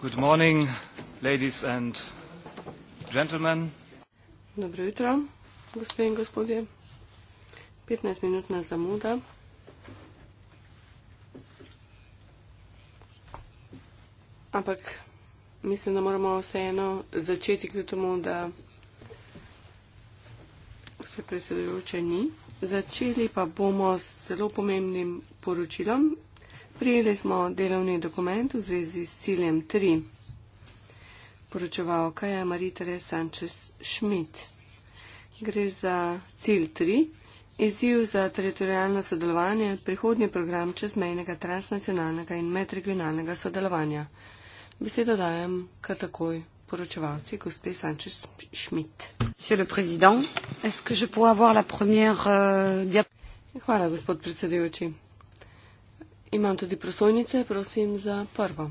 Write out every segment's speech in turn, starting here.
Good morning, ladies and gentlemen. Dobro jutro, gospe in gospodje. 15 minutna zamuda. Ampak mislim, da moramo vseeno začeti kljub temu, da gospe predsedujoče ni. Začeli pa bomo s zelo pomembnim poročilom Prijeli smo delovni dokument v zvezi s ciljem 3. Poročevalka je Maritere Sanchez Schmidt. Gre za cilj 3. Izziv za teritorijalno sodelovanje, prihodnji program čezmejnega transnacionalnega in medregionalnega sodelovanja. Besedo dajem kar takoj poročevalci, gospe Sanchez Schmidt. Euh, Hvala, gospod predsedujoči. Imam tudi prosojnice, prosim za prvo.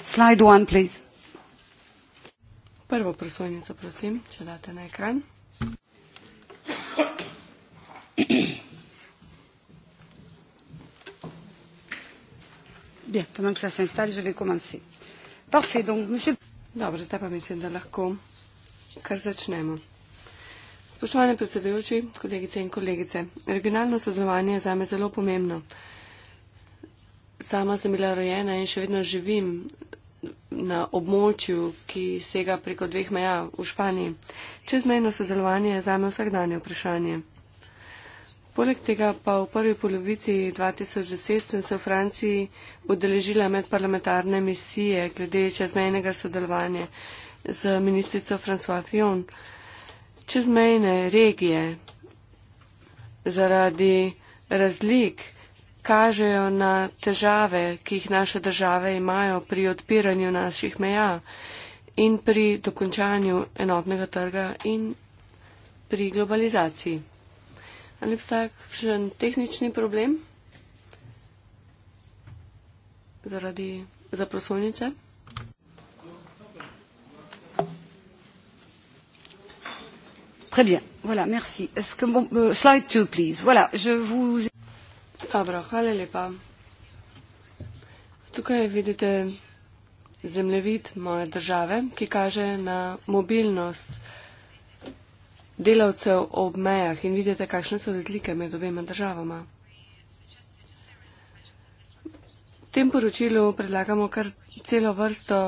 Slide one, please. Prvo prosojnico, prosim, če date na ekran. Bien, pendant que ça s'installe, je vais commencer. Parfait, donc, monsieur... Dobro, zdaj pa mislim, da lahko kar začnemo. Spoštovani predsedujoči, kolegice in kolegice, regionalno sodelovanje je zame zelo pomembno. Sama sem bila rojena in še vedno živim na območju, ki sega preko dveh meja v Španiji. Čezmejno sodelovanje je zame vsakdanje vprašanje. Poleg tega pa v prvi polovici 2010 sem se v Franciji udeležila medparlamentarne misije glede čezmejnega sodelovanja z ministrico François Fillon čezmejne regije zaradi razlik kažejo na težave, ki jih naše države imajo pri odpiranju naših meja in pri dokončanju enotnega trga in pri globalizaciji. Ali obstaja kakšen tehnični problem zaradi zaprosovnice? Euh, Tukaj vidite zemljevid moje države, ki kaže na mobilnost delavcev ob mejah in vidite, kakšne so razlike med obema državama. V tem poročilu predlagamo kar celo vrsto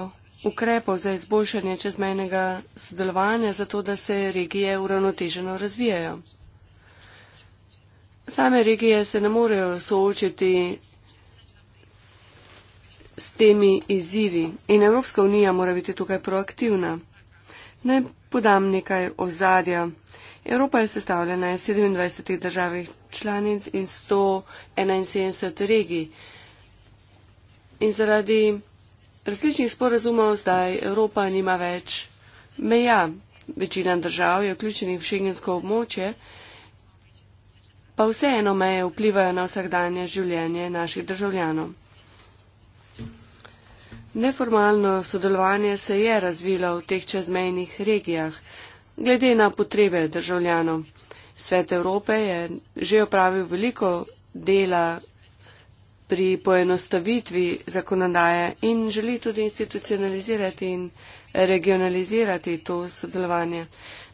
ukrepov za izboljšanje čezmejnega sodelovanja, zato da se regije uravnoteženo razvijajo. Same regije se ne morejo soočiti s temi izzivi in Evropska unija mora biti tukaj proaktivna. Naj podam nekaj ozadja. Evropa je sestavljena iz 27 držav članic in 171 regij. In zaradi različnih sporazumov zdaj Evropa nima več meja. Večina držav je vključenih v šengensko območje, pa vseeno meje vplivajo na vsakdanje življenje naših državljanov. Neformalno sodelovanje se je razvilo v teh čezmejnih regijah, glede na potrebe državljanov. Svet Evrope je že opravil veliko dela pri poenostavitvi zakonodaje in želi tudi institucionalizirati in regionalizirati to sodelovanje.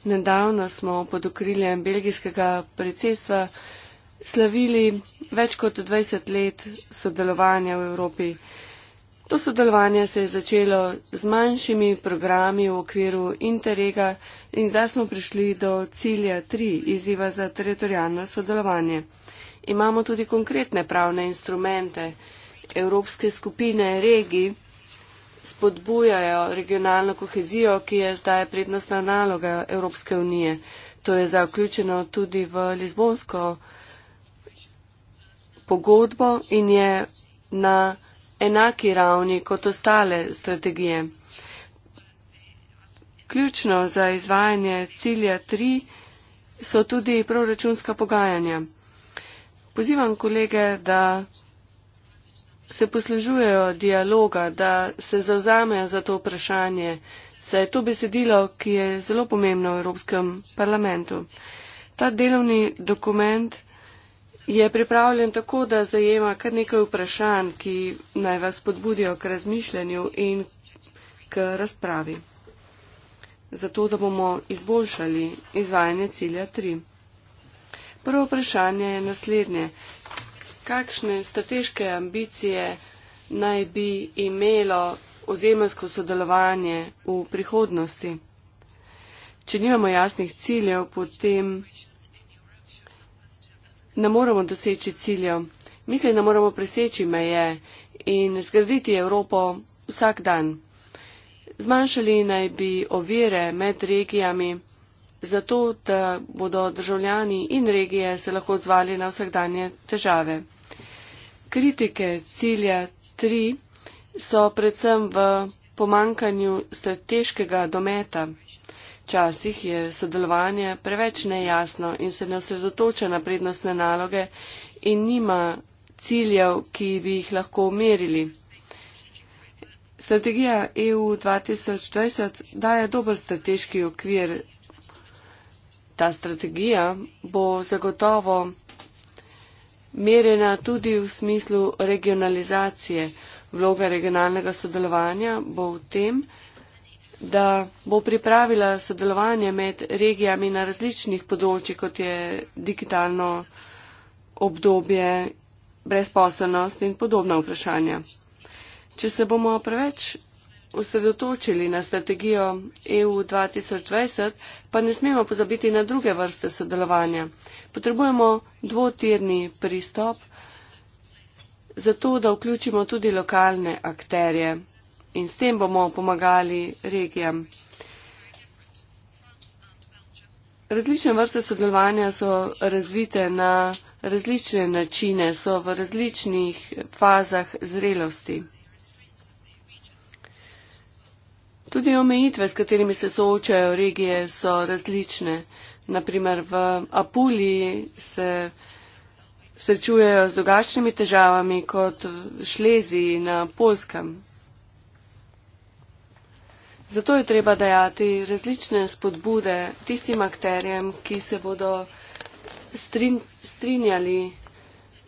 Nedavno smo pod okriljem belgijskega predsedstva slavili več kot 20 let sodelovanja v Evropi. To sodelovanje se je začelo z manjšimi programi v okviru Interrega in zdaj smo prišli do cilja 3 izziva za teritorijalno sodelovanje imamo tudi konkretne pravne instrumente. Evropske skupine regij spodbujajo regionalno kohezijo, ki je zdaj prednostna naloga Evropske unije. To je zaključeno tudi v Lizbonsko pogodbo in je na enaki ravni kot ostale strategije. Ključno za izvajanje cilja 3 so tudi proračunska pogajanja. Pozivam kolege, da se poslužujejo dialoga, da se zauzamejo za to vprašanje, saj je to besedilo, ki je zelo pomembno v Evropskem parlamentu. Ta delovni dokument je pripravljen tako, da zajema kar nekaj vprašanj, ki naj vas podbudijo k razmišljanju in k razpravi. Zato, da bomo izboljšali izvajanje cilja 3. Prvo vprašanje je naslednje. Kakšne strateške ambicije naj bi imelo ozemelsko sodelovanje v prihodnosti? Če nimamo jasnih ciljev, potem ne moramo doseči ciljev. Mislim, da moramo preseči meje in zgraditi Evropo vsak dan. Zmanjšali naj bi ovire med regijami zato da bodo državljani in regije se lahko odzvali na vsakdanje težave. Kritike cilja 3 so predvsem v pomankanju strateškega dometa. Včasih je sodelovanje preveč nejasno in se ne osredotoča na prednostne naloge in nima ciljev, ki bi jih lahko merili. Strategija EU 2020 daje dober strateški okvir ta strategija bo zagotovo merjena tudi v smislu regionalizacije. Vloga regionalnega sodelovanja bo v tem, da bo pripravila sodelovanje med regijami na različnih področjih, kot je digitalno obdobje, brezposobnost in podobna vprašanja. Če se bomo preveč osredotočili na strategijo EU 2020, pa ne smemo pozabiti na druge vrste sodelovanja. Potrebujemo dvotirni pristop, zato da vključimo tudi lokalne akterje in s tem bomo pomagali regijam. Različne vrste sodelovanja so razvite na različne načine, so v različnih fazah zrelosti. Tudi omejitve, s katerimi se soočajo regije, so različne. Naprimer v Apuliji se srečujejo z drugačnimi težavami kot v Šleziji na Polskem. Zato je treba dajati različne spodbude tistim akterjem, ki se bodo strin strinjali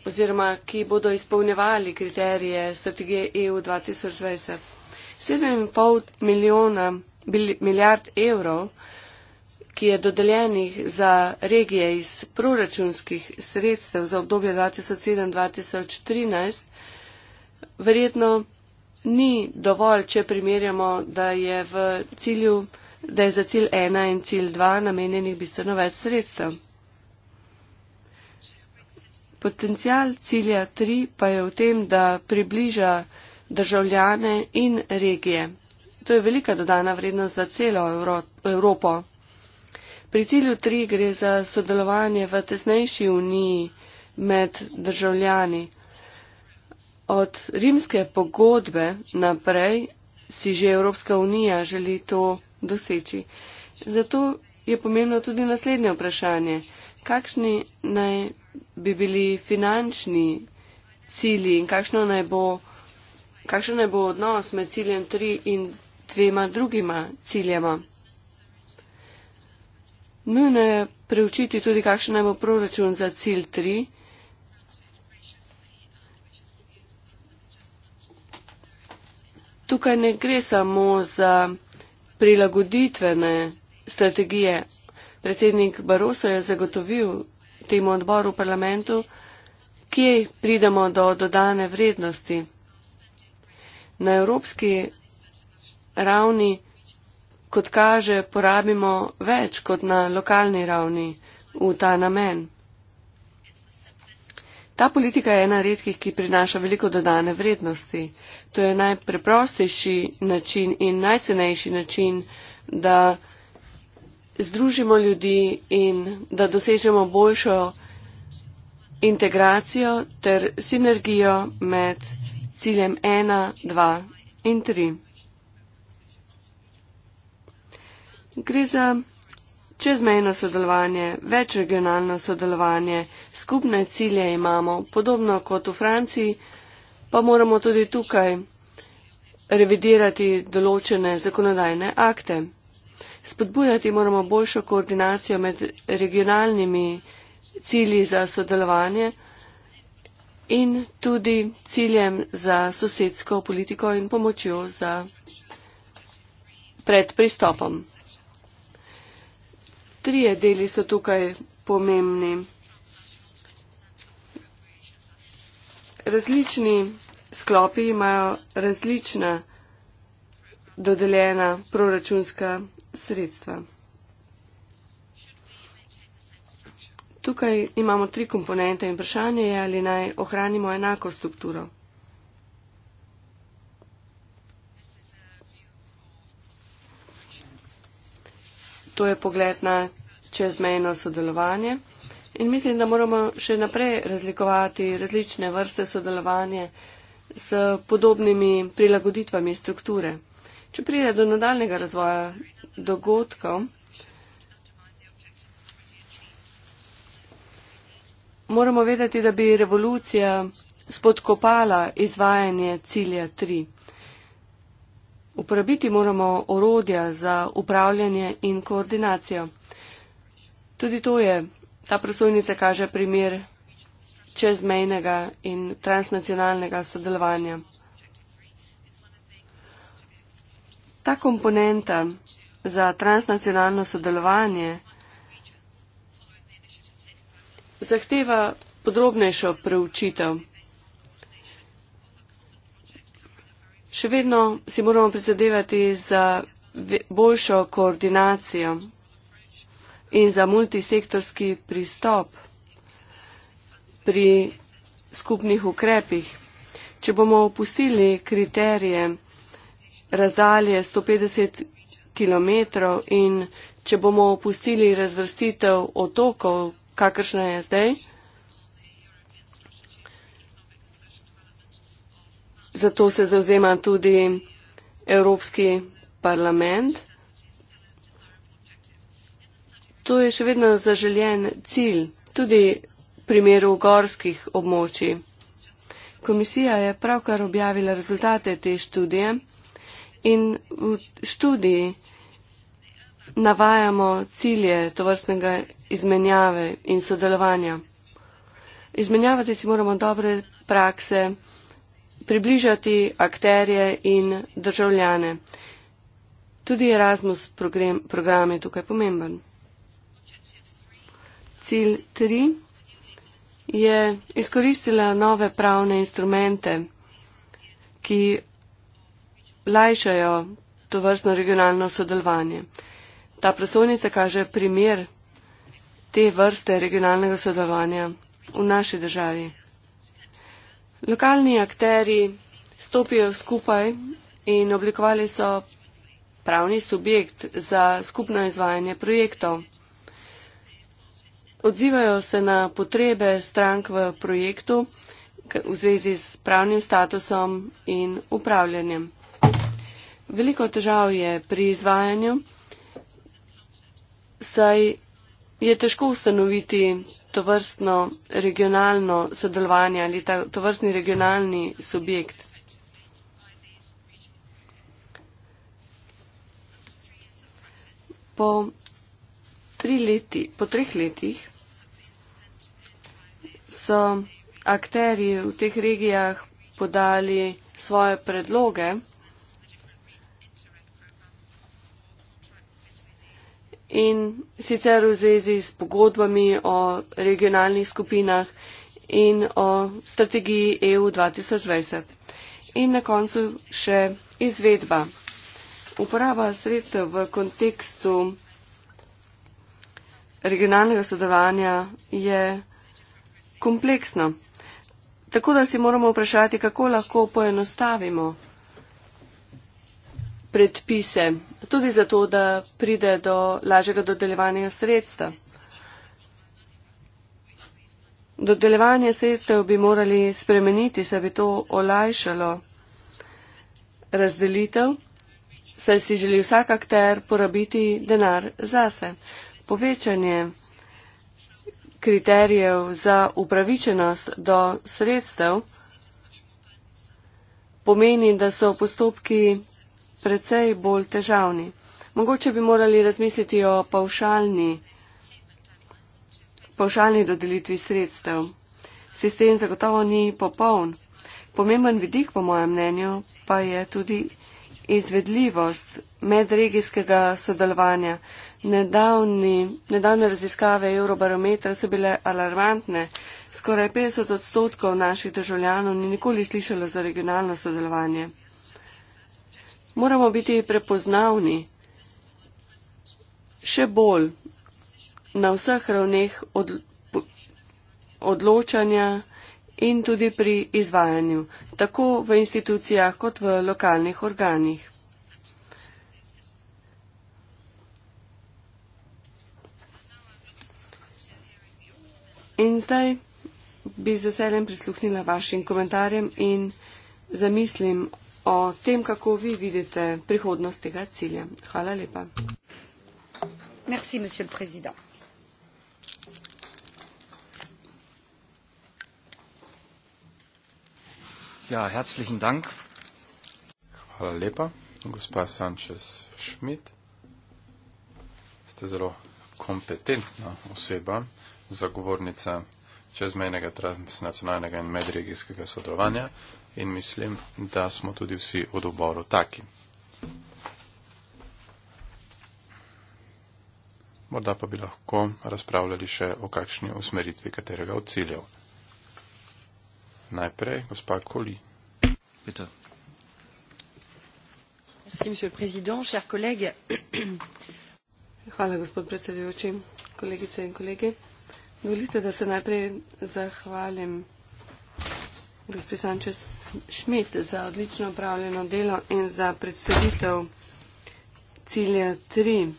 oziroma ki bodo izpolnjevali kriterije strategije EU 2020. 7,5 milijona milijard evrov, ki je dodeljenih za regije iz proračunskih sredstev za obdobje 2007-2013, verjetno ni dovolj, če primerjamo, da je, cilju, da je za cilj 1 in cilj 2 namenjenih bistveno več sredstev. Potencijal cilja 3 pa je v tem, da približa državljane in regije. To je velika dodana vrednost za celo Evropo. Pri cilju 3 gre za sodelovanje v tesnejši uniji med državljani. Od rimske pogodbe naprej si že Evropska unija želi to doseči. Zato je pomembno tudi naslednje vprašanje. Kakšni naj bi bili finančni cilji in kakšno naj bo Kakšen je bo odnos med ciljem 3 in dvema drugima ciljema? Nujno je preučiti tudi, kakšen je bo proračun za cilj 3. Tukaj ne gre samo za prilagoditvene strategije. Predsednik Baroso je zagotovil temu odboru v parlamentu, kje pridemo do dodane vrednosti na evropski ravni, kot kaže, porabimo več kot na lokalni ravni v ta namen. Ta politika je ena redkih, ki prinaša veliko dodane vrednosti. To je najpreprostejši način in najcenejši način, da združimo ljudi in da dosežemo boljšo integracijo ter sinergijo med ciljem 1, 2 in 3. Gre za čezmejno sodelovanje, večregionalno sodelovanje, skupne cilje imamo, podobno kot v Franciji, pa moramo tudi tukaj revidirati določene zakonodajne akte. Spodbujati moramo boljšo koordinacijo med regionalnimi cilji za sodelovanje, in tudi ciljem za sosedsko politiko in pomočjo za pred pristopom. Trije deli so tukaj pomembni. Različni sklopi imajo različna dodeljena proračunska sredstva. Tukaj imamo tri komponente in vprašanje je, ali naj ohranimo enako strukturo. To je pogled na čezmejno sodelovanje in mislim, da moramo še naprej razlikovati različne vrste sodelovanja s podobnimi prilagoditvami strukture. Če pride do nadaljnega razvoja dogodkov, moramo vedeti, da bi revolucija spodkopala izvajanje cilja 3. Uporabiti moramo orodja za upravljanje in koordinacijo. Tudi to je, ta prosojnica kaže primer čezmejnega in transnacionalnega sodelovanja. Ta komponenta za transnacionalno sodelovanje zahteva podrobnejšo preučitev. Še vedno si moramo prizadevati za boljšo koordinacijo in za multisektorski pristop pri skupnih ukrepih. Če bomo opustili kriterije razdalje 150 km in če bomo opustili razvrstitev otokov, kakršna je zdaj. Zato se zauzema tudi Evropski parlament. To je še vedno zaželjen cilj, tudi v primeru gorskih območij. Komisija je pravkar objavila rezultate te študije in v študiji navajamo cilje tovrstnega izmenjave in sodelovanja. Izmenjavati si moramo dobre prakse, približati akterje in državljane. Tudi Erasmus program, program je tukaj pomemben. Cilj 3 je izkoristila nove pravne instrumente, ki lajšajo to vrstno regionalno sodelovanje. Ta prosovnica kaže primer te vrste regionalnega sodelovanja v naši državi. Lokalni akteri stopijo skupaj in oblikovali so pravni subjekt za skupno izvajanje projektov. Odzivajo se na potrebe strank v projektu v zvezi s pravnim statusom in upravljanjem. Veliko težav je pri izvajanju, saj je težko ustanoviti tovrstno regionalno sodelovanje ali ta, tovrstni regionalni subjekt. Po, tri leti, po treh letih so akteri v teh regijah podali svoje predloge. in sicer v zvezi s pogodbami o regionalnih skupinah in o strategiji EU 2020. In na koncu še izvedba. Uporaba sredstev v kontekstu regionalnega sodelovanja je kompleksna. Tako da si moramo vprašati, kako lahko poenostavimo predpise, tudi zato, da pride do lažjega dodeljevanja sredstva. Dodeljevanje sredstev bi morali spremeniti, saj bi to olajšalo razdelitev, saj si želi vsak akter porabiti denar zase. Povečanje kriterijev za upravičenost do sredstev pomeni, da so postopki precej bolj težavni. Mogoče bi morali razmisliti o pavšalni, pavšalni dodelitvi sredstev. Sistem zagotovo ni popoln. Pomemben vidik, po mojem mnenju, pa je tudi izvedljivost medregijskega sodelovanja. Nedavni, nedavne raziskave Eurobarometra so bile alarmantne. Skoraj 50 odstotkov naših državljanov ni nikoli slišalo za regionalno sodelovanje moramo biti prepoznavni še bolj na vseh ravneh od, odločanja in tudi pri izvajanju, tako v institucijah kot v lokalnih organih. In zdaj bi z veseljem prisluhnila vašim komentarjem in zamislim o tem, kako vi vidite prihodnost tega cilja. Hvala lepa. Merci, monsieur le président. Ja, herzlichen Dank. Hvala lepa, gospa Sanchez Schmidt. Ste zelo kompetentna oseba, zagovornica čezmejnega transnacionalnega in medregijskega sodelovanja. Mm in mislim, da smo tudi vsi v odboru taki. Morda pa bi lahko razpravljali še o kakšni usmeritvi katerega od ciljev. Najprej gospa Koli. Peter. Merci, monsieur le président, chers collègues. Hvala, gospod predsedujoči, kolegice in kolege. Dovolite, da se najprej zahvalim gospe Sančes Šmit za odlično upravljeno delo in za predstavitev cilja 3.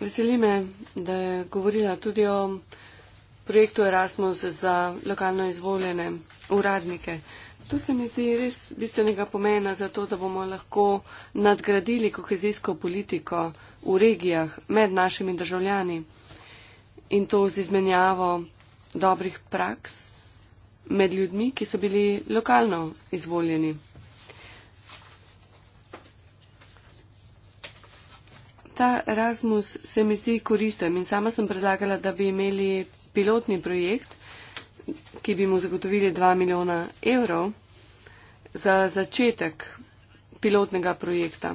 Veseli me, da je govorila tudi o projektu Erasmus za lokalno izvoljene uradnike. To se mi zdi res bistvenega pomena za to, da bomo lahko nadgradili kohezijsko politiko v regijah med našimi državljani in to z izmenjavo dobrih praks med ljudmi, ki so bili lokalno izvoljeni. Ta Erasmus se mi zdi koristen in sama sem predlagala, da bi imeli pilotni projekt, ki bi mu zagotovili 2 milijona evrov za začetek pilotnega projekta.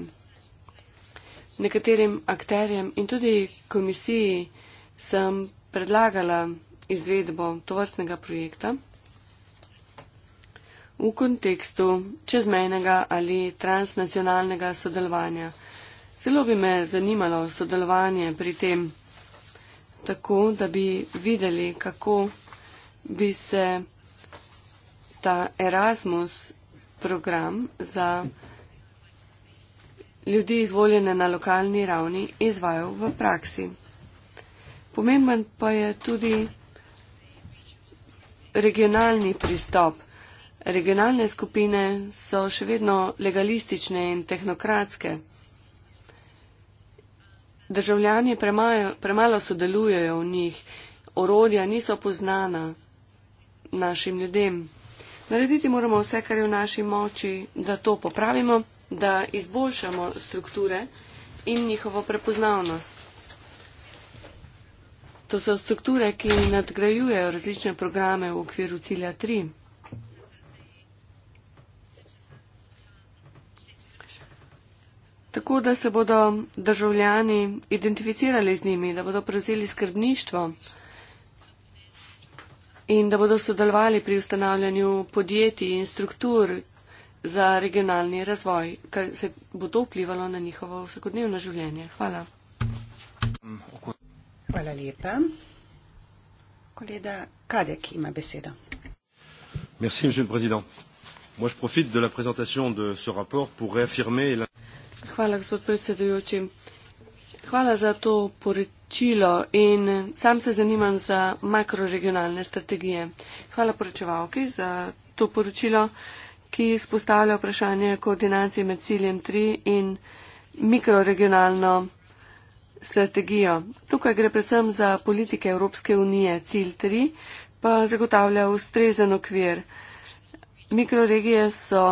Nekaterim akterjem in tudi komisiji sem predlagala izvedbo tovrstnega projekta v kontekstu čezmejnega ali transnacionalnega sodelovanja. Zelo bi me zanimalo sodelovanje pri tem, tako da bi videli, kako bi se ta Erasmus program za ljudi izvoljene na lokalni ravni izvajal v praksi. Pomemben pa je tudi regionalni pristop regionalne skupine so še vedno legalistične in tehnokratske. Državljani premajo, premalo sodelujejo v njih, orodja niso poznana našim ljudem. Narediti moramo vse, kar je v naši moči, da to popravimo, da izboljšamo strukture in njihovo prepoznavnost. To so strukture, ki nadgrajujejo različne programe v okviru cilja 3. tako da se bodo državljani identificirali z njimi, da bodo prevzeli skrbništvo in da bodo sodelovali pri ustanavljanju podjetij in struktur za regionalni razvoj, kaj se bo to vplivalo na njihovo vsakodnevno življenje. Hvala. Hvala lepa. Koleda Kadek ima besedo. Merci, monsieur le président. Moi, je profite de la présentation de ce rapport pour réaffirmer la... Hvala, gospod predsedujoči. Hvala za to poročilo in sam se zanimam za makroregionalne strategije. Hvala poročevalki za to poročilo, ki spostavlja vprašanje koordinacije med ciljem 3 in mikroregionalno strategijo. Tukaj gre predvsem za politike Evropske unije. Cilj 3 pa zagotavlja ustrezen okvir. Mikroregije so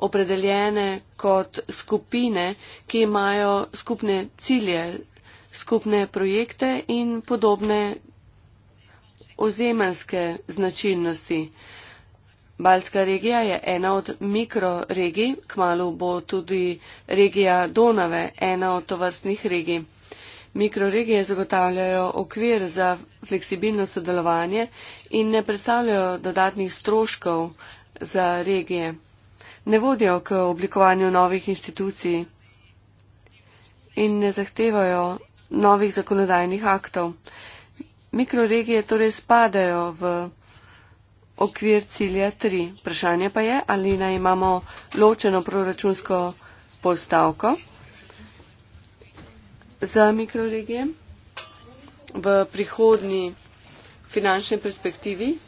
opredeljene kot skupine, ki imajo skupne cilje, skupne projekte in podobne ozemenske značilnosti. Balska regija je ena od mikroregij, kmalo bo tudi regija Donave ena od tovrstnih regij. Mikroregije zagotavljajo okvir za fleksibilno sodelovanje in ne predstavljajo dodatnih stroškov za regije ne vodijo k oblikovanju novih institucij in ne zahtevajo novih zakonodajnih aktov. Mikroregije torej spadajo v okvir cilja 3. Vprašanje pa je, ali naj imamo ločeno proračunsko postavko za mikroregije v prihodnji finančni perspektivi 2021-2027.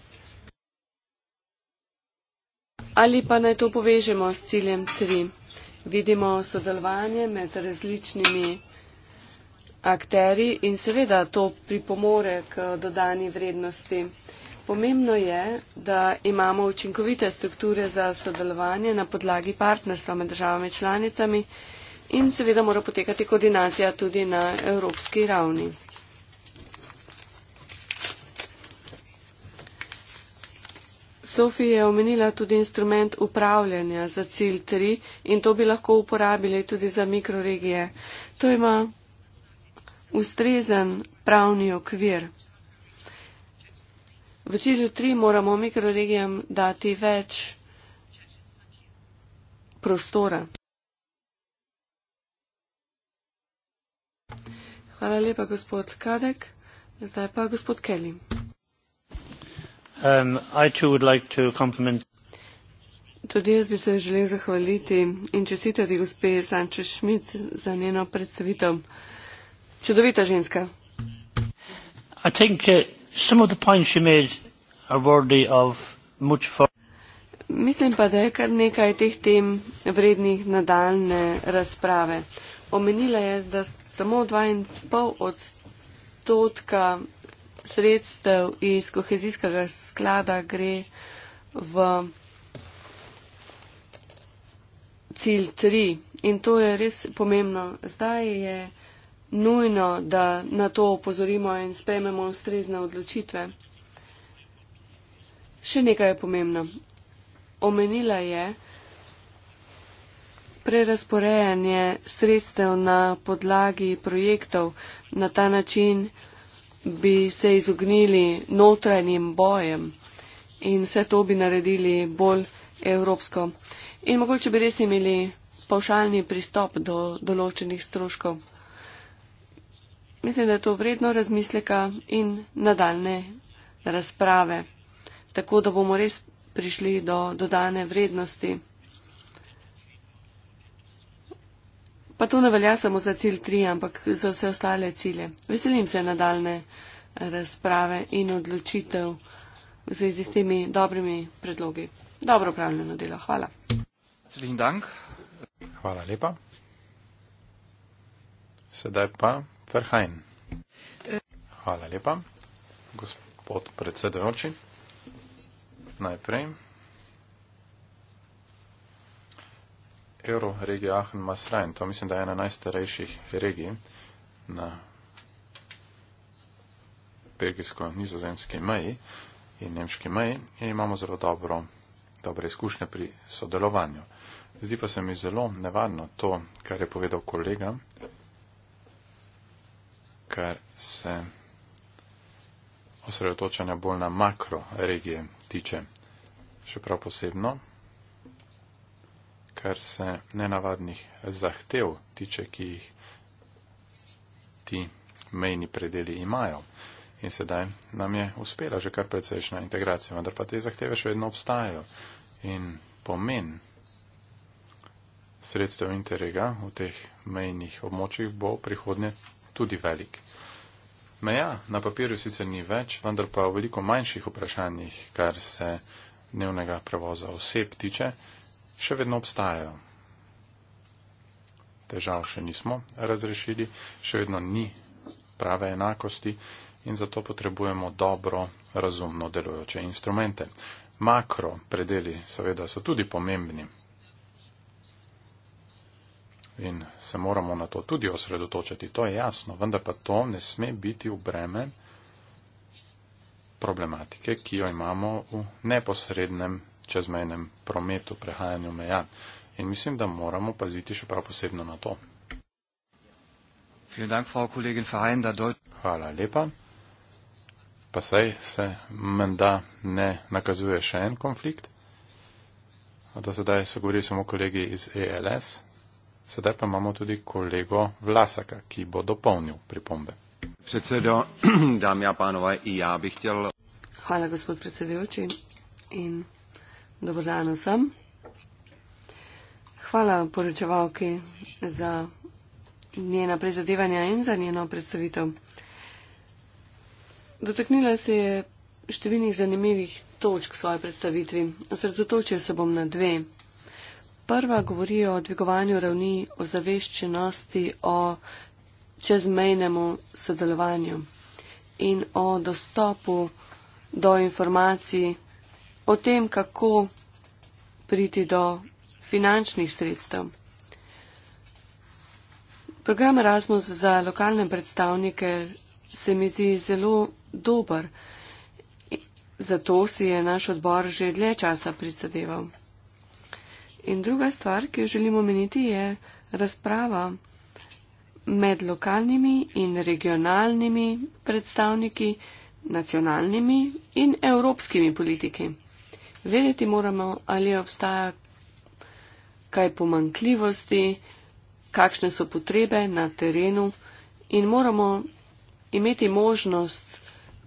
Ali pa naj to povežemo s ciljem 3. Vidimo sodelovanje med različnimi akteri in seveda to pripomore k dodani vrednosti. Pomembno je, da imamo učinkovite strukture za sodelovanje na podlagi partnerstva med državami članicami in seveda mora potekati koordinacija tudi na evropski ravni. Sofi je omenila tudi instrument upravljanja za cilj 3 in to bi lahko uporabili tudi za mikroregije. To ima ustrezen pravni okvir. V cilju 3 moramo mikroregijam dati več prostora. Hvala lepa, gospod Kadek. Zdaj pa gospod Kelly. Um, Tudi jaz bi se želel zahvaliti in čestitati gospe Sanče Šmit za njeno predstavitev. Čudovita ženska. Uh, Mislim pa, da je kar nekaj teh tem vrednih nadaljne razprave. Omenila je, da samo 2,5 odstotka sredstev iz kohezijskega sklada gre v cilj 3 in to je res pomembno. Zdaj je nujno, da na to opozorimo in sprememo ustrezne odločitve. Še nekaj je pomembno. Omenila je prerasporejanje sredstev na podlagi projektov na ta način, bi se izognili notranjim bojem in vse to bi naredili bolj evropsko. In mogoče bi res imeli pavšalni pristop do določenih stroškov. Mislim, da je to vredno razmisleka in nadaljne razprave, tako da bomo res prišli do dodane vrednosti. Pa to ne velja samo za cilj 3, ampak za vse ostale cilje. Veselim se nadaljne razprave in odločitev v zvezi s temi dobrimi predlogi. Dobro upravljeno delo. Hvala. Hvala lepa. Sedaj pa Ferhajn. Hvala lepa, gospod predsedujoči. Najprej. Euroregijo Aachen Masrain. To mislim, da je ena najstarejših regij na belgijsko-nizozemski meji in nemški meji in imamo zelo dobro, dobre izkušnje pri sodelovanju. Zdi pa se mi zelo nevarno to, kar je povedal kolega, kar se osredotočanja bolj na makro regije tiče. Še prav posebno, kar se nenavadnih zahtev tiče, ki jih ti mejni predeli imajo. In sedaj nam je uspela že kar precejšna integracija, vendar pa te zahteve še vedno obstajajo. In pomen sredstev interega v teh mejnih območjih bo prihodnje tudi velik. Meja na papirju sicer ni več, vendar pa v veliko manjših vprašanjih, kar se dnevnega prevoza oseb tiče, še vedno obstajajo. Težav še nismo razrešili, še vedno ni prave enakosti in zato potrebujemo dobro, razumno delujoče instrumente. Makro predeli seveda so tudi pomembni in se moramo na to tudi osredotočiti, to je jasno, vendar pa to ne sme biti v breme problematike, ki jo imamo v neposrednem čezmejnem prometu, prehajanju meja. In mislim, da moramo paziti še prav posebno na to. Hvala lepa. Pa sej se menda ne nakazuje še en konflikt. Do sedaj so govorili samo kolegi iz ELS. Sedaj pa imamo tudi kolego Vlasaka, ki bo dopolnil pripombe. Predsedo, dam ja, panova, i ja bih htjel. Hvala, gospod predsedujoči. In Dobro dan vsem. Hvala poročevalki za njena prizadevanja in za njeno predstavitev. Dotaknila se je številnih zanimivih točk svoje predstavitvi. Osredotočil se bom na dve. Prva govori o dvigovanju ravni ozaveščenosti o čezmejnemu sodelovanju in o dostopu do informacij o tem, kako priti do finančnih sredstev. Program Erasmus za lokalne predstavnike se mi zdi zelo dober. Zato si je naš odbor že dlje časa prizadeval. In druga stvar, ki jo želimo meniti, je razprava med lokalnimi in regionalnimi predstavniki, nacionalnimi in evropskimi politiki. Vedeti moramo, ali obstaja kaj pomankljivosti, kakšne so potrebe na terenu in moramo imeti možnost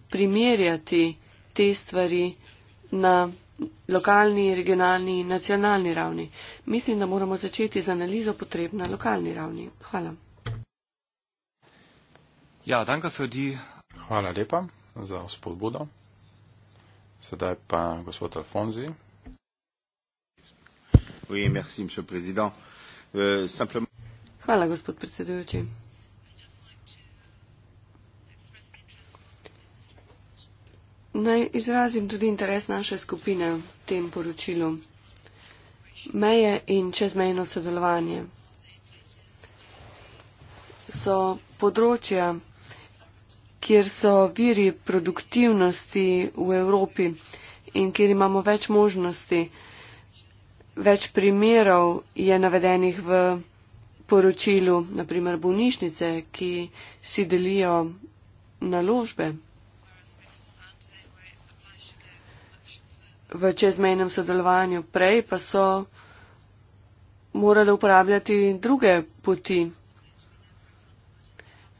primerjati te stvari na lokalni, regionalni in nacionalni ravni. Mislim, da moramo začeti z analizo potreb na lokalni ravni. Hvala. Ja, danke für die. Hvala lepa za spodbudo. Sedaj pa gospod Alfonzi. Euh, Hvala, gospod predsedujoči. Naj izrazim tudi interes naše skupine v tem poročilu. Meje in čezmejno sodelovanje so področja, kjer so viri produktivnosti v Evropi in kjer imamo več možnosti. Več primerov je navedenih v poročilu, naprimer bolnišnice, ki si delijo naložbe. V čezmejnem sodelovanju prej pa so morali uporabljati druge poti.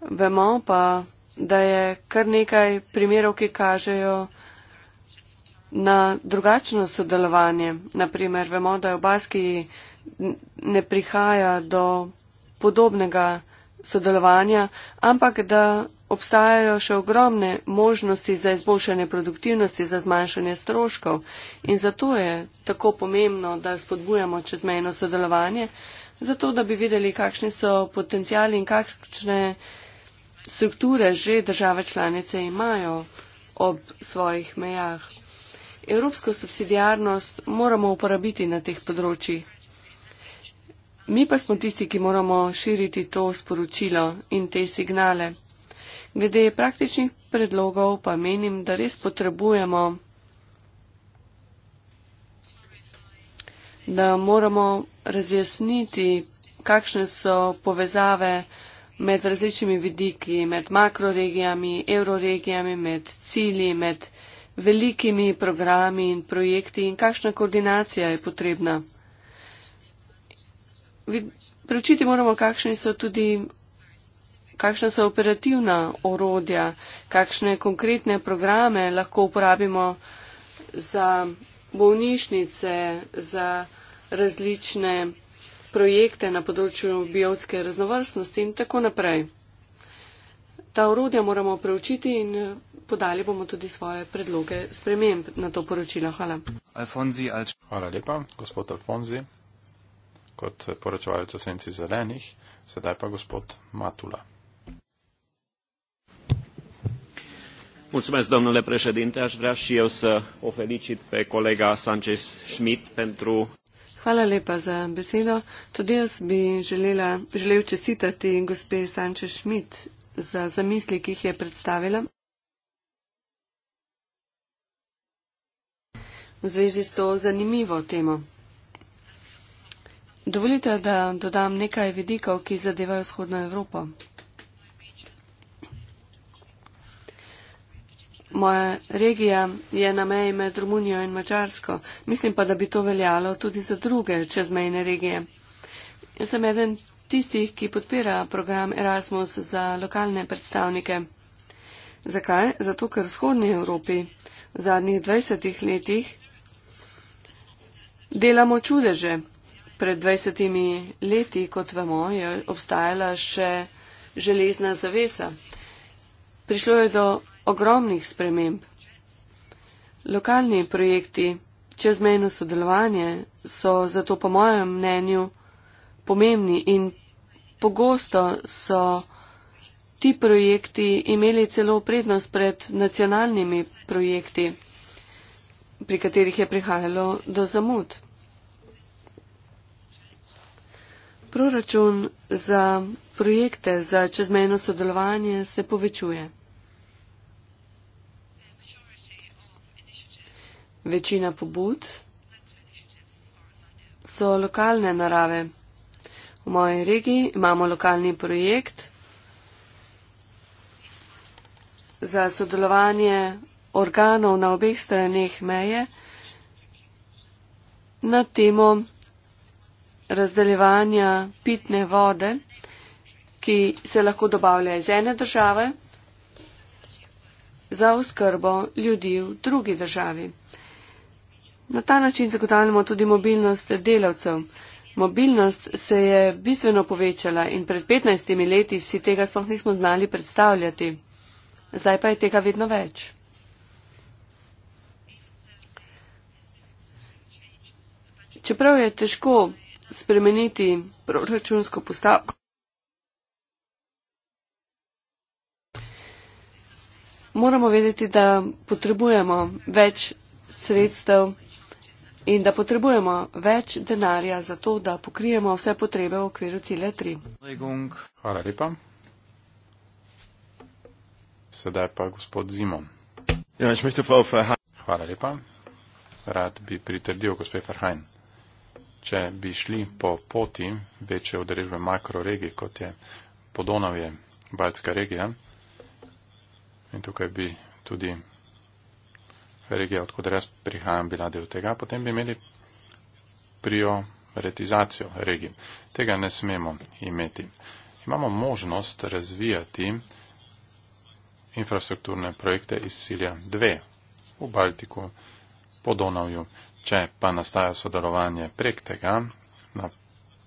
Vemo pa, da je kar nekaj primerov, ki kažejo na drugačno sodelovanje. Naprimer, vemo, da je v Baskiji ne prihaja do podobnega sodelovanja, ampak da obstajajo še ogromne možnosti za izboljšanje produktivnosti, za zmanjšanje stroškov. In zato je tako pomembno, da spodbujamo čezmejno sodelovanje, zato da bi videli, kakšni so potencijali in kakšne strukture že države članice imajo ob svojih mejah. Evropsko subsidijarnost moramo uporabiti na teh področjih. Mi pa smo tisti, ki moramo širiti to sporočilo in te signale. Glede praktičnih predlogov pa menim, da res potrebujemo, da moramo razjasniti, kakšne so povezave med različnimi vidiki, med makroregijami, euroregijami, med cilji, med velikimi programi in projekti in kakšna koordinacija je potrebna. Preučiti moramo, kakšne so tudi, kakšna so operativna orodja, kakšne konkretne programe lahko uporabimo za bolnišnice, za različne projekte na področju biotske raznovrstnosti in tako naprej. Ta orodja moramo preučiti in eh, podali bomo tudi svoje predloge sprememb na to poročilo. Hvala. Alfonzi, Alč... Hvala lepa, gospod Alfonzi, kot poročevalec o senci zelenih, sedaj pa gospod Matula. Mulțumesc, domnule președinte. Aș vrea și eu să o felicit pe colega Sanchez Schmidt pentru Hvala lepa za besedo. Tudi jaz bi želela, želel čestitati gospe Sanče Šmit za zamisli, ki jih je predstavila. V zvezi s to zanimivo temo. Dovolite, da dodam nekaj vidikov, ki zadevajo vzhodno Evropo. moja regija je na meji med Romunijo in Mačarsko. Mislim pa, da bi to veljalo tudi za druge čezmejne regije. Jaz sem eden tistih, ki podpira program Erasmus za lokalne predstavnike. Zakaj? Zato, ker v vzhodni Evropi v zadnjih 20 letih delamo čudeže. Pred 20 leti, kot vemo, je obstajala še železna zavesa. Prišlo je do ogromnih sprememb. Lokalni projekti, čezmejno sodelovanje so zato po mojem mnenju pomembni in pogosto so ti projekti imeli celo prednost pred nacionalnimi projekti, pri katerih je prihajalo do zamud. Proračun za projekte za čezmejno sodelovanje se povečuje. Večina pobud so lokalne narave. V moji regiji imamo lokalni projekt za sodelovanje organov na obeh straneh meje na temo razdeljevanja pitne vode, ki se lahko dobavlja iz ene države za oskrbo ljudi v drugi državi. Na ta način zagotavljamo tudi mobilnost delavcev. Mobilnost se je bistveno povečala in pred 15 leti si tega sploh nismo znali predstavljati. Zdaj pa je tega vedno več. Čeprav je težko spremeniti proračunsko postavko, moramo vedeti, da potrebujemo več sredstev in da potrebujemo več denarja za to, da pokrijemo vse potrebe v okviru cilja 3. Hvala lepa. Sedaj pa gospod Zimon. Ja, Hvala lepa. Rad bi pritrdil gospe Farhajn. Če bi šli po poti večje odrežbe makroregij, kot je Podonavje, Baltska regija, in tukaj bi tudi regija, odkud res prihajam, bila del tega, potem bi imeli prioritizacijo regij. Tega ne smemo imeti. Imamo možnost razvijati infrastrukturne projekte iz cilja 2 v Baltiku, po Donavju, če pa nastaja sodelovanje prek tega na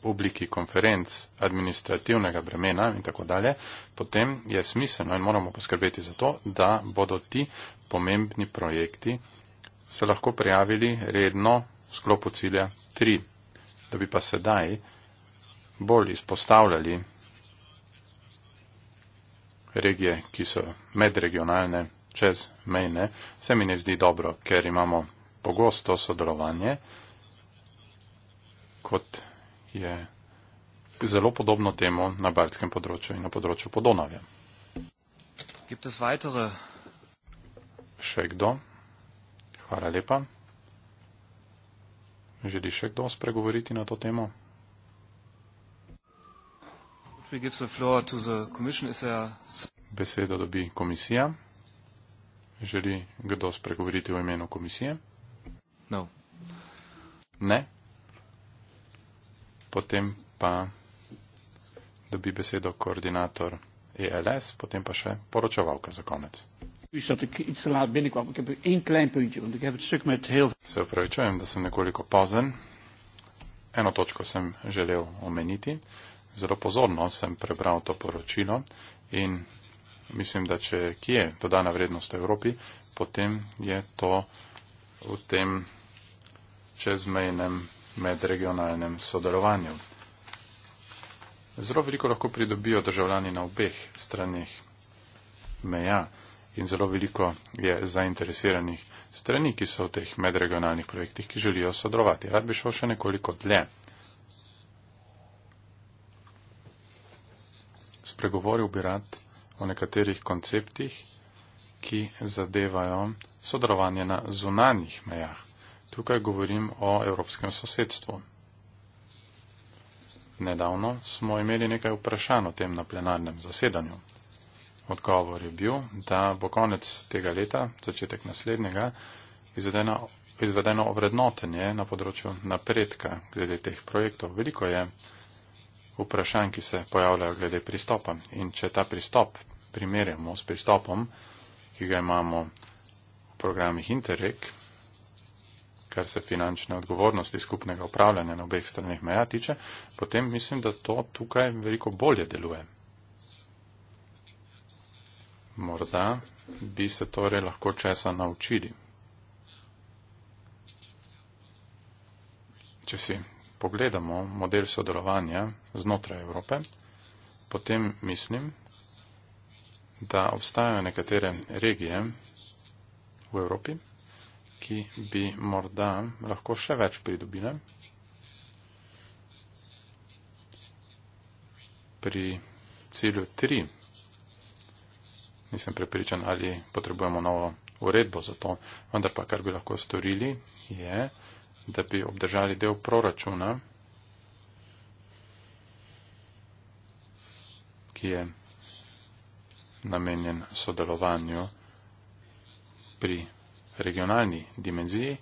publiki konferenc administrativnega bremena in tako dalje, potem je smiselno in moramo poskrbeti za to, da bodo ti pomembni projekti, se lahko prijavili redno v sklopu cilja 3, da bi pa sedaj bolj izpostavljali regije, ki so medregionalne, čez mejne, se mi ne zdi dobro, ker imamo pogosto sodelovanje, kot je zelo podobno temu na baljskem področju in na področju Podonavja. Gibt es weitere še kdo? Hvala lepa. Želi še kdo spregovoriti na to temo? Besedo dobi komisija. Želi kdo spregovoriti v imenu komisije? No. Ne. Potem pa dobi besedo koordinator ELS, potem pa še poročevalka za konec. Dus dat ik iets te laat binnenkwam. Ik heb er één klein puntje, want ik heb het stuk met heel veel. Se opravičujem, da sem nekoliko pazen. Eno točko sem želel omeniti. Zelo pozorno sem prebral to poročilo in mislim, da če kje je dodana vrednost v Evropi, potem je to v tem čezmejnem medregionalnem sodelovanju. Zelo veliko lahko pridobijo državljani na obeh stranih meja in zelo veliko je zainteresiranih strani, ki so v teh medregionalnih projektih, ki želijo sodelovati. Rad bi šel še nekoliko dlje. Spregovoril bi rad o nekaterih konceptih, ki zadevajo sodelovanje na zunanjih mejah. Tukaj govorim o evropskem sosedstvu. Nedavno smo imeli nekaj vprašanj o tem na plenarnem zasedanju odgovor je bil, da bo konec tega leta, začetek naslednjega, izvedeno, izvedeno ovrednotenje na področju napredka glede teh projektov. Veliko je vprašanj, ki se pojavljajo glede pristopa. In če ta pristop primerjamo s pristopom, ki ga imamo v programih Interreg, kar se finančne odgovornosti skupnega upravljanja na obeh stranih meja tiče, potem mislim, da to tukaj veliko bolje deluje. Morda bi se torej lahko česa naučili. Če si pogledamo model sodelovanja znotraj Evrope, potem mislim, da obstajajo nekatere regije v Evropi, ki bi morda lahko še več pridobile pri cilju 3 nisem prepričan, ali potrebujemo novo uredbo za to. Vendar pa, kar bi lahko storili, je, da bi obdržali del proračuna, ki je namenjen sodelovanju pri regionalni dimenziji,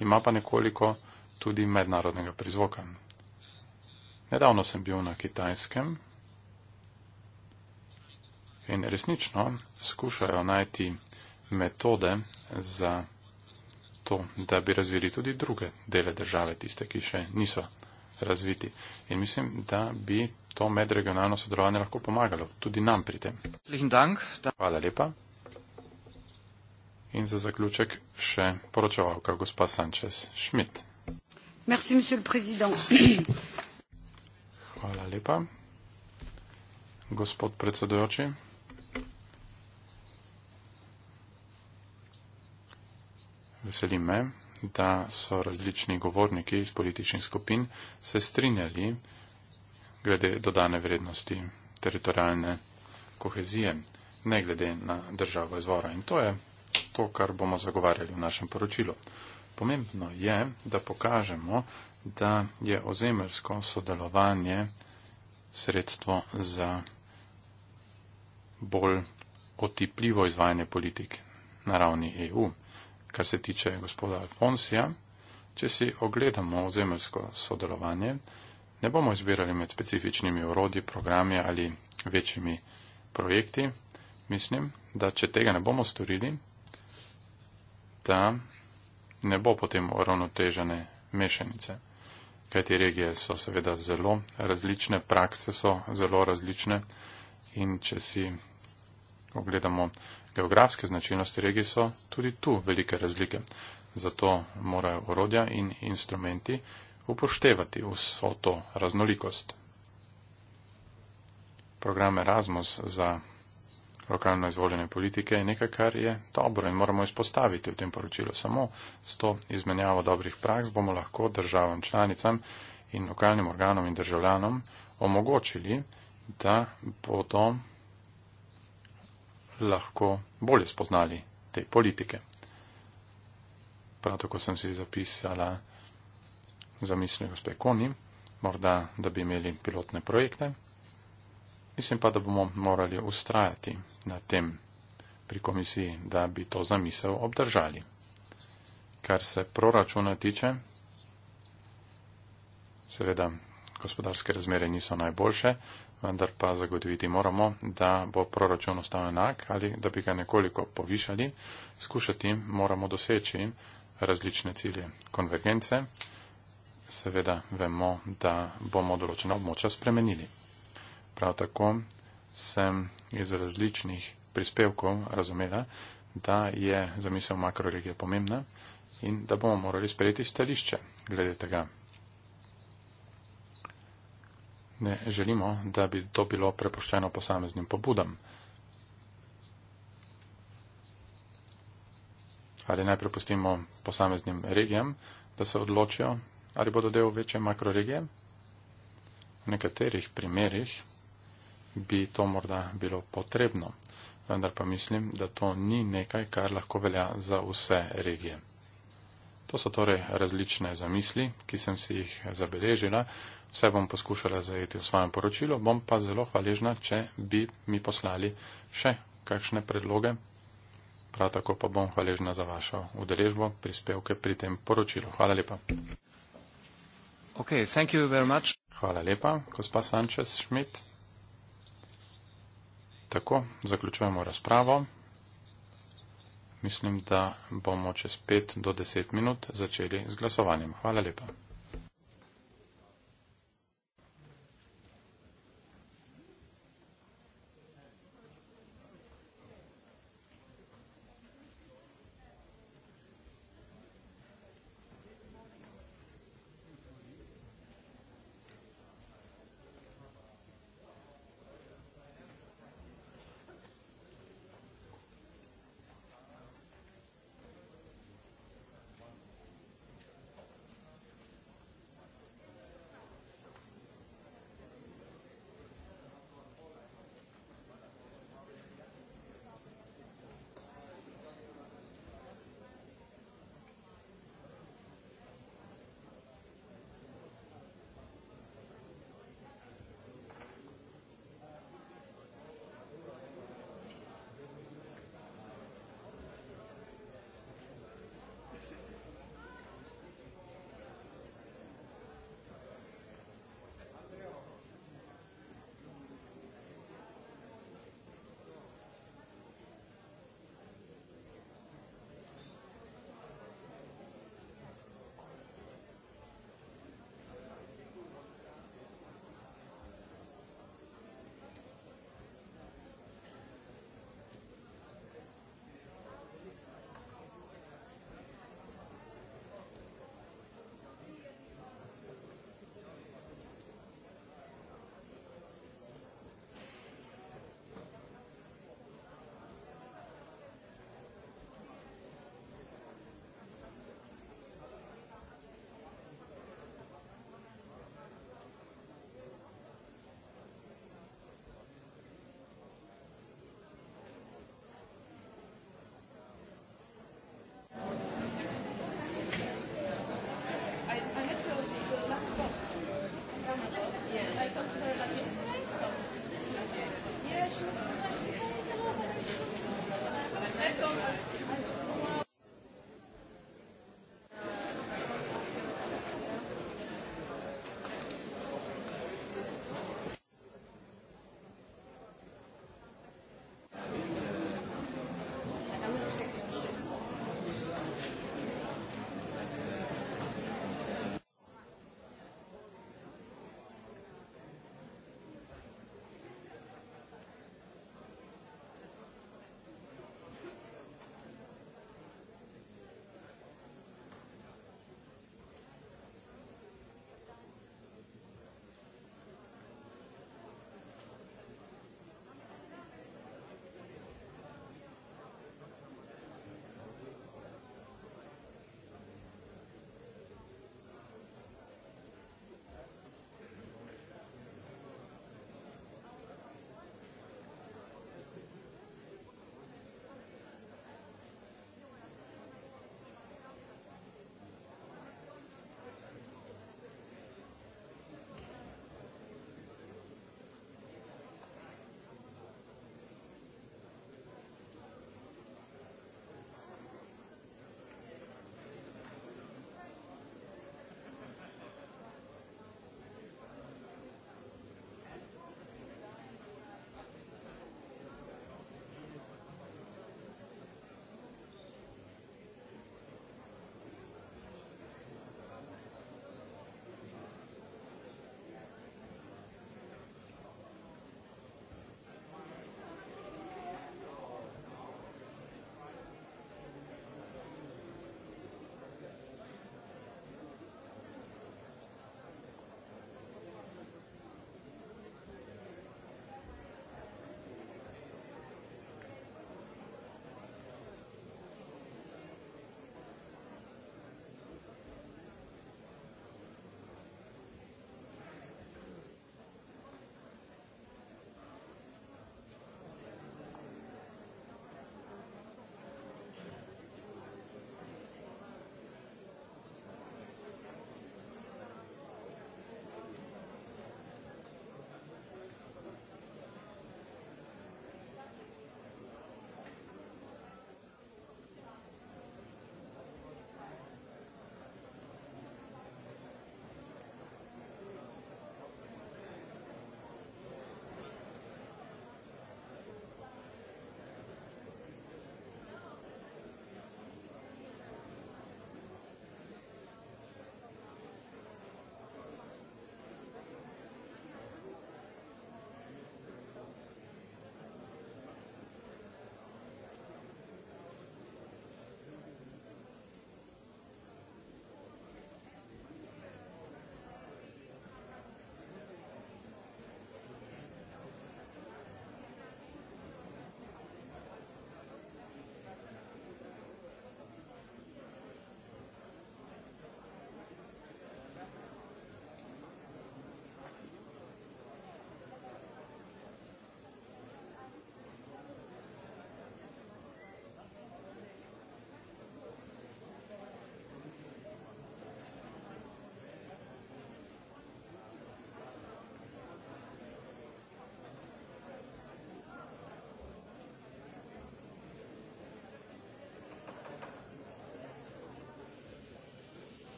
ima pa nekoliko tudi mednarodnega prizvoka. Nedavno sem bil na kitajskem In resnično skušajo najti metode za to, da bi razvili tudi druge dele države, tiste, ki še niso razviti. In mislim, da bi to medregionalno sodelovanje lahko pomagalo tudi nam pri tem. Hvala lepa. In za zaključek še poročevalka gospa Sančez Šmit. Hvala lepa. Gospod predsedujoči. Veselim me, da so različni govorniki iz političnih skupin se strinjali glede dodane vrednosti teritorijalne kohezije, ne glede na državo izvora. In to je to, kar bomo zagovarjali v našem poročilu. Pomembno je, da pokažemo, da je ozemelsko sodelovanje sredstvo za bolj otipljivo izvajanje politik na ravni EU kar se tiče gospoda Alfonsija, če si ogledamo ozemeljsko sodelovanje, ne bomo izbirali med specifičnimi urodji, programi ali večjimi projekti. Mislim, da če tega ne bomo storili, da ne bo potem uravnotežene mešanice. Kajti regije so seveda zelo različne, prakse so zelo različne in če si ogledamo Geografske značilnosti regij so tudi tu velike razlike, zato morajo orodja in instrumenti upoštevati vso to raznolikost. Program Erasmus za lokalno izvoljene politike je nekaj, kar je dobro in moramo izpostaviti v tem poročilu. Samo s to izmenjavo dobrih praks bomo lahko državam članicam in lokalnim organom in državljanom omogočili, da bodo lahko bolje spoznali te politike. Prav tako sem si zapisala za misli gospe Koni, morda, da bi imeli pilotne projekte. Mislim pa, da bomo morali ustrajati na tem pri komisiji, da bi to zamisel obdržali. Kar se proračuna tiče, seveda gospodarske razmere niso najboljše, vendar pa zagotoviti moramo, da bo proračun ostal enak ali da bi ga nekoliko povišali, skušati moramo doseči različne cilje konvergence. Seveda vemo, da bomo določena območja spremenili. Prav tako sem iz različnih prispevkov razumela, da je zamisel makroregije pomembna in da bomo morali sprejeti stališče glede tega ne želimo, da bi to bilo prepuščeno posameznim pobudam. Ali naj prepustimo posameznim regijam, da se odločijo, ali bodo del večje makroregije? V nekaterih primerjih bi to morda bilo potrebno, vendar pa mislim, da to ni nekaj, kar lahko velja za vse regije. To so torej različne zamisli, ki sem si jih zabeležila. Vse bom poskušala zajeti v svojem poročilu, bom pa zelo hvaležna, če bi mi poslali še kakšne predloge. Prav tako pa bom hvaležna za vašo udeležbo, prispevke pri tem poročilu. Hvala lepa. Okay, thank you very much. Hvala lepa, gospa Sanchez Schmidt. Tako, zaključujemo razpravo. Mislim, da bomo čez 5 do 10 minut začeli z glasovanjem. Hvala lepa.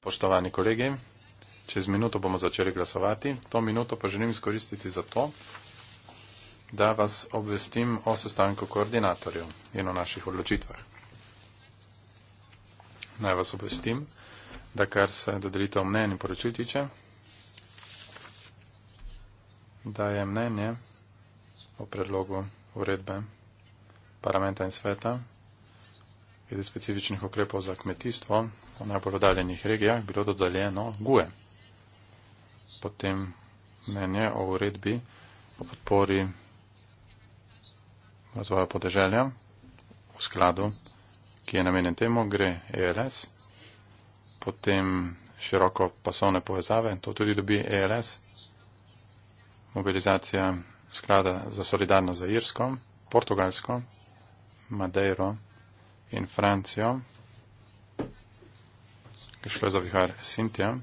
Poštovani kolegi, čez minuto bomo začeli glasovati. To minuto pa želim izkoristiti za to, da vas obvestim o sestanku koordinatorjev in o naših odločitvah. Naj vas obvestim, da kar se dodelitev mnen in poročil tiče, da je mnenje o predlogu uredbe parlamenta in sveta glede specifičnih ukrepov za kmetijstvo v najbolj oddaljenih regijah bilo dodaljeno GUE. Potem mnenje o uredbi o podpori razvoja podeželja v skladu, ki je namenjen temu, gre ELS, potem široko pasovne povezave, to tudi dobi ELS, mobilizacija sklada za solidarno za Irsko, Portugalsko, Madeiro, in Francijo. Šlo je za vihar Sintija.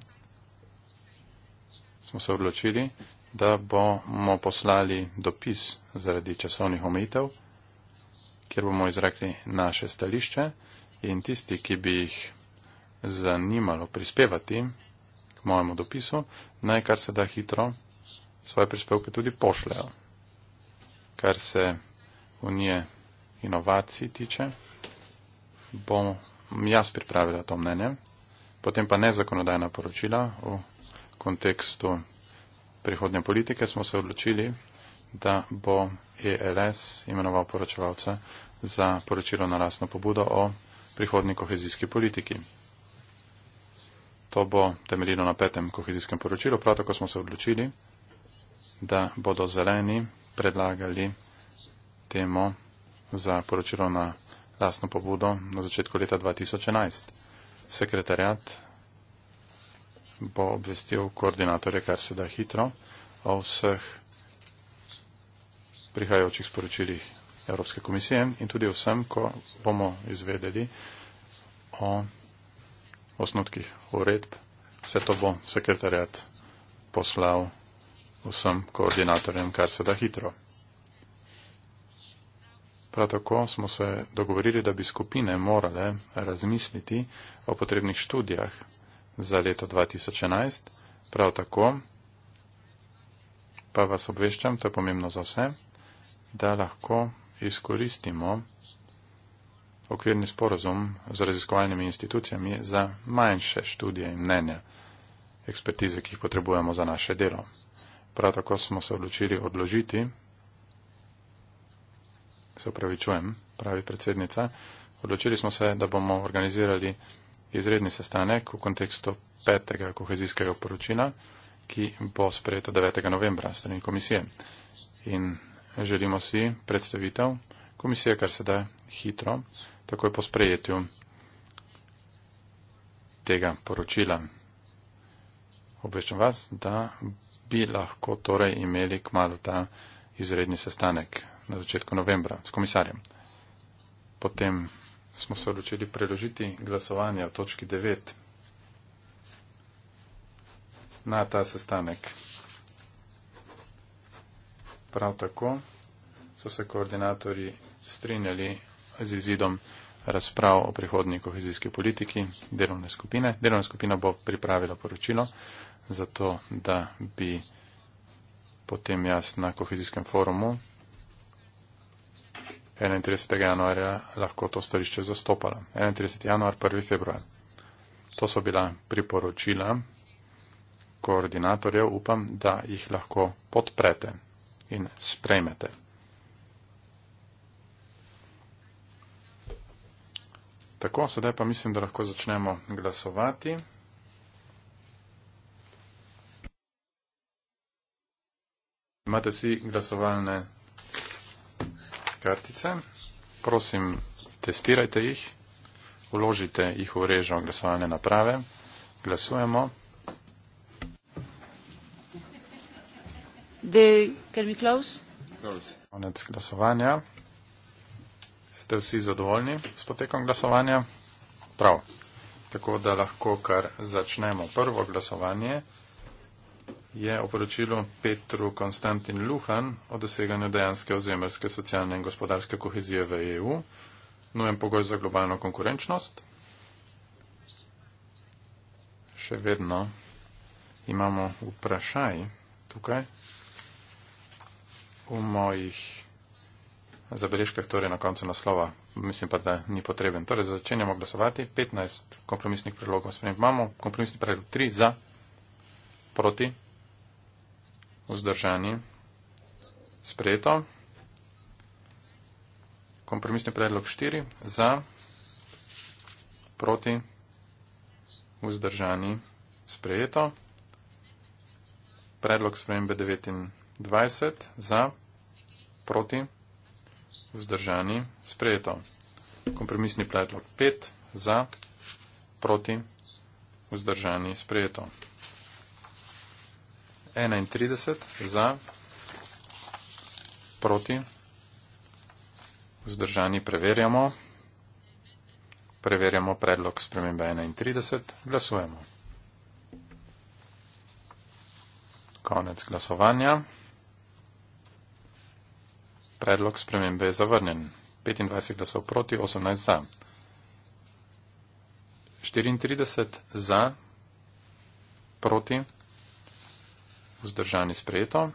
Smo se odločili, da bomo poslali dopis zaradi časovnih omejitev, kjer bomo izrekli naše stališče in tisti, ki bi jih zanimalo prispevati k mojemu dopisu, naj kar se da hitro svoje prispevke tudi pošljajo. Kar se unije inovacij tiče bom jaz pripravila to mnenje, potem pa ne zakonodajna poročila. V kontekstu prihodnje politike smo se odločili, da bo ELS imenoval poročevalca za poročilo na lastno pobudo o prihodni kohezijski politiki. To bo temeljilo na petem kohezijskem poročilu. Prav tako smo se odločili, da bodo zeleni predlagali temo za poročilo na lastno pobudo na začetku leta 2011. Sekretarjat bo obvestil koordinatorje kar se da hitro o vseh prihajajočih sporočilih Evropske komisije in tudi vsem, ko bomo izvedeli o osnutkih uredb. Vse to bo sekretarjat poslal vsem koordinatorjem kar se da hitro. Prav tako smo se dogovorili, da bi skupine morale razmisliti o potrebnih študijah za leto 2011. Prav tako pa vas obveščam, to je pomembno za vse, da lahko izkoristimo okvirni sporozum z raziskovalnimi institucijami za manjše študije in mnenja ekspertize, ki jih potrebujemo za naše delo. Prav tako smo se odločili odložiti se upravičujem, pravi predsednica, odločili smo se, da bomo organizirali izredni sestanek v kontekstu petega kohezijskega poročila, ki bo sprejeto 9. novembra strani komisije. In želimo si predstavitev komisije, kar se da hitro, takoj po sprejetju tega poročila. Obveščam vas, da bi lahko torej imeli kmalo ta izredni sestanek na začetku novembra s komisarjem. Potem smo se odločili preložiti glasovanje v točki 9 na ta sestanek. Prav tako so se koordinatori strinjali z izidom razprav o prihodnji kohezijski politiki delovne skupine. Delovna skupina bo pripravila poročilo, zato da bi potem jaz na kohezijskem forumu 31. januarja lahko to stališče zastopala. 31. januar, 1. februar. To so bila priporočila koordinatorjev. Upam, da jih lahko podprete in sprejmete. Tako, sedaj pa mislim, da lahko začnemo glasovati. Imate si glasovalne kartice. Prosim, testirajte jih, uložite jih v režo glasovalne naprave. Glasujemo. Konec glasovanja. Ste vsi zadovoljni s potekom glasovanja? Prav. Tako da lahko kar začnemo prvo glasovanje je oporočilo Petru Konstantin Luhan o doseganju dejanske ozemerske socialne in gospodarske kohezije v EU, nujen pogoj za globalno konkurenčnost. Še vedno imamo vprašaj tukaj v mojih zabeležkah, torej na koncu naslova. Mislim pa, da ni potreben. Torej začenjamo glasovati. 15 kompromisnih predlogov. Sprem. Imamo kompromisni predlog 3 za, proti vzdržani. Sprejeto. Kompromisni predlog 4. Za. Proti. Vzdržani. Sprejeto. Predlog spremembe 29. Za. Proti. Vzdržani. Sprejeto. Kompromisni predlog 5. Za. Proti. Vzdržani. Sprejeto. 31 za, proti, vzdržani preverjamo, preverjamo predlog spremembe 31, glasujemo. Konec glasovanja. Predlog spremembe je zavrnjen. 25 glasov proti, 18 za. 34 za, proti, vzdržani sprejeto.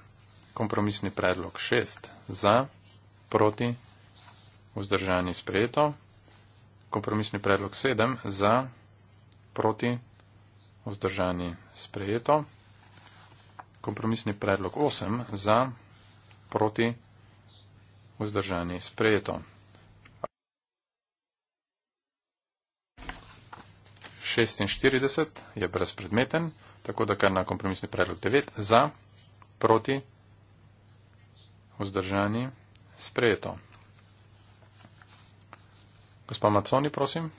Kompromisni predlog 6 za, proti, vzdržani sprejeto. Kompromisni predlog 7 za, proti, vzdržani sprejeto. Kompromisni predlog 8 za, proti, vzdržani sprejeto. Šestinštirideset je brezpredmeten. Tako da kar na kompromisni predlog 9 za, proti, vzdržani, sprejeto. Gospod Maconi, prosim.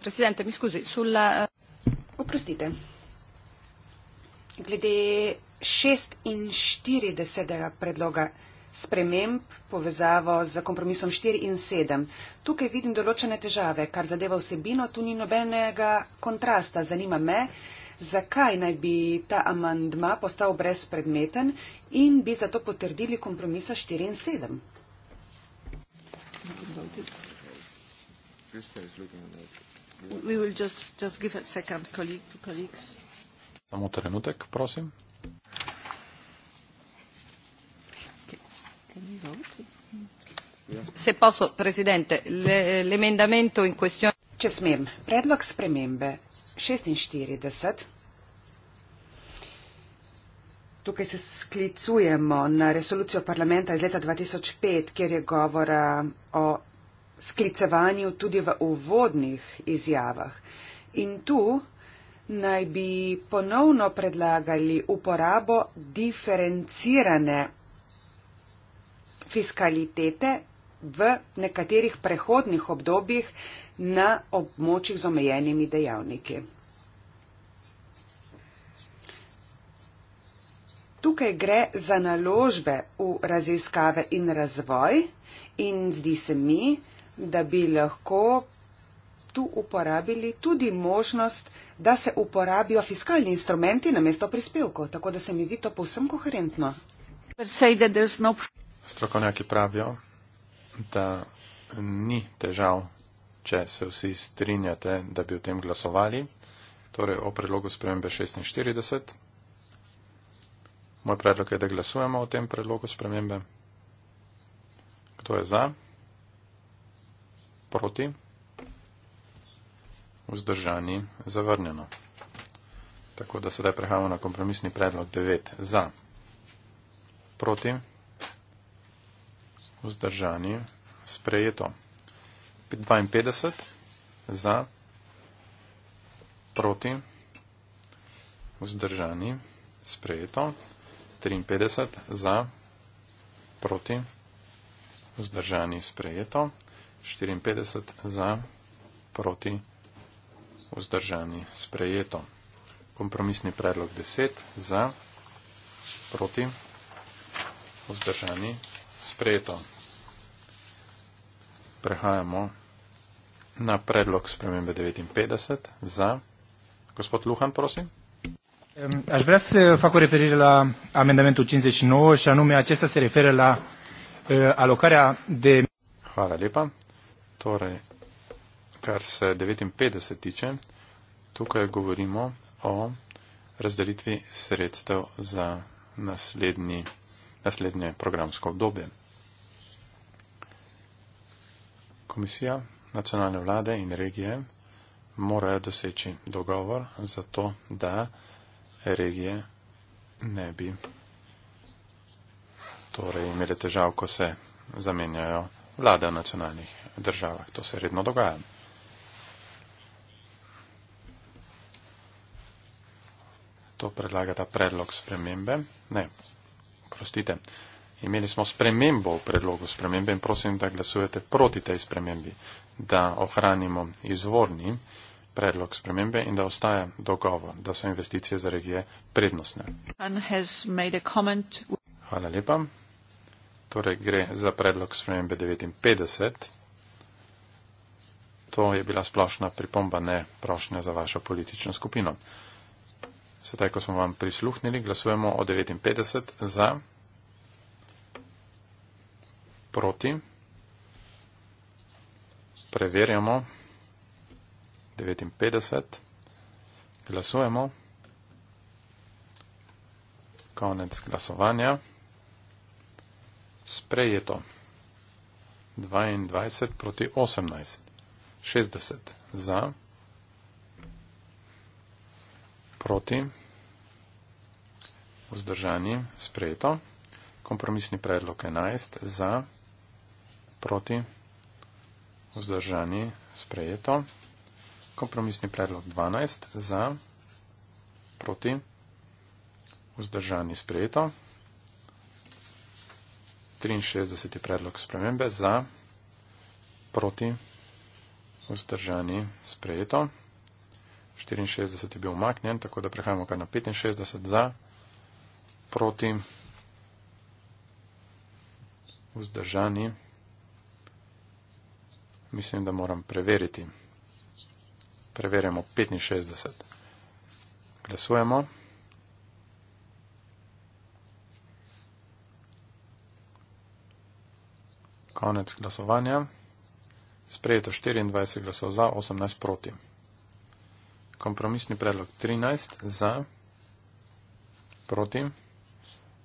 Presidente, mi skuzi, sulla... Oprostite. Glede 46. predloga sprememb povezavo z kompromisom 4 in 7. Tukaj vidim določene težave, kar zadeva vsebino, tu ni nobenega kontrasta. Zanima me, zakaj naj bi ta amandma postal brezpredmeten in bi zato potrdili kompromisa 4 in 7. Samo trenutek, prosim. Če smem, predlog spremembe 46. Tukaj se sklicujemo na resolucijo parlamenta iz leta 2005, kjer je govora o sklicevanju tudi v uvodnih izjavah. In tu naj bi ponovno predlagali uporabo diferencirane fiskalitete v nekaterih prehodnih obdobjih, na območjih z omejenimi dejavniki. Tukaj gre za naložbe v raziskave in razvoj in zdi se mi, da bi lahko tu uporabili tudi možnost, da se uporabijo fiskalni instrumenti na mesto prispevkov. Tako da se mi zdi to povsem koherentno. No... Strokovnjaki pravijo, da ni težav če se vsi strinjate, da bi o tem glasovali, torej o predlogu spremembe 46. Moj predlog je, da glasujemo o tem predlogu spremembe. Kdo je za? Proti? Vzdržani? Zavrnjeno. Tako da sedaj prehajamo na kompromisni predlog 9. Za? Proti? Vzdržani? Sprejeto. 52 za, proti, vzdržani, sprejeto, 53 za, proti, vzdržani, sprejeto, 54 za, proti, vzdržani, sprejeto. Kompromisni predlog 10 za, proti, vzdržani, sprejeto. Prehajamo na predlog spremembe 59 za. Gospod Luhan, prosim. Aș vrea să fac o referire la amendamentul 59 și anume acesta se referă la uh, alocarea de... Hvala lepa. Torej, kar se 59 tiče, tukaj govorimo o razdelitvi sredstev za naslednji, naslednje programsko obdobje. Komisija, nacionalne vlade in regije morajo doseči dogovor za to, da regije ne bi torej imele težav, ko se zamenjajo vlade v nacionalnih državah. To se redno dogaja. To predlaga ta predlog spremembe. Ne, prostite. Imeli smo spremembo v predlogu spremembe in prosim, da glasujete proti tej spremembi da ohranimo izvorni predlog spremembe in da ostaja dogovor, da so investicije za regije prednostne. Hvala lepa. Torej gre za predlog spremembe 59. To je bila splošna pripomba, ne prošnja za vašo politično skupino. Sedaj, ko smo vam prisluhnili, glasujemo o 59 za, proti preverjamo. 59. Glasujemo. Konec glasovanja. Sprejeto. 22 proti 18. 60 za. Proti. Vzdržani. Sprejeto. Kompromisni predlog 11 za. Proti vzdržani, sprejeto. Kompromisni predlog 12 za, proti, vzdržani, sprejeto. 63. predlog spremembe za, proti, vzdržani, sprejeto. 64 je bil umaknjen, tako da prehajamo kar na 65 za, proti, vzdržani, sprejeto mislim, da moram preveriti. Preverjamo 65. Glasujemo. Konec glasovanja. Sprejeto 24 glasov za, 18 proti. Kompromisni predlog 13 za, proti,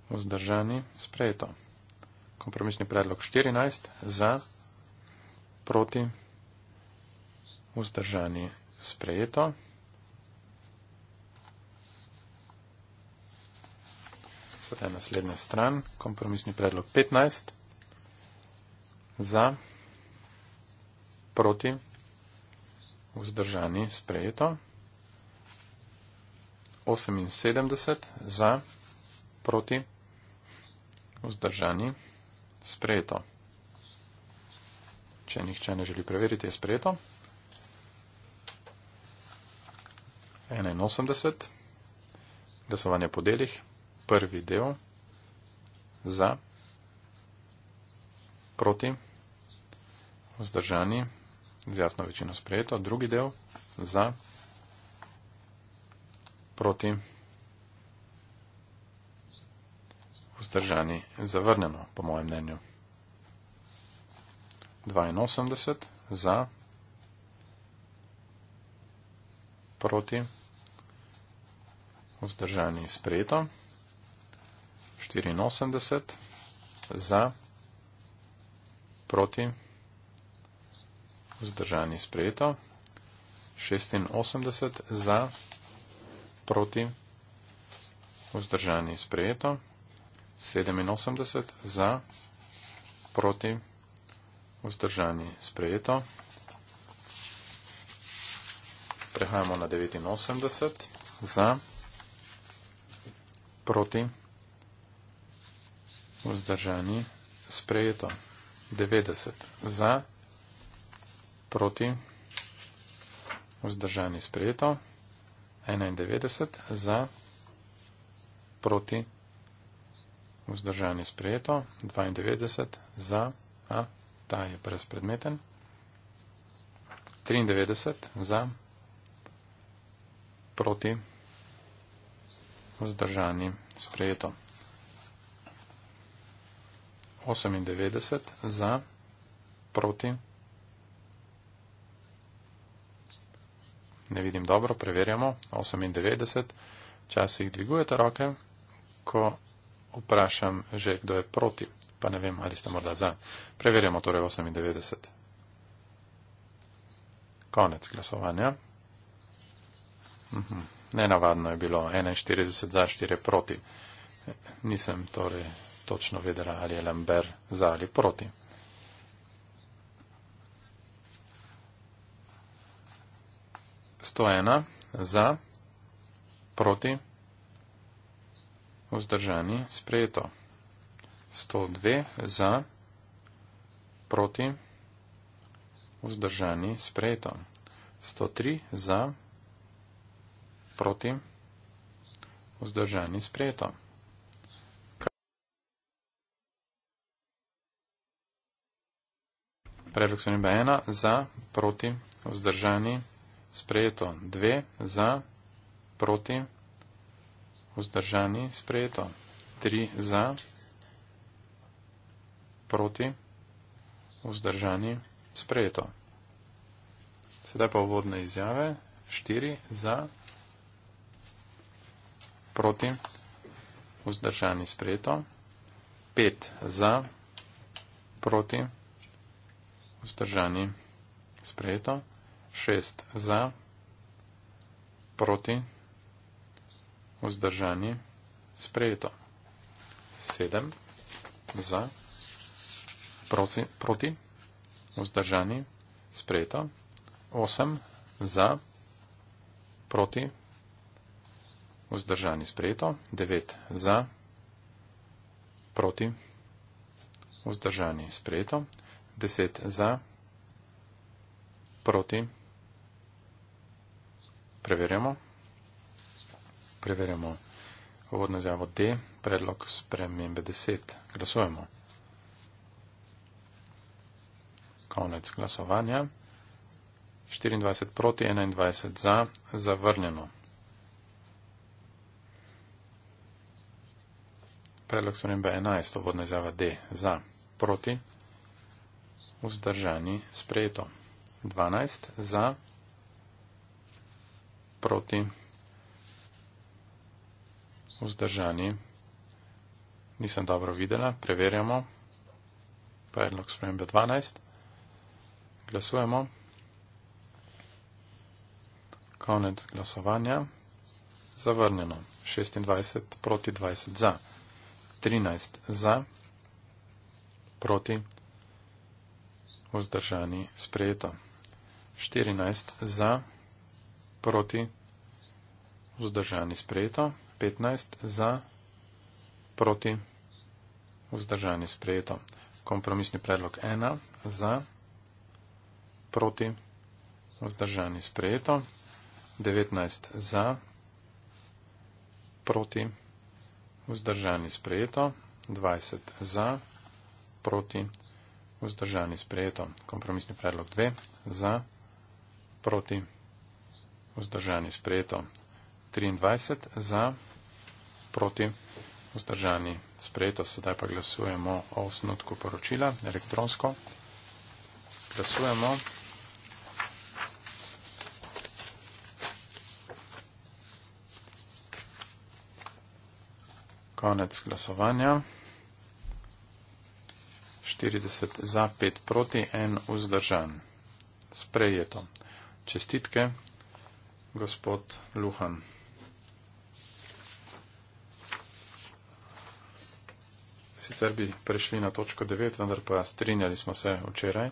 vzdržani, sprejeto. Kompromisni predlog 14 za, proti, vzdržani sprejeto. Sedaj naslednja stran, kompromisni predlog 15, za, proti, vzdržani sprejeto. 78 za, proti, vzdržani sprejeto. Če nihče ne želi preveriti, je sprejeto. 81. Glasovanje po delih. Prvi del. Za. Proti. Vzdržani. Z jasno večino sprejeto. Drugi del. Za. Proti. Vzdržani. Zavrnjeno, po mojem mnenju. 82 za, proti, vzdržani sprejeto, 84 za, proti, vzdržani sprejeto, 86 za, proti, vzdržani sprejeto, 87 za, proti, vzdržani sprejeto. Vzdržani sprejeto. Prehajamo na 89. Za. Proti. Vzdržani sprejeto. 90. Za. Proti. Vzdržani sprejeto. 91. Za. Proti. Vzdržani sprejeto. 92. Za. A ta je brezpredmeten. 93 za, proti, vzdržani, sprejeto. 98 za, proti, ne vidim dobro, preverjamo. 98, včasih dvigujete roke, ko vprašam že, kdo je proti pa ne vem, ali ste morda za. Preverjamo torej 98. Konec glasovanja. Uhum. Nenavadno je bilo 41 za 4 proti. Nisem torej točno vedela, ali je Lambert za ali proti. Stojena za, proti, vzdržani, sprejeto. 102 za, proti, vzdržani, sprejeto. 103 za, proti, vzdržani, sprejeto. Predlog sprememba 1 za, proti, vzdržani, sprejeto. 2 za, proti, vzdržani, sprejeto. 3 za, proti proti, vzdržani, sprejeto. Sedaj pa uvodne izjave. Štiri za, proti, vzdržani, sprejeto. Pet za, proti, vzdržani, sprejeto. Šest za, proti, vzdržani, sprejeto. Sedem za, proti, vzdržani, sprejeto proti, vzdržani, sprejeto, 8 za, proti, vzdržani, sprejeto, 9 za, proti, vzdržani, sprejeto, 10 za, proti, preverjamo, preverjamo. Uvodno izjavo D, predlog spremembe 10. Glasujemo. konec glasovanja. 24 proti 21 za, zavrnjeno. Predlog sprememba 11, vodna izjava D, za, proti, vzdržani, sprejeto. 12 za, proti, vzdržani, nisem dobro videla, preverjamo. Predlog sprememba 12, Glasujemo. Konec glasovanja. Zavrnjeno. 26 proti 20 za. 13 za. Proti. Vzdržani sprejeto. 14 za. Proti. Vzdržani sprejeto. 15 za. Proti. Vzdržani sprejeto. Kompromisni predlog 1 za proti, vzdržani sprejeto, 19 za, proti, vzdržani sprejeto, 20 za, proti, vzdržani sprejeto, kompromisni predlog 2 za, proti, vzdržani sprejeto, 23 za, proti, vzdržani sprejeto. Sedaj pa glasujemo o osnutku poročila elektronsko. Glasujemo. Konec glasovanja. 40 za, 5 proti, 1 vzdržan. Sprejeto. Čestitke, gospod Luhan. Sicer bi prešli na točko 9, vendar pa strinjali smo se včeraj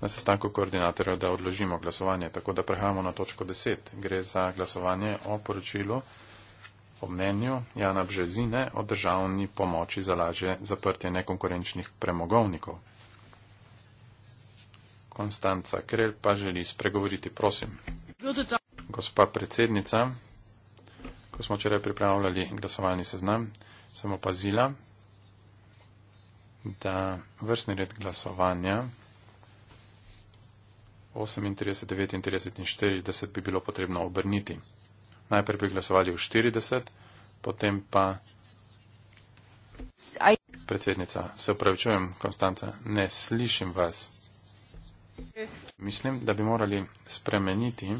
na sestanku koordinatorja, da odložimo glasovanje. Tako da prehajamo na točko 10. Gre za glasovanje o poročilu. Po mnenju Jana Březine o državni pomoči za lažje zaprtje nekonkurenčnih premogovnikov. Konstanca Krel pa želi spregovoriti, prosim. Gospa predsednica, ko smo včeraj pripravljali glasovalni seznam, sem opazila, da vrstni red glasovanja 38, 39 in 40 bi bilo potrebno obrniti najprej bi glasovali v 40, potem pa. Predsednica, se upravičujem, Konstanca, ne slišim vas. Mislim, da bi morali spremeniti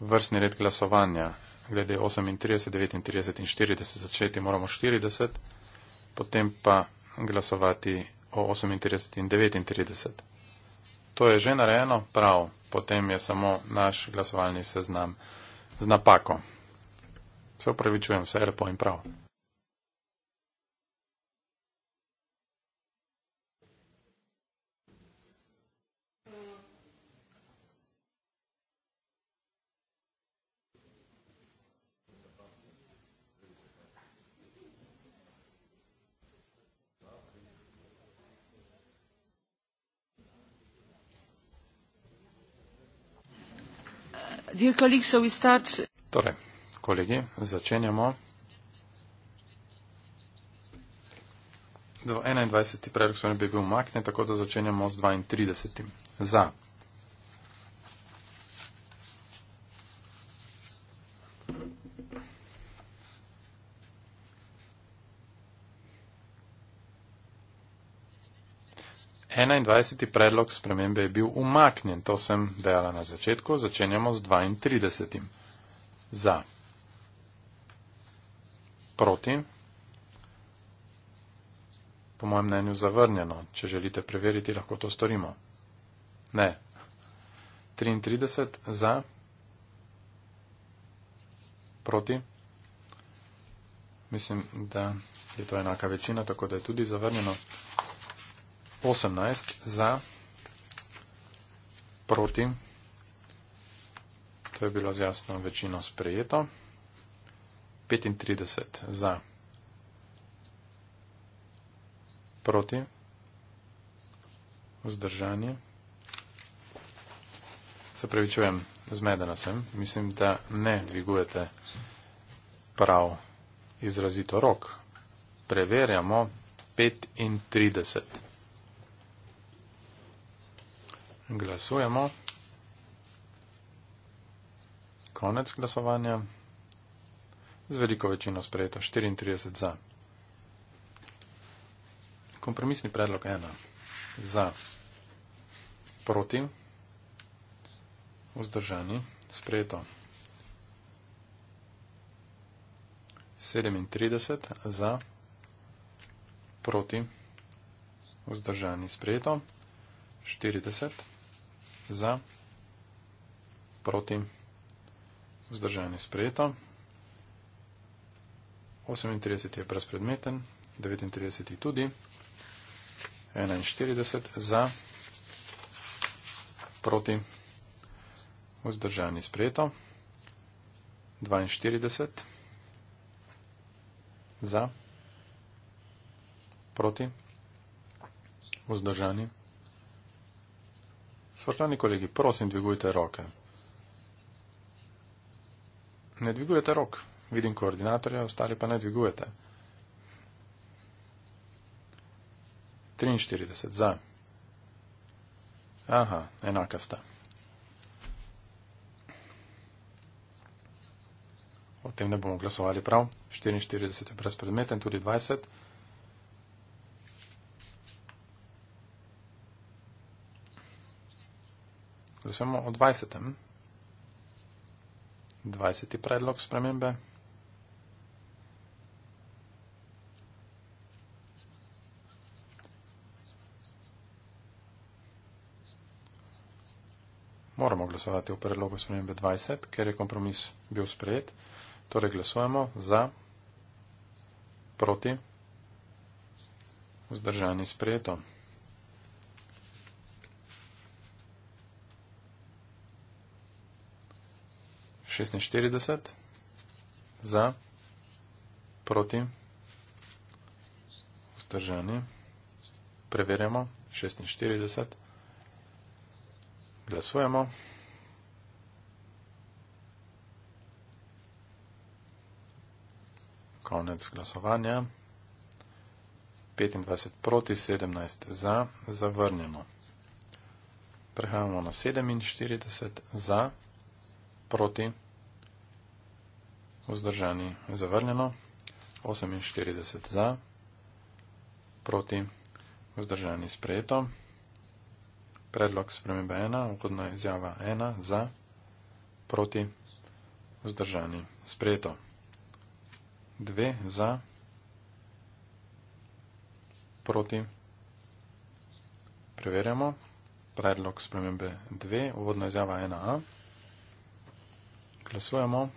vrstni red glasovanja. Glede 38, 39 in 40, začeti moramo 40, potem pa glasovati o 38 in 39. To je že narejeno, prav, potem je samo naš glasovalni seznam z napako. Se upravičujem, vse je lepo in prav. Dear colleagues, so we start. Torej, kolegi, začenjamo. Do 21. predlog bi bil umaknjen, tako da začenjamo z 32. Za. 21. predlog spremembe je bil umaknjen, to sem dejala na začetku, začenjamo z 32. Za. Proti. Po mojem mnenju zavrnjeno. Če želite preveriti, lahko to storimo. Ne. 33. Za. Proti. Mislim, da je to enaka večina, tako da je tudi zavrnjeno. 18 za, proti, to je bilo z jasno večino sprejeto, 35 za, proti, vzdržanje. Se pravi, čujem, zmedena sem, mislim, da ne dvigujete prav izrazito rok. Preverjamo 35 glasujemo. Konec glasovanja. Z veliko večino sprejeto 34 za. Kompromisni predlog 1 za. Proti. Vzdržani. Sprejeto. 37 za. Proti. Vzdržani. Sprejeto. 40 za, proti, vzdržanje sprejeto. 38 je brezpredmeten, 39 tudi, 41 za, proti, vzdržanje sprejeto, 42 za, proti, vzdržanje sprejeto. Spoštovani kolegi, prosim, dvigujte roke. Ne dvigujete rok, vidim koordinatorja, ostali pa ne dvigujete. 43 za. Aha, enaka sta. O tem ne bomo glasovali prav. 44 je brezpredmeten, tudi 20. Začnemo o 20. 20. predlog spremembe. Moramo glasovati o predlogu spremembe 20, ker je kompromis bil sprejet. Torej glasujemo za, proti, vzdržanje sprejeto. 46 za, proti, vzdržani. Preverjamo, 46. Glasujemo. Konec glasovanja. 25 proti, 17 za, zavrnjeno. Prehajamo na 47 za proti, vzdržani zavrnjeno, 48 za, proti, vzdržani sprejeto, predlog spremembe 1, vhodna izjava 1 za, proti, vzdržani sprejeto, 2 za, proti, preverjamo, predlog spremembe 2, vhodna izjava 1a, Glasujemo.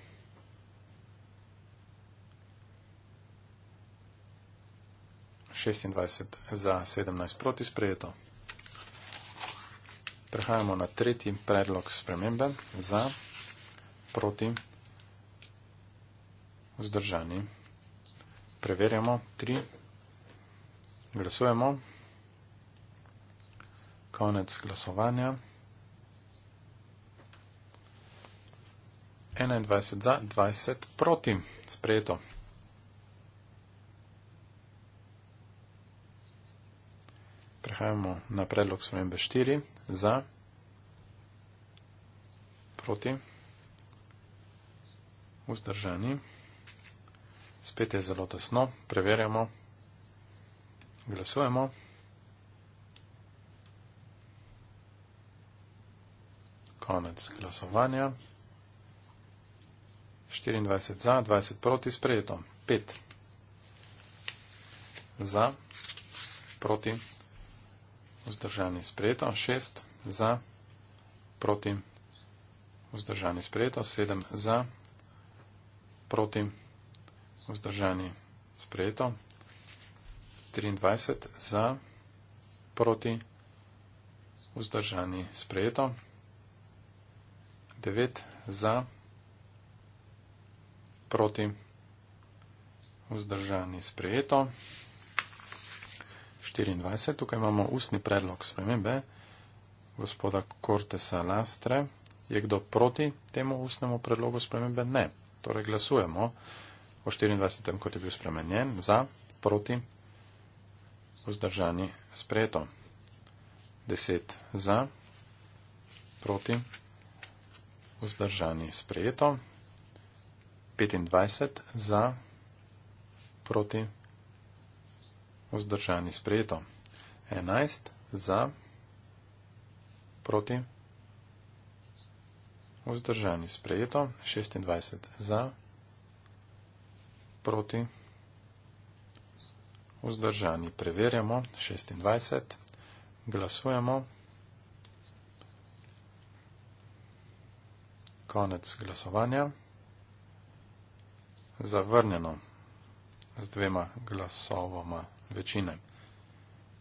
Šestindvajset za sedemnajst proti sprejeto. Prehajamo na tretji predlog spremembe za proti vzdržani. Preverjamo tri. Glasujemo. Konec glasovanja. 21 za, 20 proti. Sprejeto. Prehajamo na predlog spremembe 4 za, proti, vzdržani. Spet je zelo tesno, preverjamo, glasujemo. Konec glasovanja. 24 za, 20 proti, sprejeto. 5 za, proti, vzdržani, sprejeto. 6 za, proti, vzdržani, sprejeto. 7 za, proti, vzdržani, sprejeto. 23 za, proti, vzdržani, sprejeto. 9 za, proti, vzdržani, sprejeto proti, vzdržani sprejeto. 24. Tukaj imamo ustni predlog spremembe gospoda Cortesa Lastre. Je kdo proti temu ustnemu predlogu spremembe? Ne. Torej glasujemo o 24. kot je bil spremenjen za, proti, vzdržani sprejeto. 10 za, proti, vzdržani sprejeto. 25 za, proti, vzdržani sprejeto. 11 za, proti, vzdržani sprejeto. 26 za, proti, vzdržani preverjamo. 26 glasujemo. Konec glasovanja zavrnjeno z dvema glasovoma večine.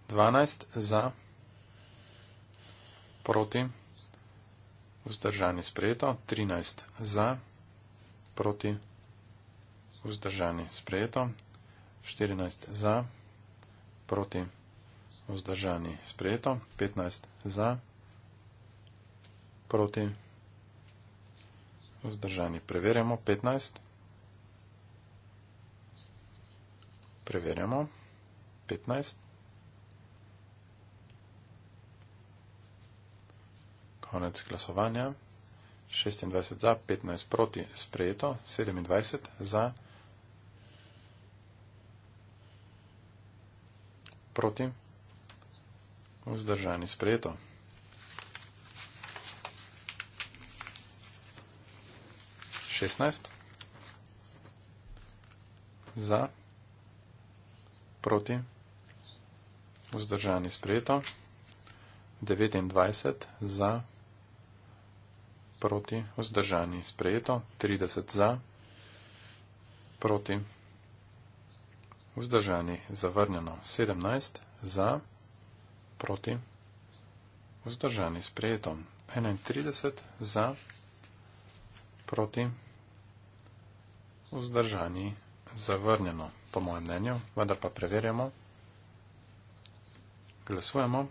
12 za, proti, vzdržani sprejeto, 13 za, proti, vzdržani sprejeto, 14 za, proti, vzdržani sprejeto, 15 za, proti, vzdržani preverjamo, 15 Preverjamo. 15. Konec glasovanja. 26 za, 15 proti, sprejeto, 27 za, proti, vzdržani, sprejeto. Šestnajst za, proti, vzdržani sprejeto, 29 za, proti, vzdržani sprejeto, 30 za, proti, vzdržani zavrnjeno, 17 za, proti, vzdržani sprejeto, 31 za, proti, vzdržani zavrnjeno po mojem mnenju, vendar pa preverjamo. Glasujemo.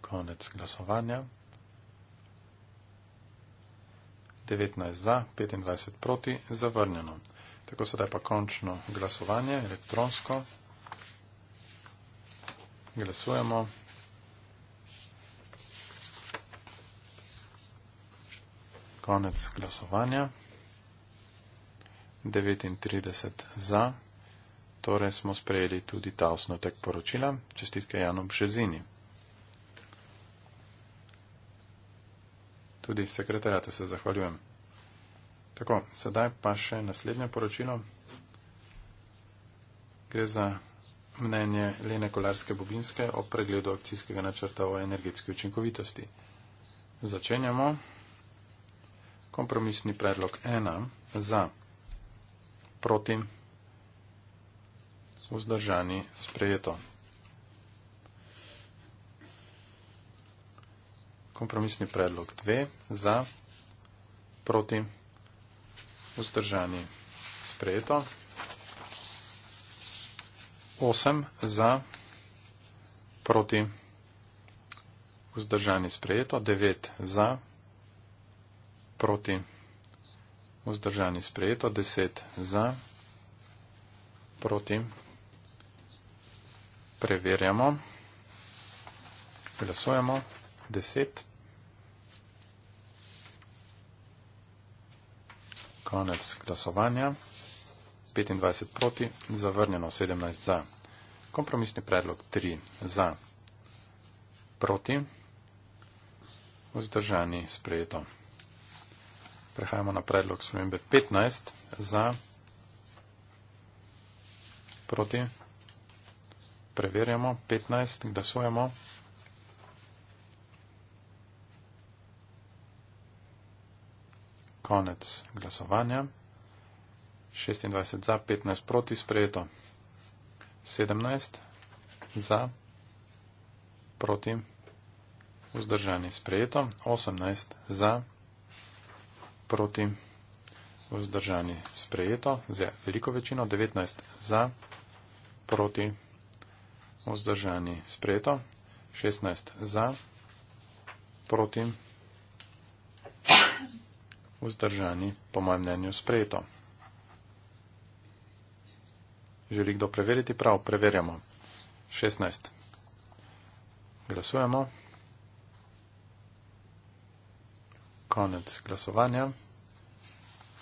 Konec glasovanja. 19 za, 25 proti, zavrnjeno. Tako sedaj pa končno glasovanje elektronsko. Glasujemo. Konec glasovanja. 39 za. Torej smo sprejeli tudi ta osnotek poročila. Čestitke Janu Bžezini. Tudi sekretarjate se zahvaljujem. Tako, sedaj pa še naslednje poročilo. Gre za mnenje Lene Kolarske Bobinske o pregledu akcijskega načrta o energetski učinkovitosti. Začenjamo. Kompromisni predlog 1 za proti, vzdržani, sprejeto. Kompromisni predlog 2, za, proti, vzdržani, sprejeto. 8, za, proti, vzdržani, sprejeto. 9, za, proti, vzdržani, sprejeto vzdržani sprejeto, 10 za, proti, preverjamo, glasujemo, 10, konec glasovanja, 25 proti, zavrnjeno, 17 za, kompromisni predlog, 3 za, proti, vzdržani sprejeto. Prehajamo na predlog spremembe 15 za proti. Preverjamo 15, glasujemo. Konec glasovanja. 26 za, 15 proti, sprejeto. 17 za, proti, vzdržani, sprejeto. 18 za, proti proti vzdržani sprejeto, z veliko večino 19 za, proti vzdržani sprejeto, 16 za, proti vzdržani, po mojem mnenju, sprejeto. Želi kdo preveriti prav? Preverjamo. 16. Glasujemo. konec glasovanja.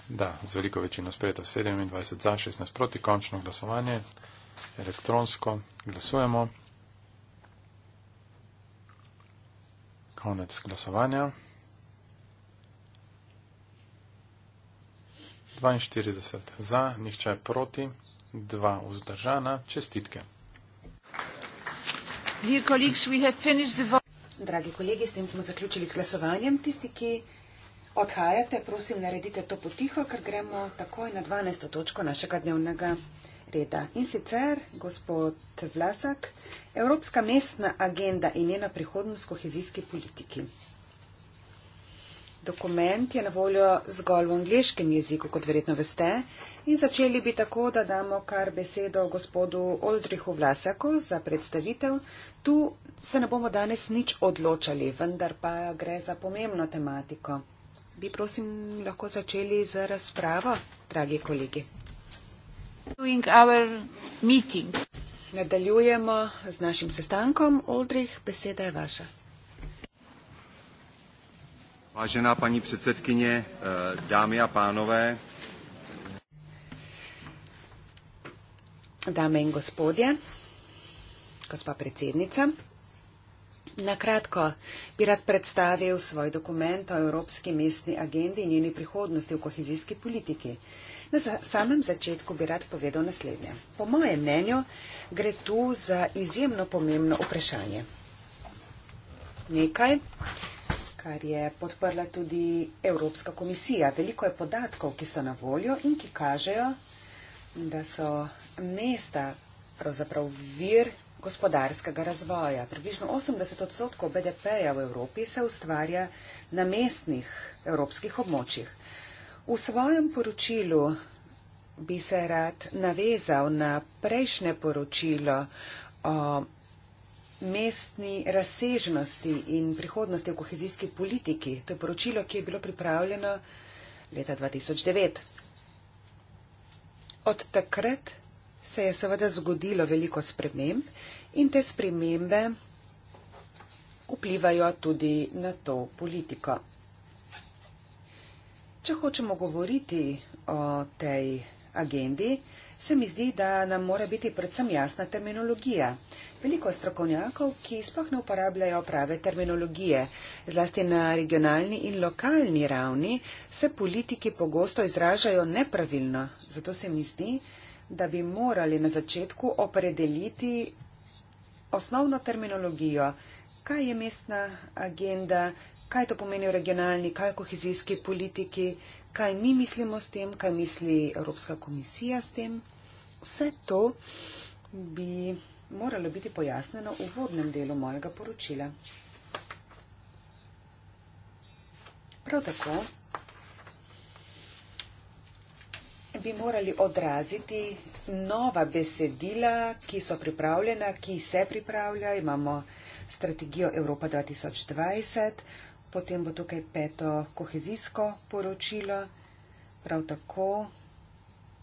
Da, z veliko večino sprejeta 27 za 16 proti končno glasovanje. Elektronsko glasujemo. Konec glasovanja. 42 za, nihče proti, 2 vzdržana. Čestitke. Dragi kolegi, s tem smo zaključili s glasovanjem. Tisti, ki odhajate, prosim, naredite to potiho, ker gremo takoj na 12. točko našega dnevnega reda. In sicer, gospod Vlasak, Evropska mestna agenda in njena prihodnost kohezijski politiki. Dokument je na voljo zgolj v angliškem jeziku, kot verjetno veste. In začeli bi tako, da damo kar besedo gospodu Oldrihu Vlasjaku za predstavitev. Tu se ne bomo danes nič odločali, vendar pa gre za pomembno tematiko. Bi prosim lahko začeli z razpravo, dragi kolegi. Nadaljujemo z našim sestankom. Oldrih, beseda je vaša. Vážená paní předsedkyně, eh, dámy a pánové. Dámy a gospodě, gospa predsednica. Na kratko bi rad predstavil svoj dokument o Evropski mestni agendi in njeni prihodnosti v kohezijski politiki. Na samem začetku bi rad povedal naslednje. Po mojem mnenju gre tu za izjemno pomembno vprašanje. Nekaj, kar je podprla tudi Evropska komisija. Veliko je podatkov, ki so na voljo in ki kažejo, da so mesta pravzaprav vir gospodarskega razvoja. Približno 80 odstotkov BDP-ja v Evropi se ustvarja na mestnih evropskih območjih. V svojem poročilu bi se rad navezal na prejšnje poročilo o mestni razsežnosti in prihodnosti v kohezijski politiki. To je poročilo, ki je bilo pripravljeno leta 2009. Od takrat se je seveda zgodilo veliko sprememb in te spremembe vplivajo tudi na to politiko. Če hočemo govoriti o tej agendi, se mi zdi, da nam mora biti predvsem jasna terminologija. Veliko strokovnjakov, ki sploh ne uporabljajo prave terminologije, zlasti na regionalni in lokalni ravni, se politiki pogosto izražajo nepravilno. Zato se mi zdi, da bi morali na začetku opredeliti osnovno terminologijo, kaj je mestna agenda, kaj to pomeni v regionalni, kaj je kohezijski politiki, kaj mi mislimo s tem, kaj misli Evropska komisija s tem. Vse to bi moralo biti pojasneno v uvodnem delu mojega poročila. Prav tako bi morali odraziti nova besedila, ki so pripravljena, ki se pripravlja. Imamo strategijo Evropa 2020, potem bo tukaj peto kohezijsko poročilo. Prav tako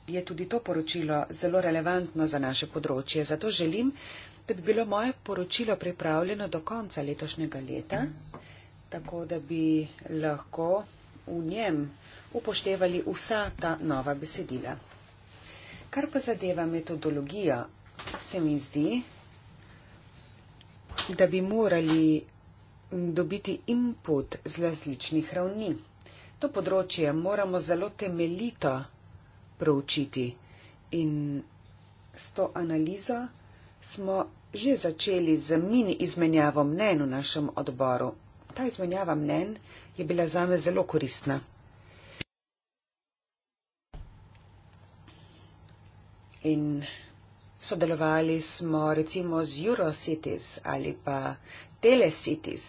je tudi to poročilo zelo relevantno za naše področje. Zato želim, da bi bilo moje poročilo pripravljeno do konca letošnjega leta, tako da bi lahko v njem upoštevali vsa ta nova besedila. Kar pa zadeva metodologijo, se mi zdi, da bi morali dobiti input z različnih ravni. To področje moramo zelo temeljito proučiti in s to analizo smo že začeli z mini izmenjavo mnen v našem odboru. Ta izmenjava mnen je bila zame zelo koristna. in sodelovali smo recimo z Eurocities ali pa Telecities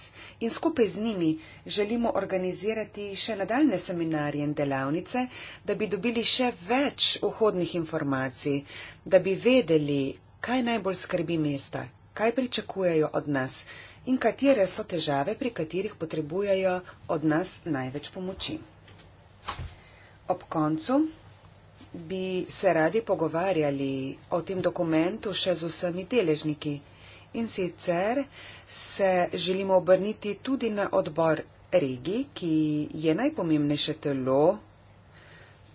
in skupaj z njimi želimo organizirati še nadaljne seminarije in delavnice, da bi dobili še več vhodnih informacij, da bi vedeli, kaj najbolj skrbi mesta, kaj pričakujejo od nas in katere so težave, pri katerih potrebujejo od nas največ pomoči. Ob koncu bi se radi pogovarjali o tem dokumentu še z vsemi deležniki. In sicer se želimo obrniti tudi na odbor regij, ki je najpomembnejše telo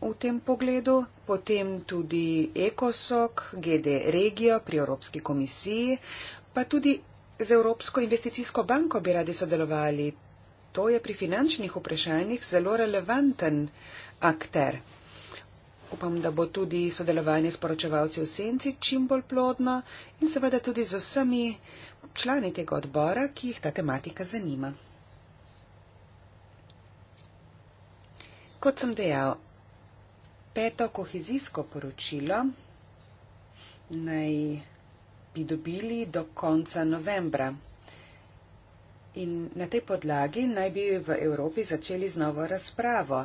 v tem pogledu, potem tudi ECOSOC, GD Regijo pri Evropski komisiji, pa tudi z Evropsko investicijsko banko bi radi sodelovali. To je pri finančnih vprašanjih zelo relevanten akter. Upam, da bo tudi sodelovanje s poročevalci v senci čim bolj plodno in seveda tudi z vsemi člani tega odbora, ki jih ta tematika zanima. Kot sem dejal, peto kohezijsko poročilo naj bi dobili do konca novembra. In na tej podlagi naj bi v Evropi začeli z novo razpravo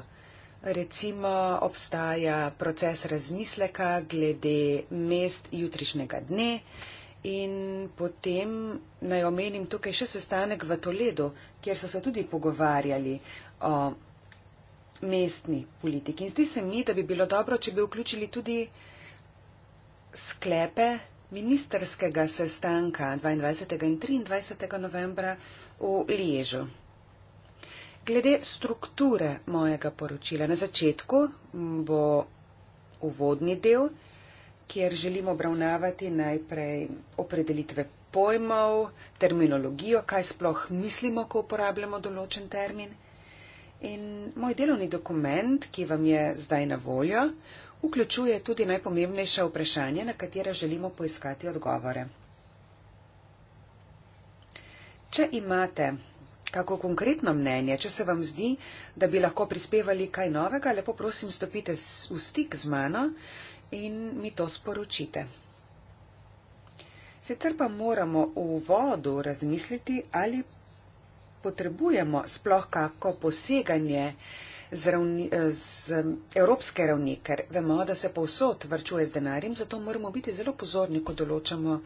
recimo obstaja proces razmisleka glede mest jutrišnjega dne in potem naj omenim tukaj še sestanek v Toledu, kjer so se tudi pogovarjali o mestni politiki. In zdi se mi, da bi bilo dobro, če bi vključili tudi sklepe ministerskega sestanka 22. in 23. novembra v Liježu. Glede strukture mojega poročila na začetku bo uvodni del, kjer želim obravnavati najprej opredelitve pojmov, terminologijo, kaj sploh mislimo, ko uporabljamo določen termin. In moj delovni dokument, ki vam je zdaj na voljo, vključuje tudi najpomembnejša vprašanja, na katera želimo poiskati odgovore. Če imate kako konkretno mnenje, če se vam zdi, da bi lahko prispevali kaj novega, lepo prosim, stopite v stik z mano in mi to sporočite. Sicer pa moramo v vodu razmisliti, ali potrebujemo sploh kako poseganje z, ravni, eh, z evropske ravni, ker vemo, da se povsod vrčuje z denarjem, zato moramo biti zelo pozorni, ko določamo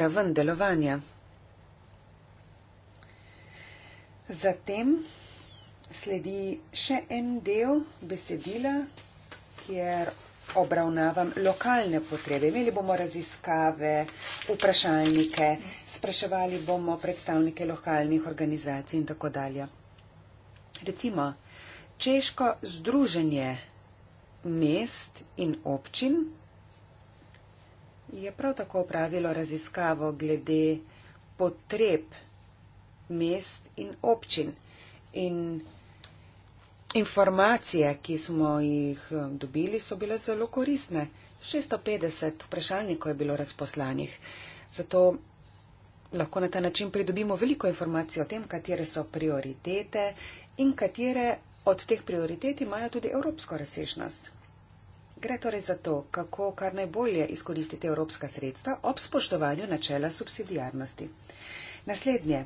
raven delovanja. Zatem sledi še en del besedila, kjer obravnavam lokalne potrebe. Imeli bomo raziskave, vprašalnike, spraševali bomo predstavnike lokalnih organizacij in tako dalje. Recimo, Češko združenje mest in občin je prav tako opravilo raziskavo glede potreb mest in občin. In informacije, ki smo jih um, dobili, so bile zelo koristne. 650 vprašalnikov je bilo razposlanih. Zato lahko na ta način pridobimo veliko informacij o tem, katere so prioritete in katere od teh prioritet imajo tudi evropsko razsežnost. Gre torej za to, kako kar najbolje izkoristiti evropska sredstva ob spoštovanju načela subsidijarnosti. Naslednje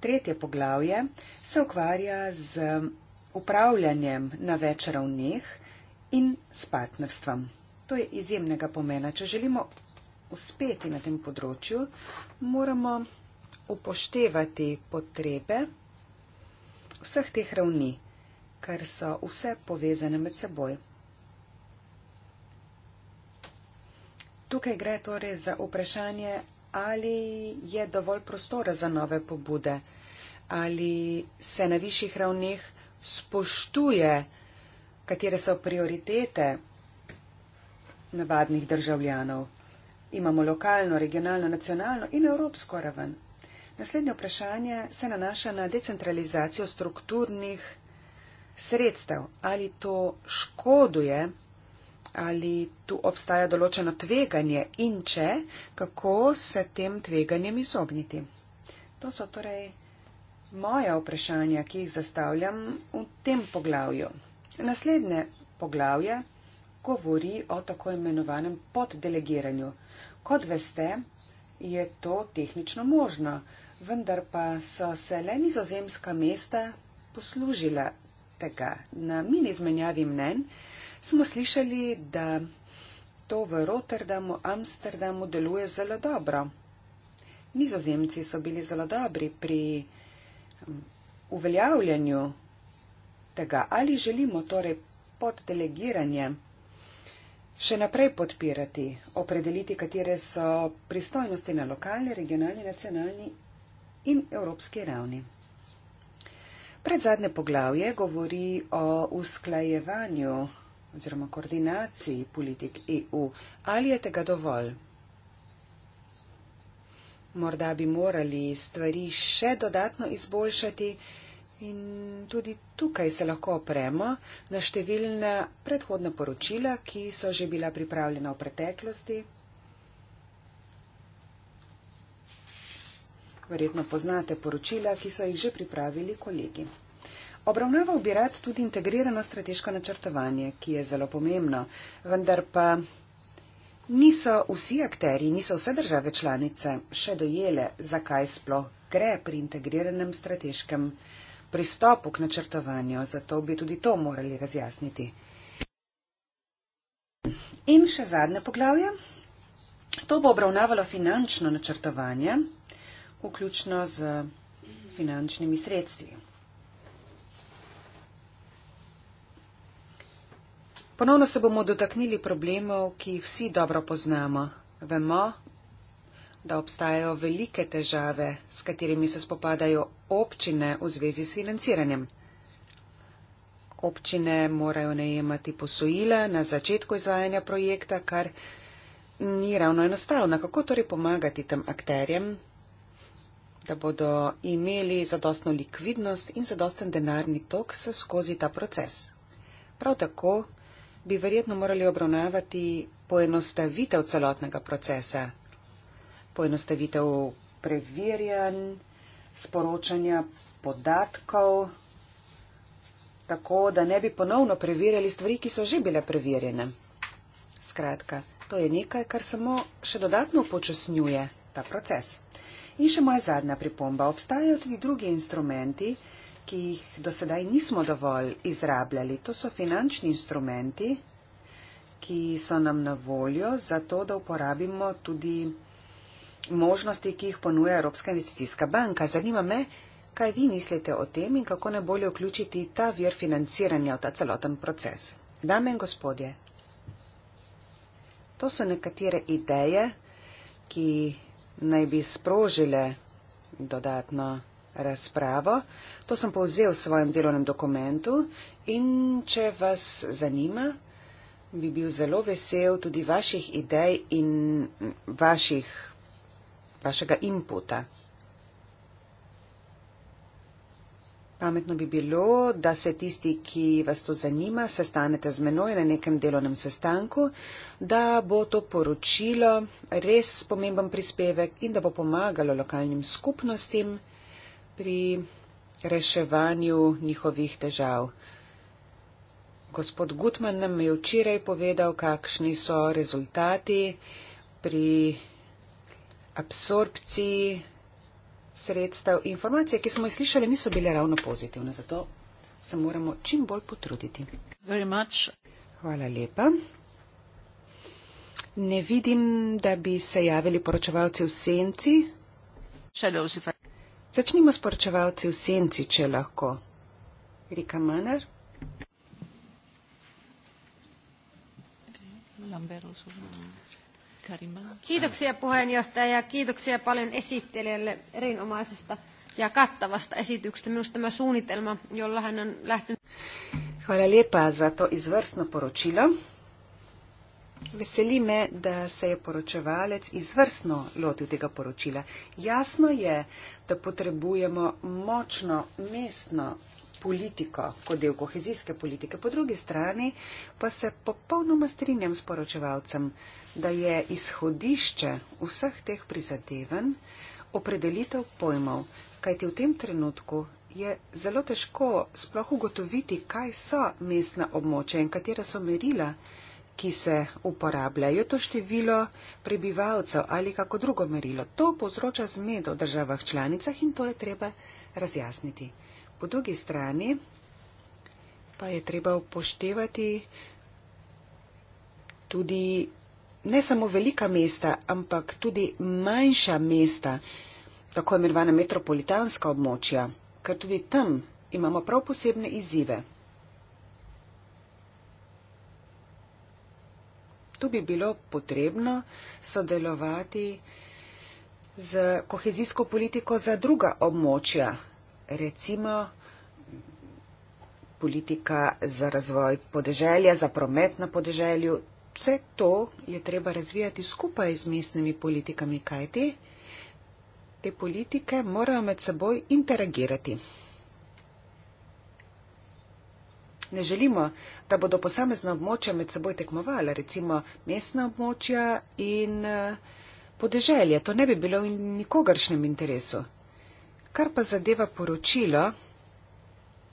tretje poglavje se ukvarja z upravljanjem na več ravneh in s partnerstvom. To je izjemnega pomena. Če želimo uspeti na tem področju, moramo upoštevati potrebe vseh teh ravni, ker so vse povezane med seboj. Tukaj gre torej za vprašanje ali je dovolj prostora za nove pobude, ali se na višjih ravneh spoštuje, katere so prioritete navadnih državljanov. Imamo lokalno, regionalno, nacionalno in evropsko raven. Naslednje vprašanje se nanaša na decentralizacijo strukturnih sredstev. Ali to škoduje ali tu obstaja določeno tveganje in če, kako se tem tveganjem izogniti. To so torej moja vprašanja, ki jih zastavljam v tem poglavju. Naslednje poglavje govori o tako imenovanem poddelegiranju. Kot veste, je to tehnično možno, vendar pa so se le nizozemska mesta poslužila tega na mini izmenjavi mnen, smo slišali, da to v Rotterdamu, Amsterdamu deluje zelo dobro. Nizozemci so bili zelo dobri pri um, uveljavljanju tega, ali želimo torej pod delegiranje še naprej podpirati, opredeliti, katere so pristojnosti na lokalni, regionalni, nacionalni in evropski ravni. Predzadnje poglavje govori o usklajevanju oziroma koordinaciji politik EU. Ali je tega dovolj? Morda bi morali stvari še dodatno izboljšati in tudi tukaj se lahko opremo na številna predhodna poročila, ki so že bila pripravljena v preteklosti. Verjetno poznate poročila, ki so jih že pripravili kolegi. Obravnaval bi rad tudi integrirano strateško načrtovanje, ki je zelo pomembno, vendar pa niso vsi akteri, niso vse države članice še dojele, zakaj sploh gre pri integriranem strateškem pristopu k načrtovanju, zato bi tudi to morali razjasniti. In še zadnje poglavje. To bo obravnavalo finančno načrtovanje, vključno z finančnimi sredstvi. Ponovno se bomo dotaknili problemov, ki jih vsi dobro poznamo. Vemo, da obstajajo velike težave, s katerimi se spopadajo občine v zvezi s financiranjem. Občine morajo najemati posojila na začetku izvajanja projekta, kar ni ravno enostavno. Kako torej pomagati tem akterjem, da bodo imeli zadostno likvidnost in zadosten denarni tok se skozi ta proces? Prav tako bi verjetno morali obravnavati poenostavitev celotnega procesa, poenostavitev preverjanj, sporočanja podatkov, tako da ne bi ponovno preverjali stvari, ki so že bile preverjene. Skratka, to je nekaj, kar samo še dodatno upočasnjuje ta proces. In še moja zadnja pripomba. Obstajajo tudi drugi instrumenti, ki jih do sedaj nismo dovolj izrabljali. To so finančni instrumenti, ki so nam na voljo za to, da uporabimo tudi možnosti, ki jih ponuja Evropska investicijska banka. Zanima me, kaj vi mislite o tem in kako ne bolje vključiti ta vir financiranja v ta celoten proces. Dame in gospodje, to so nekatere ideje, ki naj bi sprožile dodatno razpravo. To sem povzel v svojem delovnem dokumentu in če vas zanima, bi bil zelo vesel tudi vaših idej in vaših, vašega inputa. Pametno bi bilo, da se tisti, ki vas to zanima, sestanete z menoj na nekem delovnem sestanku, da bo to poročilo res pomemben prispevek in da bo pomagalo lokalnim skupnostim pri reševanju njihovih težav. Gospod Gutman nam je včeraj povedal, kakšni so rezultati pri absorpciji sredstev. Informacije, ki smo jih slišali, niso bile ravno pozitivne, zato se moramo čim bolj potruditi. Hvala lepa. Ne vidim, da bi se javili poročevalci v senci. Shadows, if I... Začnimo s poročevalci v senci, če lahko. Rika Manar. Kiitoksia puheenjohtaja ja kiitoksia paljon esittelijälle erinomaisesta ja kattavasta esityksestä. Minusta tämä suunnitelma, jolla hän on lähtenyt. Hvala lepa za to izvrstno poročilo. Veseli me, da se je poročevalec izvrstno lotil tega poročila. Jasno je, da potrebujemo močno mestno politiko kot del kohezijske politike. Po drugi strani pa se popolnoma strinjam s poročevalcem, da je izhodišče vseh teh prizadevanj opredelitev pojmov, kajti v tem trenutku je zelo težko sploh ugotoviti, kaj so mestna območja in katera so merila ki se uporablja. Je to število prebivalcev ali kako drugo merilo. To povzroča zmedo v državah članicah in to je treba razjasniti. Po drugi strani pa je treba upoštevati tudi ne samo velika mesta, ampak tudi manjša mesta, tako imenovana metropolitanska območja, ker tudi tam imamo prav posebne izzive. tu bi bilo potrebno sodelovati z kohezijsko politiko za druga območja, recimo politika za razvoj podeželja, za promet na podeželju. Vse to je treba razvijati skupaj z mestnimi politikami, kajti te politike morajo med seboj interagirati. ne želimo, da bodo posamezna območja med seboj tekmovala, recimo mestna območja in eh, podeželje. To ne bi bilo v nikogaršnem interesu. Kar pa zadeva poročilo,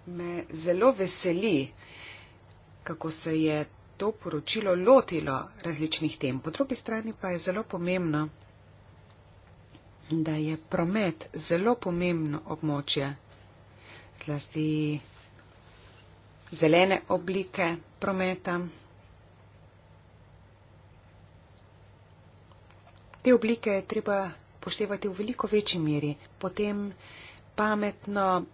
me zelo veseli, kako se je to poročilo lotilo različnih tem. Po drugi strani pa je zelo pomembno, da je promet zelo pomembno območje. Zlasti zelene oblike prometa. Te oblike je treba poštevati v veliko večji meri. Potem pametno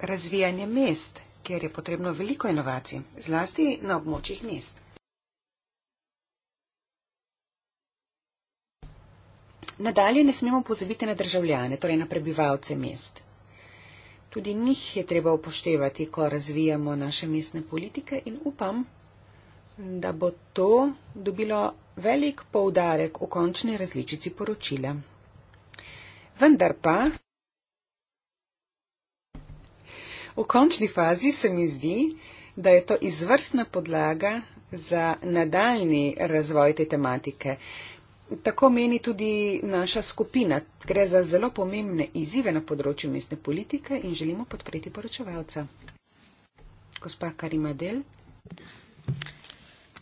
razvijanje mest, kjer je potrebno veliko inovacij, zlasti na območjih mest. Nadalje ne smemo pozabiti na državljane, torej na prebivalce mest. Tudi njih je treba upoštevati, ko razvijamo naše mestne politike in upam, da bo to dobilo velik poudarek v končni različici poročila. Vendar pa. V končni fazi se mi zdi, da je to izvrstna podlaga za nadaljni razvoj te tematike. Uh, Tako meni tudi naša skupina. Gre za zelo pomembne izzive na področju mestne politike in želimo podpreti poročevalca. Gospa Karima Del.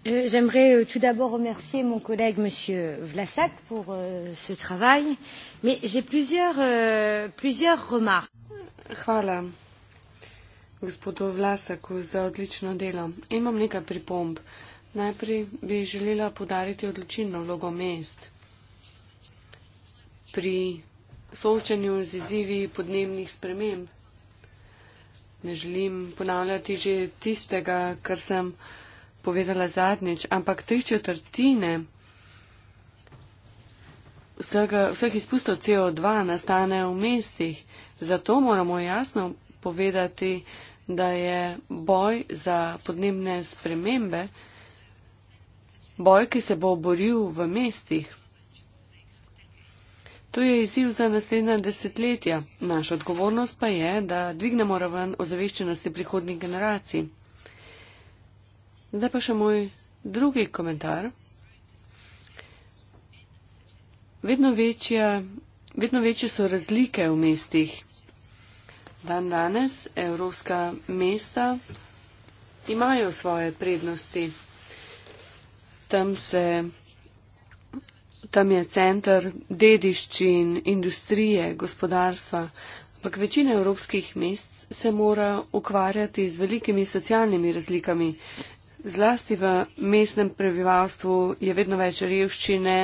Euh, j'aimerais euh, tout d'abord remercier mon collègue Monsieur Vlasak pour euh, ce travail, mais j'ai plusieurs, euh, plusieurs remarques. Hvala, gospodu Vlasaku, za odlično delo. Imam nekaj pripomb. Euh, Najprej bi želela podariti odločilno vlogo mest pri soočanju z izzivi podnebnih sprememb. Ne želim ponavljati že tistega, kar sem povedala zadnjič, ampak tri četrtine vsega, vseh izpustov CO2 nastane v mestih. Zato moramo jasno povedati, da je boj za podnebne spremembe Boj, ki se bo boril v mestih. To je izziv za naslednja desetletja. Naša odgovornost pa je, da dvignemo raven ozaveščenosti prihodnjih generacij. Zdaj pa še moj drugi komentar. Vedno, večja, vedno večje so razlike v mestih. Dan danes evropska mesta imajo svoje prednosti tam, se, tam je centr dediščin, industrije, gospodarstva, ampak večina evropskih mest se mora ukvarjati z velikimi socialnimi razlikami. Zlasti v mestnem prebivalstvu je vedno več revščine,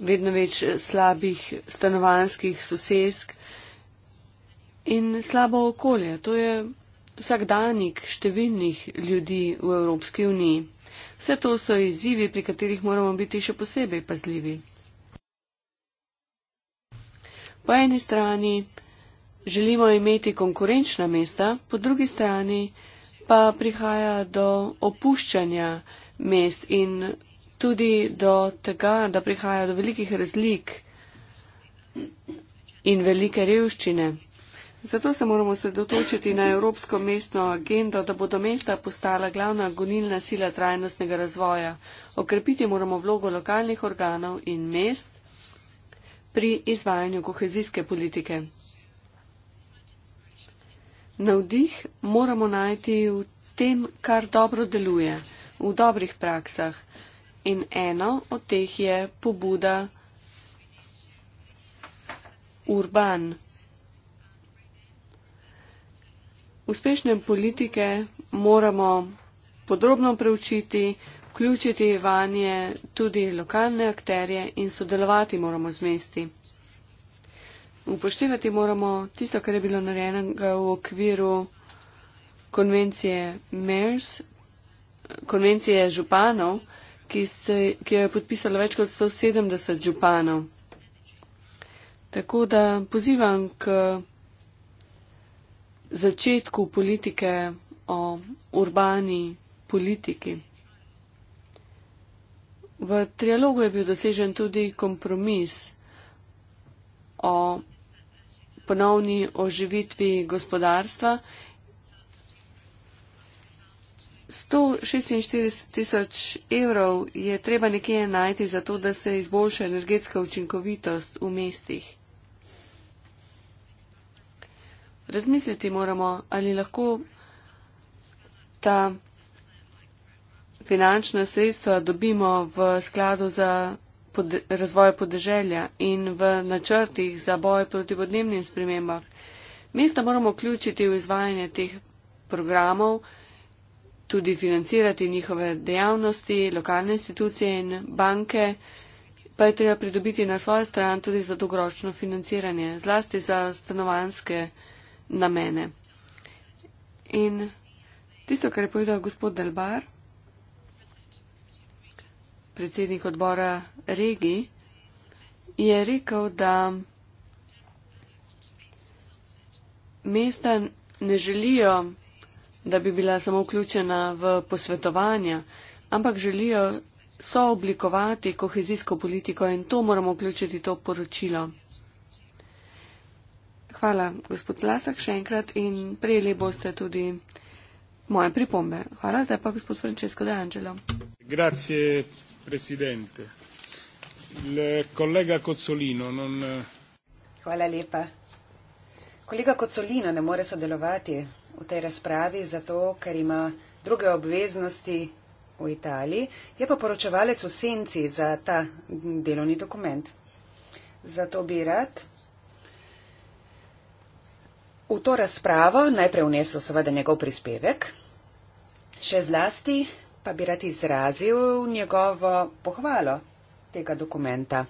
vedno več slabih stanovanskih sosesk in slabo okolje. To je vsakdanjik številnih ljudi v Evropski uniji. Vse to so izzivi, pri katerih moramo biti še posebej pazljivi. Po eni strani želimo imeti konkurenčna mesta, po drugi strani pa prihaja do opuščanja mest in tudi do tega, da prihaja do velikih razlik in velike revščine. Zato se moramo sredotočiti na evropsko mestno agendo, da bodo mesta postala glavna gonilna sila trajnostnega razvoja. Okrepiti moramo vlogo lokalnih organov in mest pri izvajanju kohezijske politike. Navdih moramo najti v tem, kar dobro deluje, v dobrih praksah. In eno od teh je pobuda Urban. Uspešne politike moramo podrobno preučiti, vključiti vanje tudi lokalne akterje in sodelovati moramo z mesti. Upoštevati moramo tisto, kar je bilo narejenega v okviru konvencije MERS, konvencije županov, ki, se, ki jo je podpisalo več kot 170 županov. Tako da pozivam k začetku politike, o urbani politiki. V trialogu je bil dosežen tudi kompromis o ponovni oživitvi gospodarstva. 146 tisoč evrov je treba nekje najti za to, da se izboljša energetska učinkovitost v mestih. razmisliti moramo, ali lahko ta finančna sredstva dobimo v skladu za pod, razvoj podeželja in v načrtih za boj proti podnebnim spremembam. Mesta moramo vključiti v izvajanje teh programov, tudi financirati njihove dejavnosti, lokalne institucije in banke, pa je treba pridobiti na svojo stran tudi za dolgoročno financiranje, zlasti za stanovanske programe namene. In tisto, kar je povedal gospod Delbar, predsednik odbora regi, je rekel, da mesta ne želijo, da bi bila samo vključena v posvetovanja, ampak želijo sooblikovati kohezijsko politiko in to moramo vključiti v to poročilo. Hvala, gospod Lasak, še enkrat in prijeli boste tudi moje pripombe. Hvala, zdaj pa gospod Francesco De Angelo. Grazie, presidente. Il collega Cozzolino non... Hvala lepa. Kolega Kocolina ne more sodelovati v tej razpravi, zato ker ima druge obveznosti v Italiji, je pa poročevalec v senci za ta delovni dokument. Zato bi rad v to razpravo najprej vnesel seveda njegov prispevek, še zlasti pa bi rad izrazil njegovo pohvalo tega dokumenta.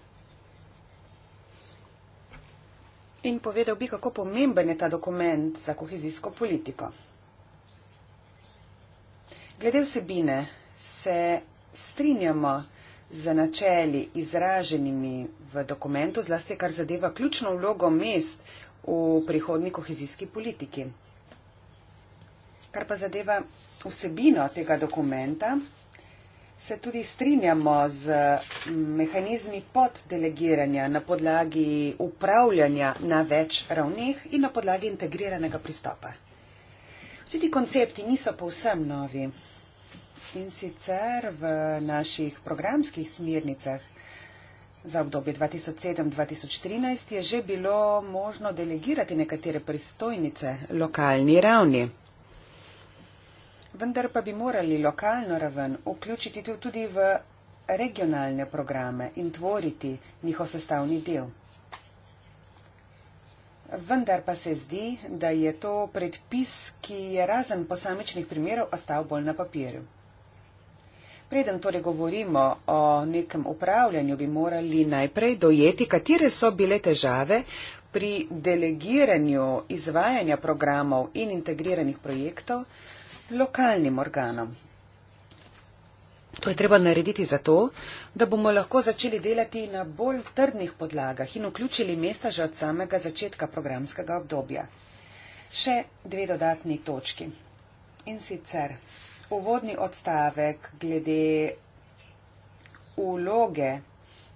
In povedal bi, kako pomemben je ta dokument za kohezijsko politiko. Glede vsebine se strinjamo z načeli izraženimi v dokumentu, zlasti kar zadeva ključno vlogo mest v prihodni kohezijski politiki. Kar pa zadeva vsebino tega dokumenta, se tudi strinjamo z mehanizmi poddelegiranja na podlagi upravljanja na več ravneh in na podlagi integriranega pristopa. Vsi ti koncepti niso povsem novi. In sicer v naših programskih smernicah Za obdobje 2007-2013 je že bilo možno delegirati nekatere pristojnice lokalni ravni. Vendar pa bi morali lokalno raven vključiti tudi v regionalne programe in tvoriti njihov sestavni del. Vendar pa se zdi, da je to predpis, ki je razen posamičnih primerov ostal bolj na papirju. Preden torej govorimo o nekem upravljanju, bi morali najprej dojeti, katere so bile težave pri delegiranju izvajanja programov in integriranih projektov lokalnim organom. To je treba narediti zato, da bomo lahko začeli delati na bolj trdnih podlagah in vključili mesta že od samega začetka programskega obdobja. Še dve dodatni točki. In sicer uvodni odstavek glede vloge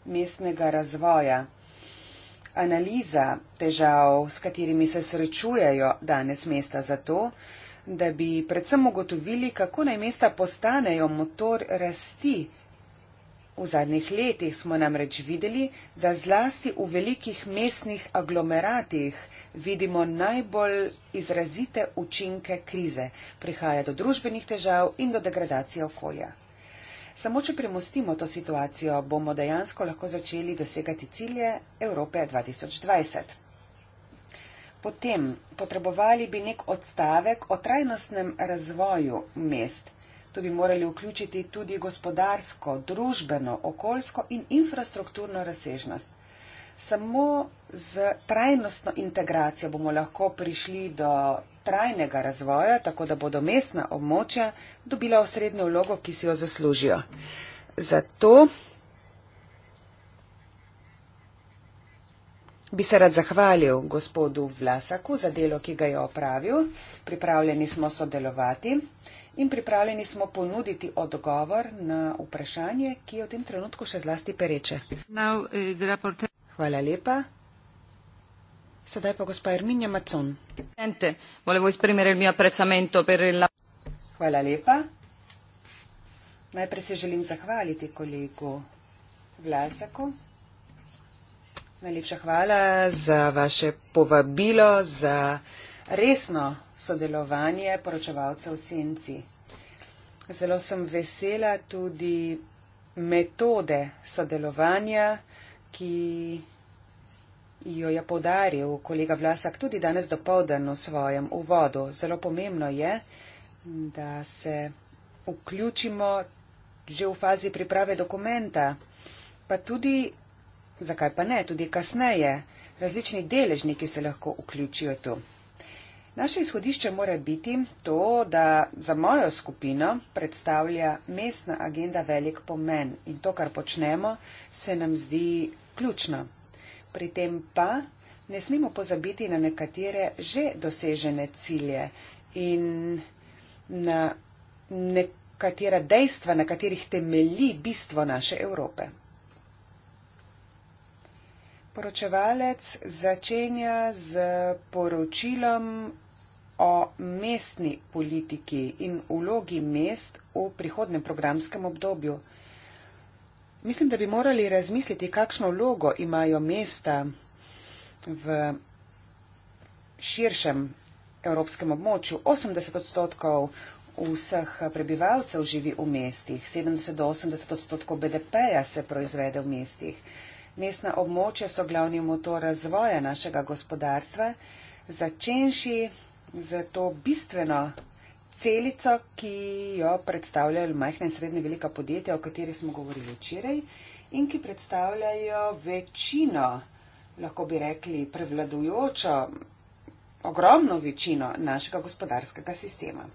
mestnega razvoja, analiza težav, s katerimi se srečujejo danes mesta zato, da bi predvsem ugotovili, kako naj mesta postanejo motor rasti V zadnjih letih smo namreč videli, da zlasti v velikih mestnih aglomeratih vidimo najbolj izrazite učinke krize, prihaja do družbenih težav in do degradacije okolja. Samo, če premostimo to situacijo, bomo dejansko lahko začeli dosegati cilje Evrope 2020. Potem potrebovali bi nek odstavek o trajnostnem razvoju mest. To bi morali vključiti tudi gospodarsko, družbeno, okoljsko in infrastrukturno razsežnost. Samo z trajnostno integracijo bomo lahko prišli do trajnega razvoja, tako da bodo mestna območja dobila osrednjo vlogo, ki si jo zaslužijo. Zato bi se rad zahvalil gospodu Vlasaku za delo, ki ga je opravil. Pripravljeni smo sodelovati in pripravljeni smo ponuditi odgovor na vprašanje, ki je v tem trenutku še zlasti pereče. Eh, hvala lepa. Sedaj pa gospa Erminja Macon. Hvala lepa. Najprej se želim zahvaliti kolegu Vlasaku. Najlepša hvala za vaše povabilo, za resno sodelovanje poročevalcev v senci. Zelo sem vesela tudi metode sodelovanja, ki jo je podaril kolega Vlasak tudi danes do povdan v svojem uvodu. Zelo pomembno je, da se vključimo že v fazi priprave dokumenta, pa tudi, zakaj pa ne, tudi kasneje. Različni deležniki se lahko vključijo tu. Naše izhodišče mora biti to, da za mojo skupino predstavlja mestna agenda velik pomen in to, kar počnemo, se nam zdi ključno. Pri tem pa ne smemo pozabiti na nekatere že dosežene cilje in na nekatera dejstva, na katerih temelji bistvo naše Evrope poročevalec začenja z poročilom o mestni politiki in vlogi mest v prihodnem programskem obdobju. Mislim, da bi morali razmisliti, kakšno vlogo imajo mesta v širšem evropskem območju. 80 odstotkov vseh prebivalcev živi v mestih, 70 do 80 odstotkov BDP-ja se proizvede v mestih. Mestna območja so glavni motor razvoja našega gospodarstva, začenši z to bistveno celico, ki jo predstavljajo majhne in srednje velika podjetja, o kateri smo govorili včeraj in ki predstavljajo večino, lahko bi rekli, prevladujočo, ogromno večino našega gospodarskega sistema.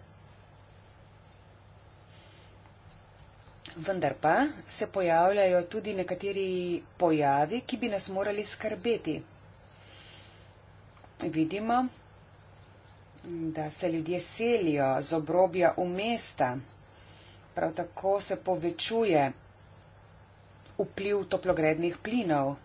vendar pa se pojavljajo tudi nekateri pojavi, ki bi nas morali skrbeti. Vidimo, da se ljudje selijo z obrobja v mesta, prav tako se povečuje vpliv toplogrednih plinov.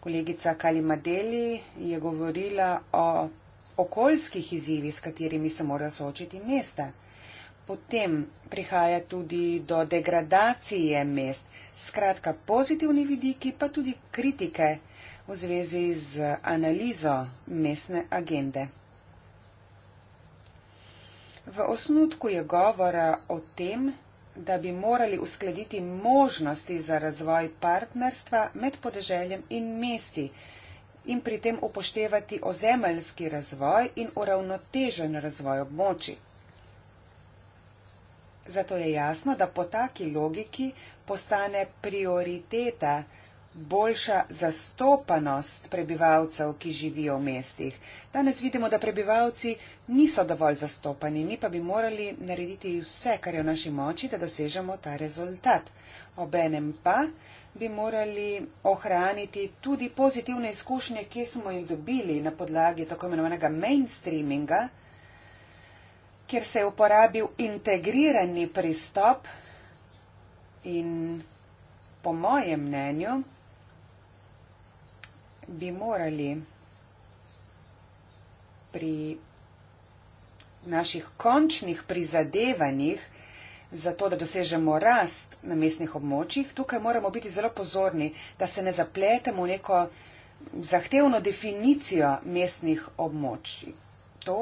Kolegica Kalima Deli je govorila o okoljskih izzivih, s katerimi se morajo soočiti mesta potem prihaja tudi do degradacije mest. Skratka, pozitivni vidiki, pa tudi kritike v zvezi z analizo mestne agende. V osnutku je govora o tem, da bi morali uskladiti možnosti za razvoj partnerstva med podeželjem in mesti in pri tem upoštevati ozemeljski razvoj in uravnotežen razvoj območij. Zato je jasno, da po taki logiki postane prioriteta boljša zastopanost prebivalcev, ki živijo v mestih. Danes vidimo, da prebivalci niso dovolj zastopani, mi pa bi morali narediti vse, kar je v naši moči, da dosežemo ta rezultat. Obenem pa bi morali ohraniti tudi pozitivne izkušnje, ki smo jih dobili na podlagi tako imenovanega mainstreaminga, kjer se je uporabil integrirani pristop in po mojem mnenju bi morali pri naših končnih prizadevanjih za to, da dosežemo rast na mestnih območjih, tukaj moramo biti zelo pozorni, da se ne zapletemo v neko zahtevno definicijo mestnih območij. To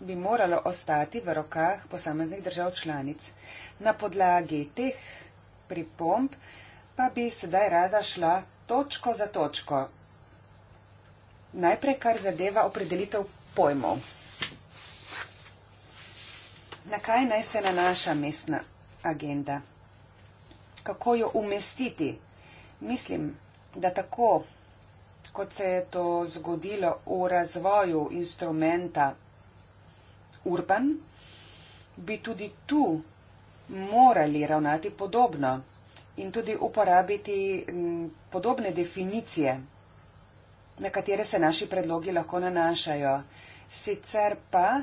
bi moralo ostati v rokah posameznih držav članic. Na podlagi teh pripomb pa bi sedaj rada šla točko za točko. Najprej, kar zadeva opredelitev pojmov. Na kaj naj se nanaša mestna agenda? Kako jo umestiti? Mislim, da tako, kot se je to zgodilo v razvoju instrumenta Urban, bi tudi tu morali ravnati podobno in tudi uporabiti podobne definicije, na katere se naši predlogi lahko nanašajo. Sicer pa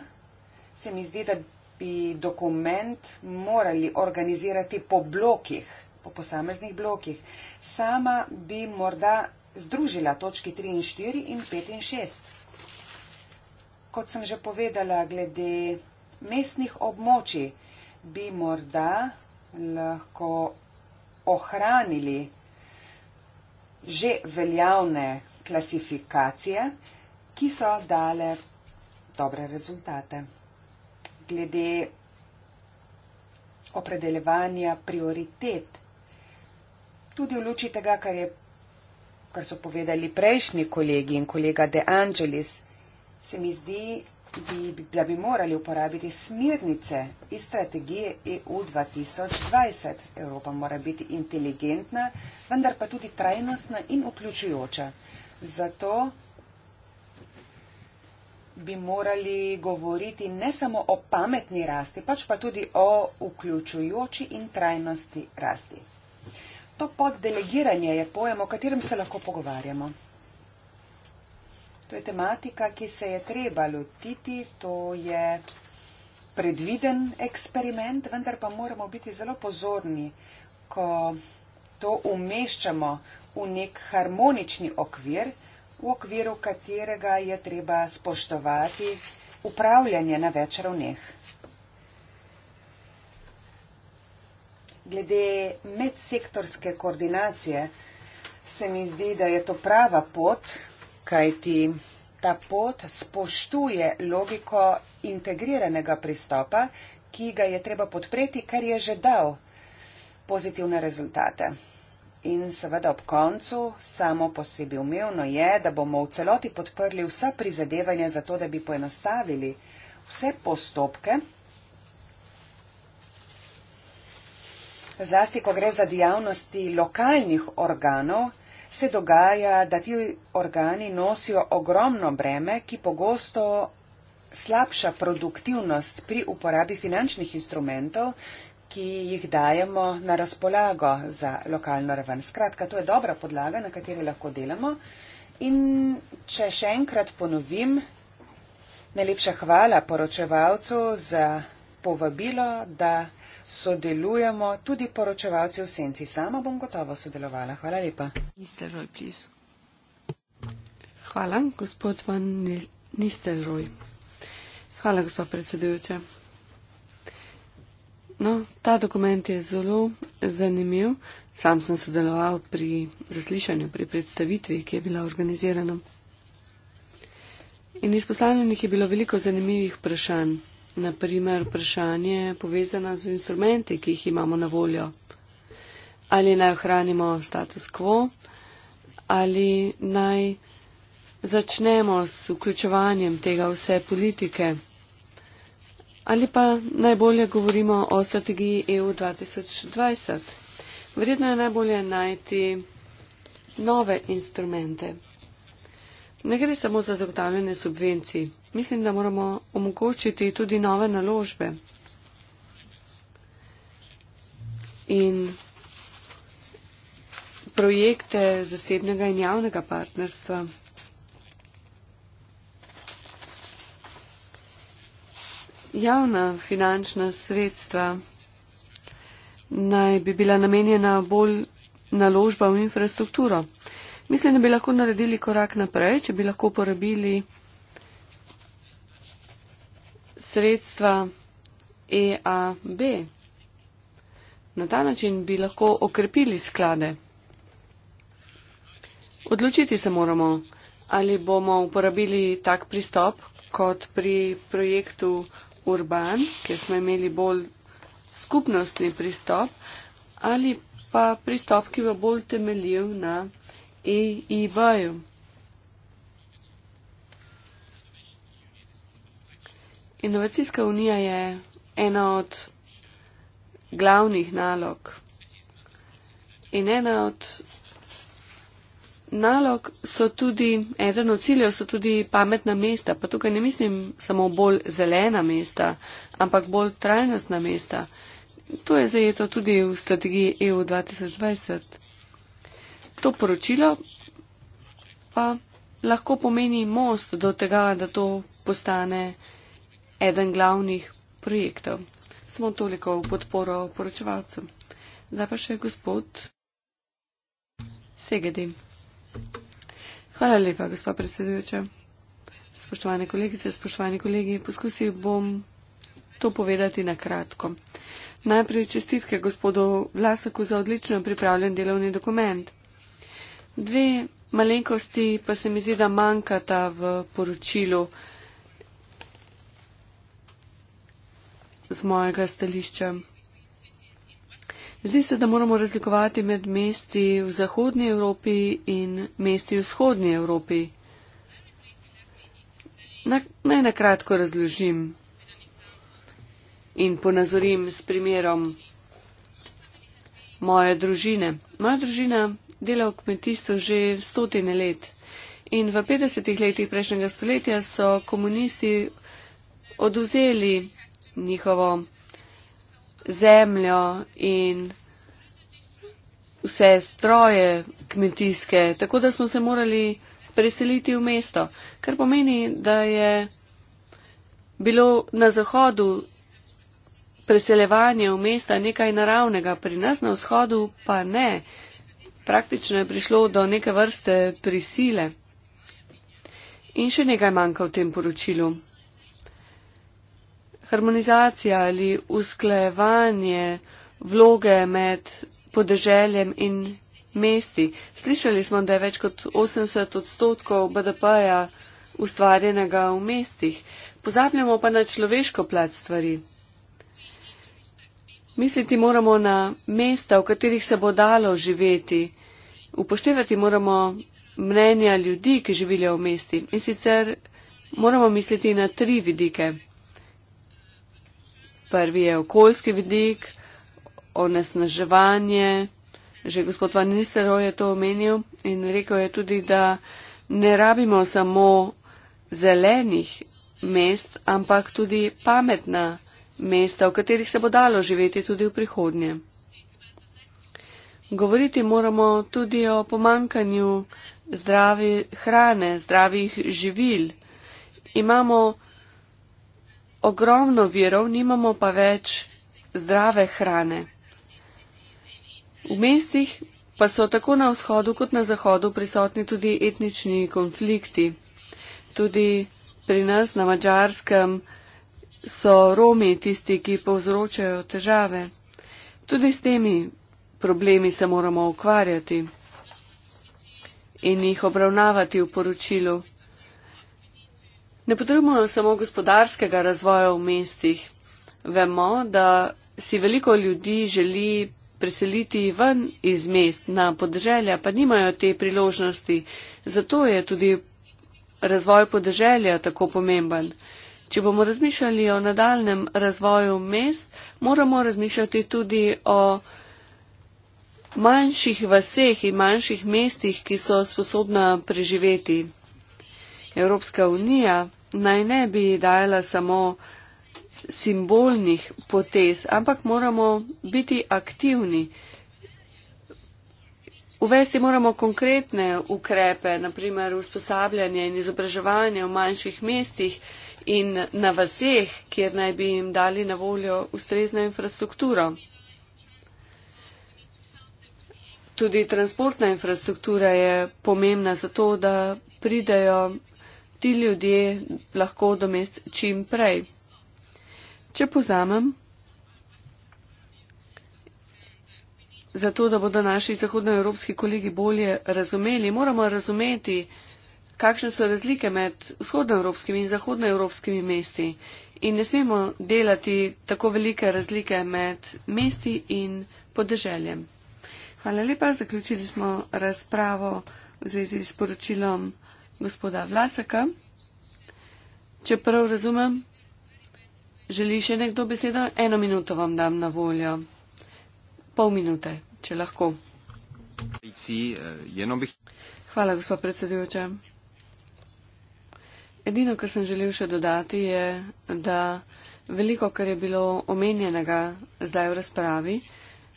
se mi zdi, da bi dokument morali organizirati po blokih, po posameznih blokih. Sama bi morda združila točki 3 in 4 in 5 in 6 kot sem že povedala, glede mestnih območij bi morda lahko ohranili že veljavne klasifikacije, ki so dale dobre rezultate. Glede opredeljevanja prioritet, tudi v luči tega, kar, je, kar so povedali prejšnji kolegi in kolega De Angelis, se mi zdi, bi, da bi morali uporabiti smernice iz strategije EU 2020. Evropa mora biti inteligentna, vendar pa tudi trajnostna in vključujoča. Zato bi morali govoriti ne samo o pametni rasti, pač pa tudi o vključujoči in trajnosti rasti. To poddelegiranje je pojem, o katerem se lahko pogovarjamo. To je tematika, ki se je treba lotiti, to je predviden eksperiment, vendar pa moramo biti zelo pozorni, ko to umeščamo v nek harmonični okvir, v okviru katerega je treba spoštovati upravljanje na več ravneh. Glede medsektorske koordinacije se mi zdi, da je to prava pot, kajti ta pot spoštuje logiko integriranega pristopa, ki ga je treba podpreti, ker je že dal pozitivne rezultate. In seveda ob koncu samo posebej umevno je, da bomo v celoti podprli vsa prizadevanja za to, da bi poenostavili vse postopke, zlasti ko gre za dejavnosti lokalnih organov, se dogaja, da ti organi nosijo ogromno breme, ki pogosto slabša produktivnost pri uporabi finančnih instrumentov, ki jih dajemo na razpolago za lokalno raven. Skratka, to je dobra podlaga, na kateri lahko delamo. In če še enkrat ponovim, najlepša hvala poročevalcu za povabilo, da sodelujemo, tudi poročevalci v senci. Sama bom gotovo sodelovala. Hvala lepa. Roy, Hvala, gospod Van Nistelroj. Hvala, gospa predsedujoča. No, ta dokument je zelo zanimiv. Sam sem sodeloval pri zaslišanju, pri predstavitvi, ki je bila organizirana. In izpostavljenih je bilo veliko zanimivih vprašanj. Naprimer, vprašanje je povezano z instrumenti, ki jih imamo na voljo. Ali naj ohranimo status quo, ali naj začnemo s vključevanjem tega vse politike, ali pa najbolje govorimo o strategiji EU 2020. Vredno je najbolje najti nove instrumente. Ne gre samo za zagotavljanje subvencij. Mislim, da moramo omogočiti tudi nove naložbe. In projekte zasebnega in javnega partnerstva. Javna finančna sredstva naj bi bila namenjena bolj naložba v infrastrukturo. Mislim, da bi lahko naredili korak naprej, če bi lahko porabili sredstva EAB. Na ta način bi lahko okrepili sklade. Odločiti se moramo, ali bomo uporabili tak pristop kot pri projektu Urban, kjer smo imeli bolj skupnostni pristop, ali pa pristop, ki bo bolj temeljil na и e Ибаю. Inovacijska unija je ena od glavnih nalog in ena od nalog so tudi, eden od ciljev so tudi pametna mesta, pa tukaj ne mislim samo bolj zelena mesta, ampak bolj trajnostna mesta. To je zajeto tudi v strategiji EU 2020 to poročilo pa lahko pomeni most do tega, da to postane eden glavnih projektov. Samo toliko v podporo poročevalcem. Zdaj pa še gospod Segedi. Hvala lepa, gospod predsedujoča. Spoštovane kolegice, spoštovani kolegi, poskusil bom to povedati na kratko. Najprej čestitke gospodu Vlasaku za odlično pripravljen delovni dokument. Dve malenkosti pa se mi zdi, da manjkata v poročilu z mojega stališča. Zdi se, da moramo razlikovati med mesti v Zahodnji Evropi in mesti v Vzhodnji Evropi. Na, naj nakratko razložim in ponazorim s primerom moje družine. Moja družina delal v kmetijstvu že stotine let. In v 50-ih letih prejšnjega stoletja so komunisti oduzeli njihovo zemljo in vse stroje kmetijske, tako da smo se morali preseliti v mesto, kar pomeni, da je bilo na zahodu preseljevanje v mesta nekaj naravnega, pri nas na vzhodu pa ne. Praktično je prišlo do neke vrste prisile. In še nekaj manjka v tem poročilu. Harmonizacija ali usklejevanje vloge med podeželjem in mesti. Slišali smo, da je več kot 80 odstotkov BDP-ja ustvarjenega v mestih. Pozabljamo pa na človeško plat stvari. Misliti moramo na mesta, v katerih se bo dalo živeti upoštevati moramo mnenja ljudi, ki živijo v mesti. In sicer moramo misliti na tri vidike. Prvi je okoljski vidik, onesnaževanje. Že gospod Van Nistero je to omenil in rekel je tudi, da ne rabimo samo zelenih mest, ampak tudi pametna mesta, v katerih se bo dalo živeti tudi v prihodnje. Govoriti moramo tudi o pomankanju zdrave hrane, zdravih živil. Imamo ogromno virov, nimamo pa več zdrave hrane. V mestih pa so tako na vzhodu kot na zahodu prisotni tudi etnični konflikti. Tudi pri nas na Mačarskem so Romi tisti, ki povzročajo težave. Tudi s temi problemi se moramo ukvarjati in jih obravnavati v poročilu. Ne potrebujemo samo gospodarskega razvoja v mestih. Vemo, da si veliko ljudi želi preseliti ven iz mest na podeželja, pa nimajo te priložnosti. Zato je tudi razvoj podeželja tako pomemben. Če bomo razmišljali o nadaljem razvoju mest, moramo razmišljati tudi o manjših vaseh in manjših mestih, ki so sposobna preživeti. Evropska unija naj ne bi dajala samo simbolnih potez, ampak moramo biti aktivni. Uvesti moramo konkretne ukrepe, naprimer usposabljanje in izobraževanje v manjših mestih in na vseh, kjer naj bi jim dali na voljo ustrezno infrastrukturo. Tudi transportna infrastruktura je pomembna za to, da pridejo ti ljudje lahko do mest čim prej. Če pozamem, zato da bodo naši zahodnoevropski kolegi bolje razumeli, moramo razumeti, kakšne so razlike med vzhodnoevropskimi in zahodnoevropskimi mesti. In ne smemo delati tako velike razlike med mesti in podeželjem. Hvala lepa. Zaključili smo razpravo v zvezi s poročilom gospoda Vlasaka. Če prav razumem, želi še nekdo besedo? Eno minuto vam dam na voljo. Pol minute, če lahko. Hvala, gospa predsedujoča. Edino, kar sem želel še dodati, je, da veliko, kar je bilo omenjenega zdaj v razpravi,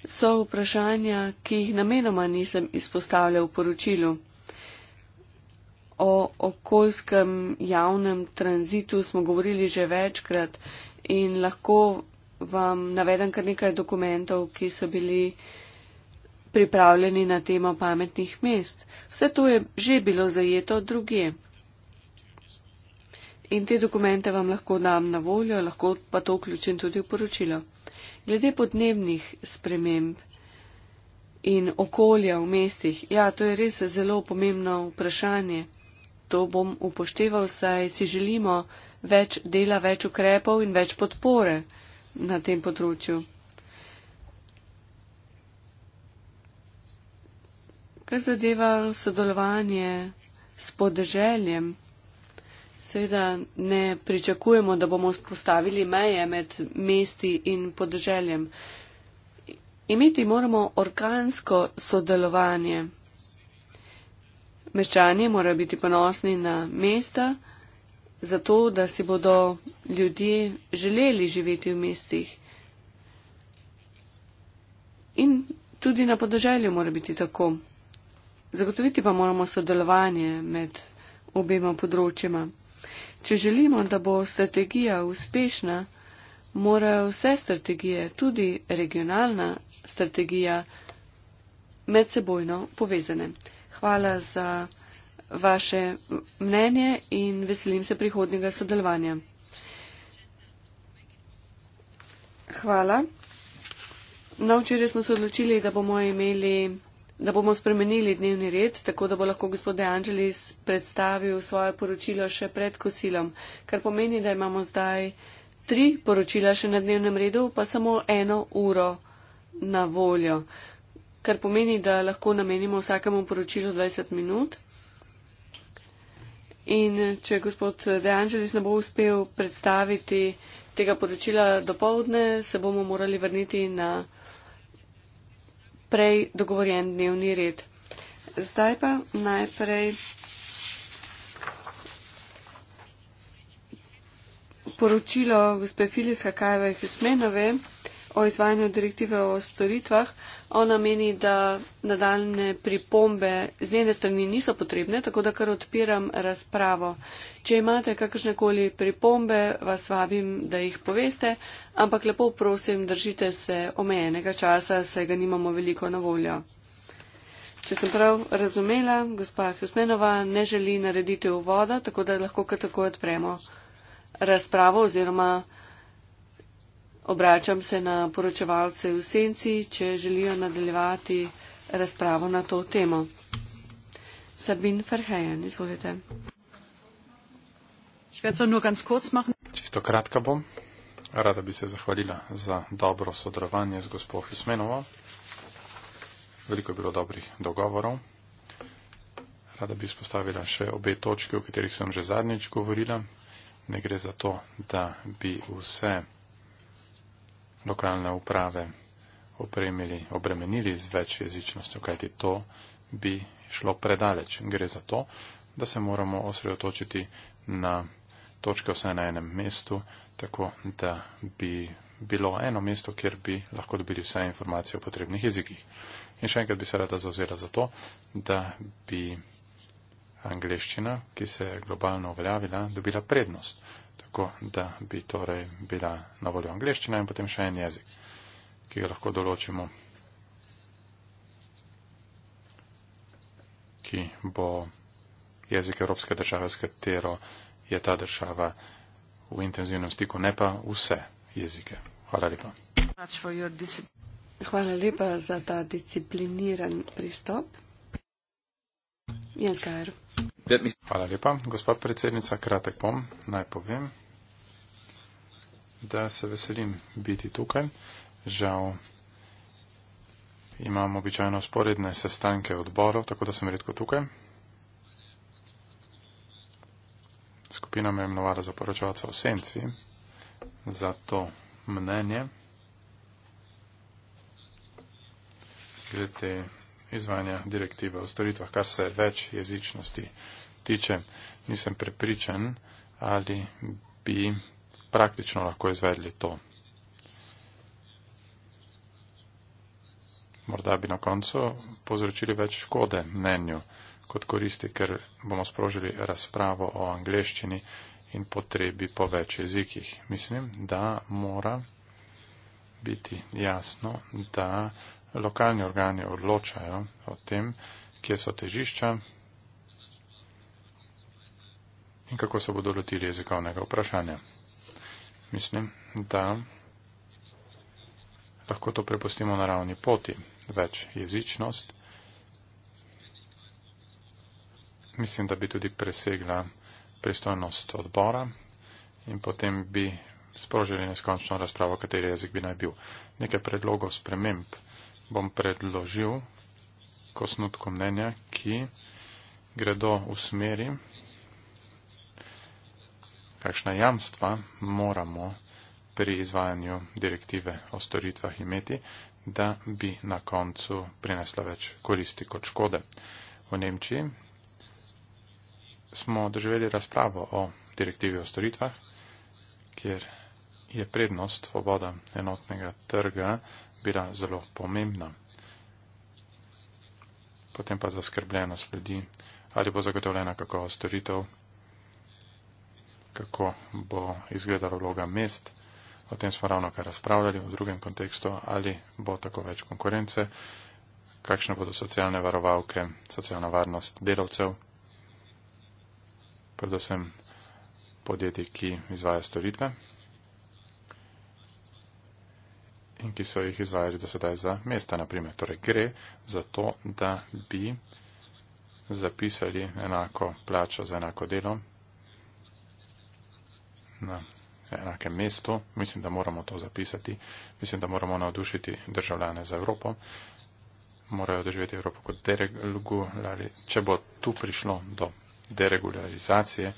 so vprašanja, ki jih namenoma nisem izpostavljal v poročilu. O okoljskem javnem tranzitu smo govorili že večkrat in lahko vam navedem kar nekaj dokumentov, ki so bili pripravljeni na temo pametnih mest. Vse to je že bilo zajeto druge. In te dokumente vam lahko dam na voljo, lahko pa to vključim tudi v poročilo glede podnebnih sprememb in okolja v mestih, ja, to je res zelo pomembno vprašanje. To bom upošteval, saj si želimo več dela, več ukrepov in več podpore na tem področju. Kar zadeva sodelovanje s podeželjem, Seveda ne pričakujemo, da bomo spostavili meje med mesti in podeželjem. Imeti moramo organsko sodelovanje. Meščani morajo biti ponosni na mesta, zato da si bodo ljudje želeli živeti v mestih. In tudi na podeželju mora biti tako. Zagotoviti pa moramo sodelovanje med obema področjima. Če želimo, da bo strategija uspešna, morajo vse strategije, tudi regionalna strategija, medsebojno povezane. Hvala za vaše mnenje in veselim se prihodnjega sodelovanja. Hvala. Na no, včeraj smo se odločili, da bomo imeli da bomo spremenili dnevni red, tako da bo lahko gospod De Angelis predstavil svoje poročilo še pred kosilom, kar pomeni, da imamo zdaj tri poročila še na dnevnem redu, pa samo eno uro na voljo, kar pomeni, da lahko namenimo vsakemu poročilu 20 minut. In če gospod De Angelis ne bo uspel predstaviti tega poročila do povdne, se bomo morali vrniti na prej dogovorjen dnevni red. Zdaj pa najprej poročilo gospe Filiska Kajve Hismenove o izvajanju direktive o storitvah. Ona meni, da nadaljne pripombe z njene strani niso potrebne, tako da kar odpiram razpravo. Če imate kakršnekoli pripombe, vas vabim, da jih poveste, ampak lepo prosim, držite se omejenega časa, saj ga nimamo veliko na voljo. Če sem prav razumela, gospa Fjusmenova ne želi narediti uvoda, tako da lahko kar tako odpremo razpravo oziroma. Obračam se na poročevalce v senci, če želijo nadaljevati razpravo na to temo. Sabin Ferhejen, izvolite. Čisto kratka bom. Rada bi se zahvalila za dobro sodelovanje z gospo Hismenovo. Veliko je bilo dobrih dogovorov. Rada bi spostavila še obe točke, o katerih sem že zadnjič govorila. Ne gre za to, da bi vse lokalne uprave opremili, obremenili z večjezičnostjo, kajti to bi šlo predaleč. Gre za to, da se moramo osredotočiti na točke vse na enem mestu, tako da bi bilo eno mesto, kjer bi lahko dobili vse informacije o potrebnih jezikih. In še enkrat bi se rada zauzela za to, da bi angleščina, ki se je globalno uveljavila, dobila prednost tako, da bi torej bila na voljo angliščina in potem še en jezik, ki ga lahko določimo, ki bo jezik Evropske države, s katero je ta država v intenzivnem stiku, ne pa vse jezike. Hvala lepa. Hvala lepa za ta discipliniran pristop. Hvala lepa, gospod predsednica, kratek bom, naj povem da se veselim biti tukaj. Žal imam običajno sporedne sestanke odborov, tako da sem redko tukaj. Skupina me je imenovala za poročevalca o senci za to mnenje glede izvanja direktive o storitvah, kar se več jezičnosti tiče. Nisem prepričan, ali bi praktično lahko izvedli to. Morda bi na koncu povzročili več škode mnenju kot koristi, ker bomo sprožili razpravo o angleščini in potrebi po več jezikih. Mislim, da mora biti jasno, da lokalni organi odločajo o tem, kje so težišča in kako se bodo lotili jezikovnega vprašanja. Mislim, da lahko to prepustimo na ravni poti. Več jezičnost. Mislim, da bi tudi presegla pristojnost odbora in potem bi sprožili neskončno razpravo, kateri jezik bi naj bil. Nekaj predlogov sprememb bom predložil kosnutko mnenja, ki gredo v smeri, kakšna jamstva moramo pri izvajanju direktive o storitvah imeti, da bi na koncu prinesla več koristi kot škode. V Nemčiji smo doživeli razpravo o direktivi o storitvah, kjer je prednost svoboda enotnega trga bila zelo pomembna. Potem pa zaskrbljeno sledi, ali bo zagotovljena kakovost storitev kako bo izgledala vloga mest. O tem smo ravno kar razpravljali v drugem kontekstu, ali bo tako več konkurence, kakšne bodo socialne varovalke, socialna varnost delavcev, predvsem podjetij, ki izvaja storitve in ki so jih izvajali do sedaj za mesta, naprimer. Torej gre za to, da bi zapisali enako plačo za enako delo na enake mesto. Mislim, da moramo to zapisati. Mislim, da moramo navdušiti državljane za Evropo. Morajo doživeti Evropo kot deregulirali. Če bo tu prišlo do deregularizacije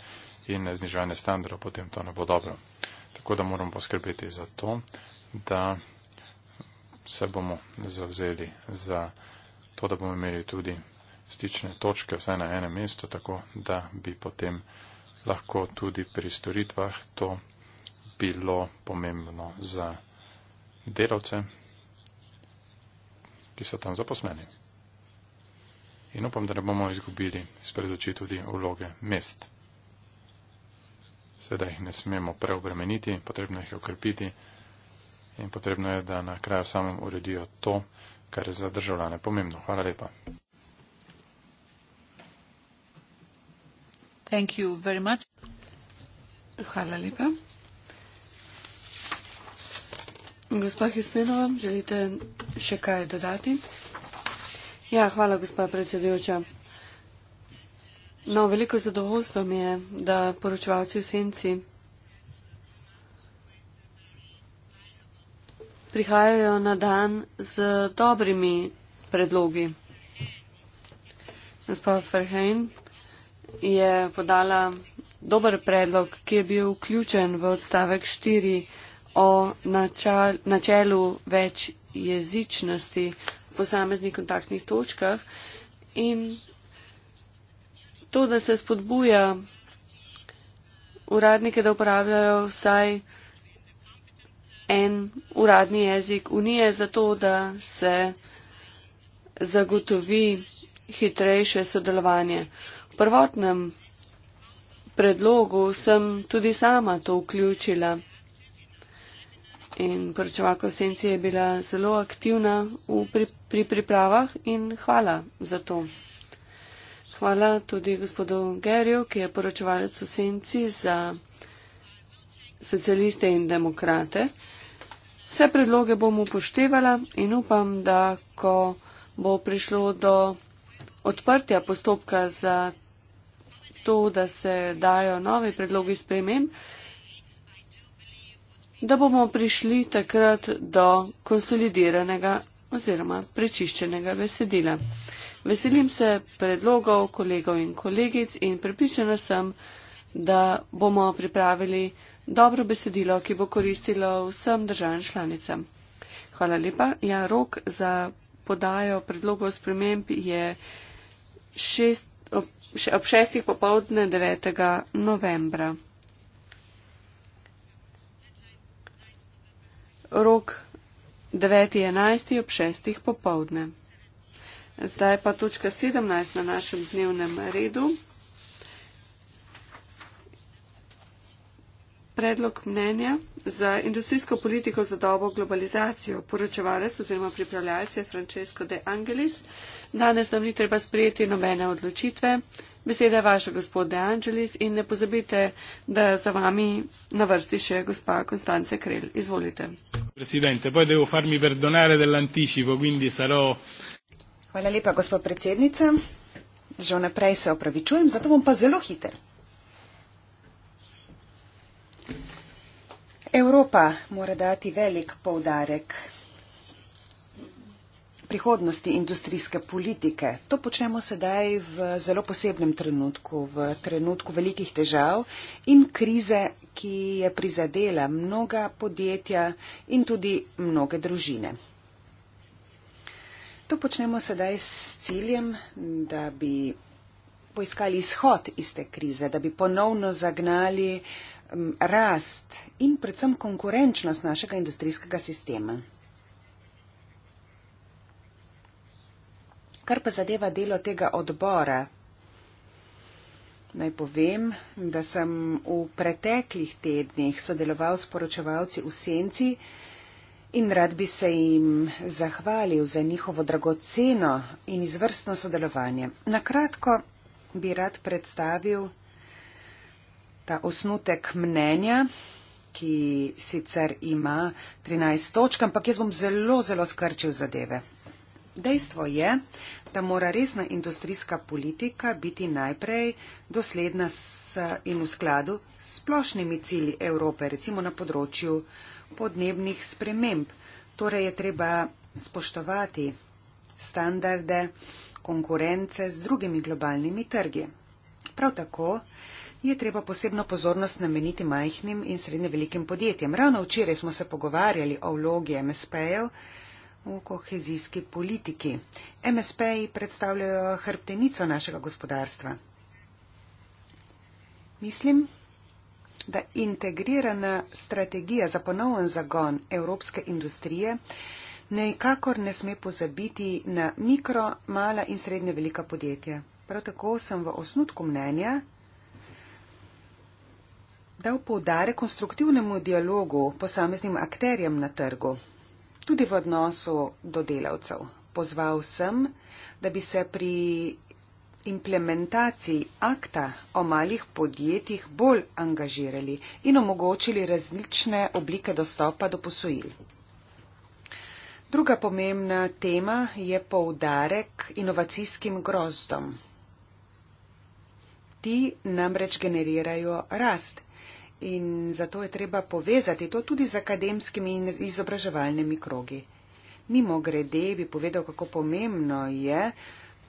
in znižovanja standardov, potem to ne bo dobro. Tako da moramo poskrbeti za to, da se bomo zavzeli za to, da bomo imeli tudi stične točke vsaj na enem mestu, tako da bi potem lahko tudi pri storitvah to bilo pomembno za delavce, ki so tam zaposleni. In upam, da ne bomo izgubili spred oči tudi vloge mest. Sedaj jih ne smemo preobremeniti, potrebno jih je okrepiti in potrebno je, da na kraju samem uredijo to, kar je za državljane pomembno. Hvala lepa. Thank you very much. Hvala lepa. Gospa Hispenova, želite še kaj dodati? Ja, hvala, gospa predsedujoča. No, veliko zadovoljstvo mi je, da poročevalci v senci prihajajo na dan z dobrimi predlogi. Gospa Ferhajn, je podala dober predlog, ki je bil vključen v odstavek 4 o načal, načelu več jezičnosti v posameznih kontaktnih točkah in to, da se spodbuja uradnike, da uporabljajo vsaj en uradni jezik unije za to, da se zagotovi hitrejše sodelovanje prvotnem predlogu sem tudi sama to vključila. In poročevalka v senci je bila zelo aktivna v, pri, pri pripravah in hvala za to. Hvala tudi gospodu Gerju, ki je poročevalec v senci za socialiste in demokrate. Vse predloge bom upoštevala in upam, da ko bo prišlo do odprtja postopka za to, da se dajo nove predlogi spremem, da bomo prišli takrat do konsolidiranega oziroma prečiščenega besedila. Veselim se predlogov kolegov in kolegic in pripričana sem, da bomo pripravili dobro besedilo, ki bo koristilo vsem državam članicam. Hvala lepa. Ja, rok za podajo predlogov sprememb je 6 še ob šestih popovdne 9. novembra. Rok 9.11. ob šestih popovdne. Zdaj pa točka 17 na našem dnevnem redu. predlog mnenja za industrijsko politiko za dobo globalizacijo. Poročevalec oziroma pripravljalec je Francesco De Angelis. Danes nam ni treba sprejeti nobene odločitve. Beseda je vaša, gospod De Angelis, in ne pozabite, da za vami na vrsti še gospa Konstance Krel. Izvolite. Hvala lepa, gospod predsednica. Že vnaprej se opravičujem, zato bom pa zelo hiter. Evropa mora dati velik poudarek prihodnosti industrijske politike. To počnemo sedaj v zelo posebnem trenutku, v trenutku velikih težav in krize, ki je prizadela mnoga podjetja in tudi mnoge družine. To počnemo sedaj s ciljem, da bi poiskali izhod iz te krize, da bi ponovno zagnali uh, rast in predvsem konkurenčnost našega industrijskega sistema. Kar pa zadeva delo tega odbora, naj povem, da sem v preteklih tednih sodeloval s poročevalci v Senci in rad bi se jim zahvalil za njihovo dragoceno in izvrstno sodelovanje. Na kratko bi rad predstavil ta osnutek mnenja, ki sicer ima 13 točk, ampak jaz bom zelo, zelo skrčil zadeve. Dejstvo je, da mora resna industrijska politika biti najprej dosledna s, in v skladu s splošnimi cilji Evrope, recimo na področju podnebnih sprememb. Torej je treba spoštovati standarde konkurence z drugimi globalnimi trgi. Prav tako je treba posebno pozornost nameniti majhnim in srednje velikim podjetjem. Ravno včeraj smo se pogovarjali o vlogi MSP-jev v kohezijski politiki. MSP-ji predstavljajo hrbtenico našega gospodarstva. Mislim, da integrirana strategija za ponoven zagon evropske industrije nekakor ne sme pozabiti na mikro, mala in srednje velika podjetja. Prav tako sem v osnutku mnenja, dal povdare konstruktivnemu dialogu posameznim akterjem na trgu, tudi v odnosu do delavcev. Pozval sem, da bi se pri implementaciji akta o malih podjetjih bolj angažirali in omogočili različne oblike dostopa do posojil. Druga pomembna tema je poudarek inovacijskim grozdom. Ti namreč generirajo rast in zato je treba povezati to tudi z akademskimi in izobraževalnimi krogi. Mimo grede bi povedal, kako pomembno je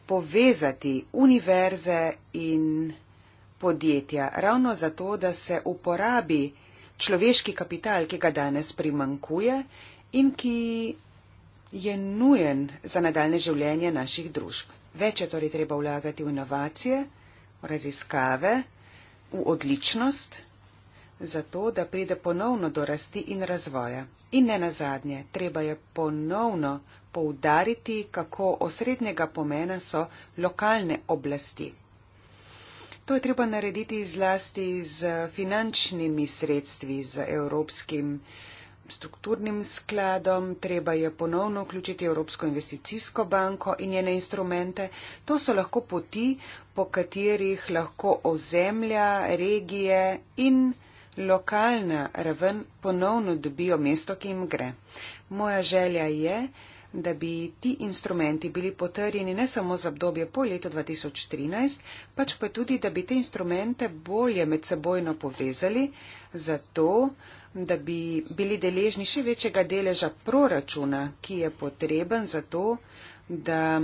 povezati univerze in podjetja, ravno zato, da se uporabi človeški kapital, ki ga danes primankuje in ki je nujen za nadaljne življenje naših družb. Več je torej treba vlagati v inovacije, v raziskave, v odličnost zato da pride ponovno do rasti in razvoja. In ne nazadnje, treba je ponovno poudariti, kako osrednjega pomena so lokalne oblasti. To je treba narediti zlasti z finančnimi sredstvi, z Evropskim strukturnim skladom, treba je ponovno vključiti Evropsko investicijsko banko in njene instrumente. To so lahko poti, po katerih lahko ozemlja, regije in lokalna raven ponovno dobijo mesto, ki jim gre. Moja želja je, da bi ti instrumenti bili potrjeni ne samo za obdobje po letu 2013, pač pa tudi, da bi te instrumente bolje med sebojno povezali, zato, da bi bili deležni še večjega deleža proračuna, ki je potreben za to, da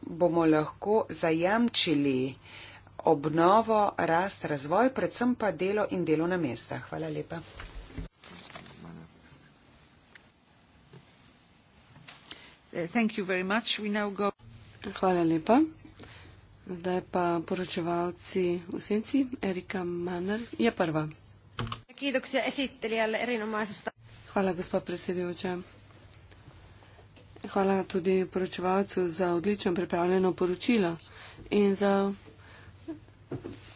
bomo lahko zajamčili uh, obnovo, rast, razvoj, predvsem pa delo in delo na mesta. Hvala lepa. Hvala lepa. Zdaj pa poročevalci v senci. Erika Manner je prva. Hvala, gospod predsedujoča. Hvala tudi poročevalcu za odlično pripravljeno poročilo in za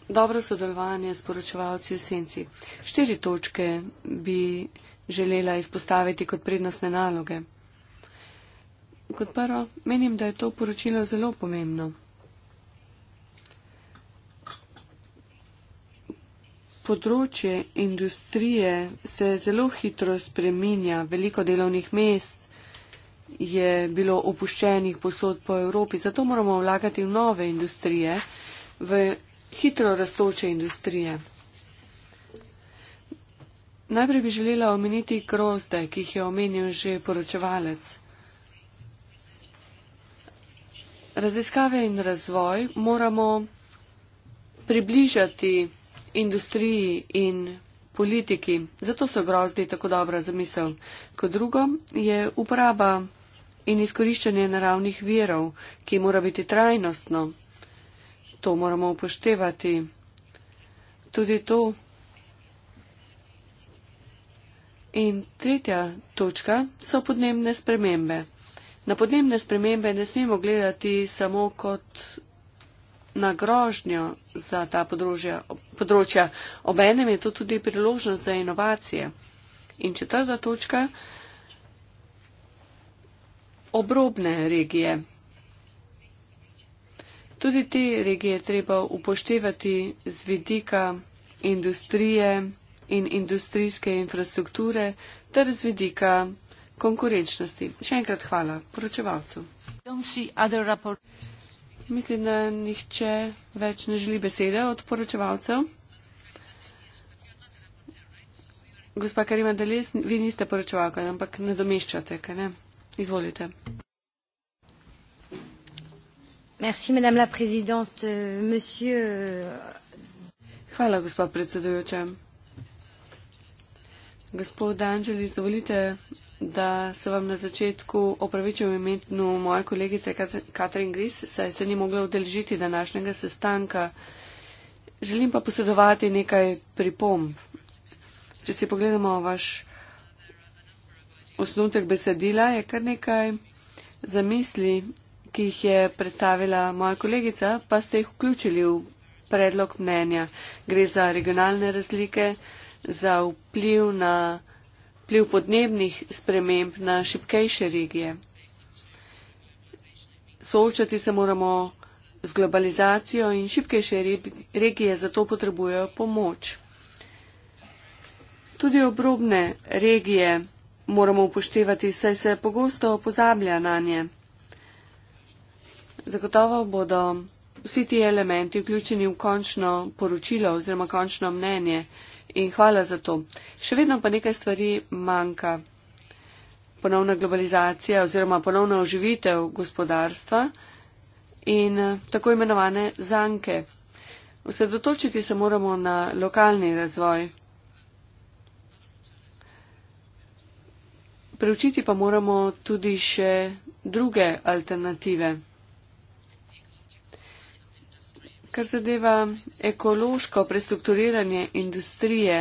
dobro sodelovanje s poročevalci v senci. Štiri točke bi želela izpostaviti kot prednostne naloge. Kot prvo, menim, da je to poročilo zelo pomembno. Področje industrije se zelo hitro spreminja, veliko delovnih mest je bilo opuščenih posod po Evropi, zato moramo vlagati v nove industrije, v hitro raztoče industrije. Najprej bi želela omeniti grozde, ki jih je omenil že poročevalec. Raziskave in razvoj moramo približati industriji in politiki. Zato so grozdi tako dobra zamisel. Kot drugo je uporaba in izkoriščanje naravnih virov, ki mora biti trajnostno. To moramo upoštevati. Tudi to. In tretja točka so podnebne spremembe. Na podnebne spremembe ne smemo gledati samo kot na grožnjo za ta področja. področja. Obenem je to tudi priložnost za inovacije. In četrta točka. Obrobne regije. Tudi te regije je treba upoštevati z vidika industrije in industrijske infrastrukture ter z vidika konkurenčnosti. Še enkrat hvala poročevalcu. Mislim, da nihče več ne želi besede od poročevalcev. Gospa Karima Deles, vi niste poročevalka, ampak nadomeščate, kaj ne? Izvolite madame la présidente euh, monsieur euh, hvala gospa predsedujoča gospod angelis dovolite da se vam na začetku opravičujem imenu moje kolegice katrin gris saj se ni mogla udeležiti današnjega sestanka želim pa posredovati nekaj pripomb če si pogledamo vaš osnutek besedila je kar nekaj zamisli ki jih je predstavila moja kolegica, pa ste jih vključili v predlog mnenja. Gre za regionalne razlike, za vpliv, na, vpliv podnebnih sprememb na šipkejše regije. Soočati se moramo z globalizacijo in šipkejše regije zato potrebujejo pomoč. Tudi obrobne regije moramo upoštevati, saj se pogosto pozablja na nje. Zagotovo bodo vsi ti elementi vključeni v končno poročilo oziroma končno mnenje in hvala za to. Še vedno pa nekaj stvari manjka. Ponovna globalizacija oziroma ponovna oživitev gospodarstva in eh, tako imenovane zanke. Osredotočiti se moramo na lokalni razvoj. Preučiti pa moramo tudi še druge alternative. kar zadeva ekološko prestrukturiranje industrije,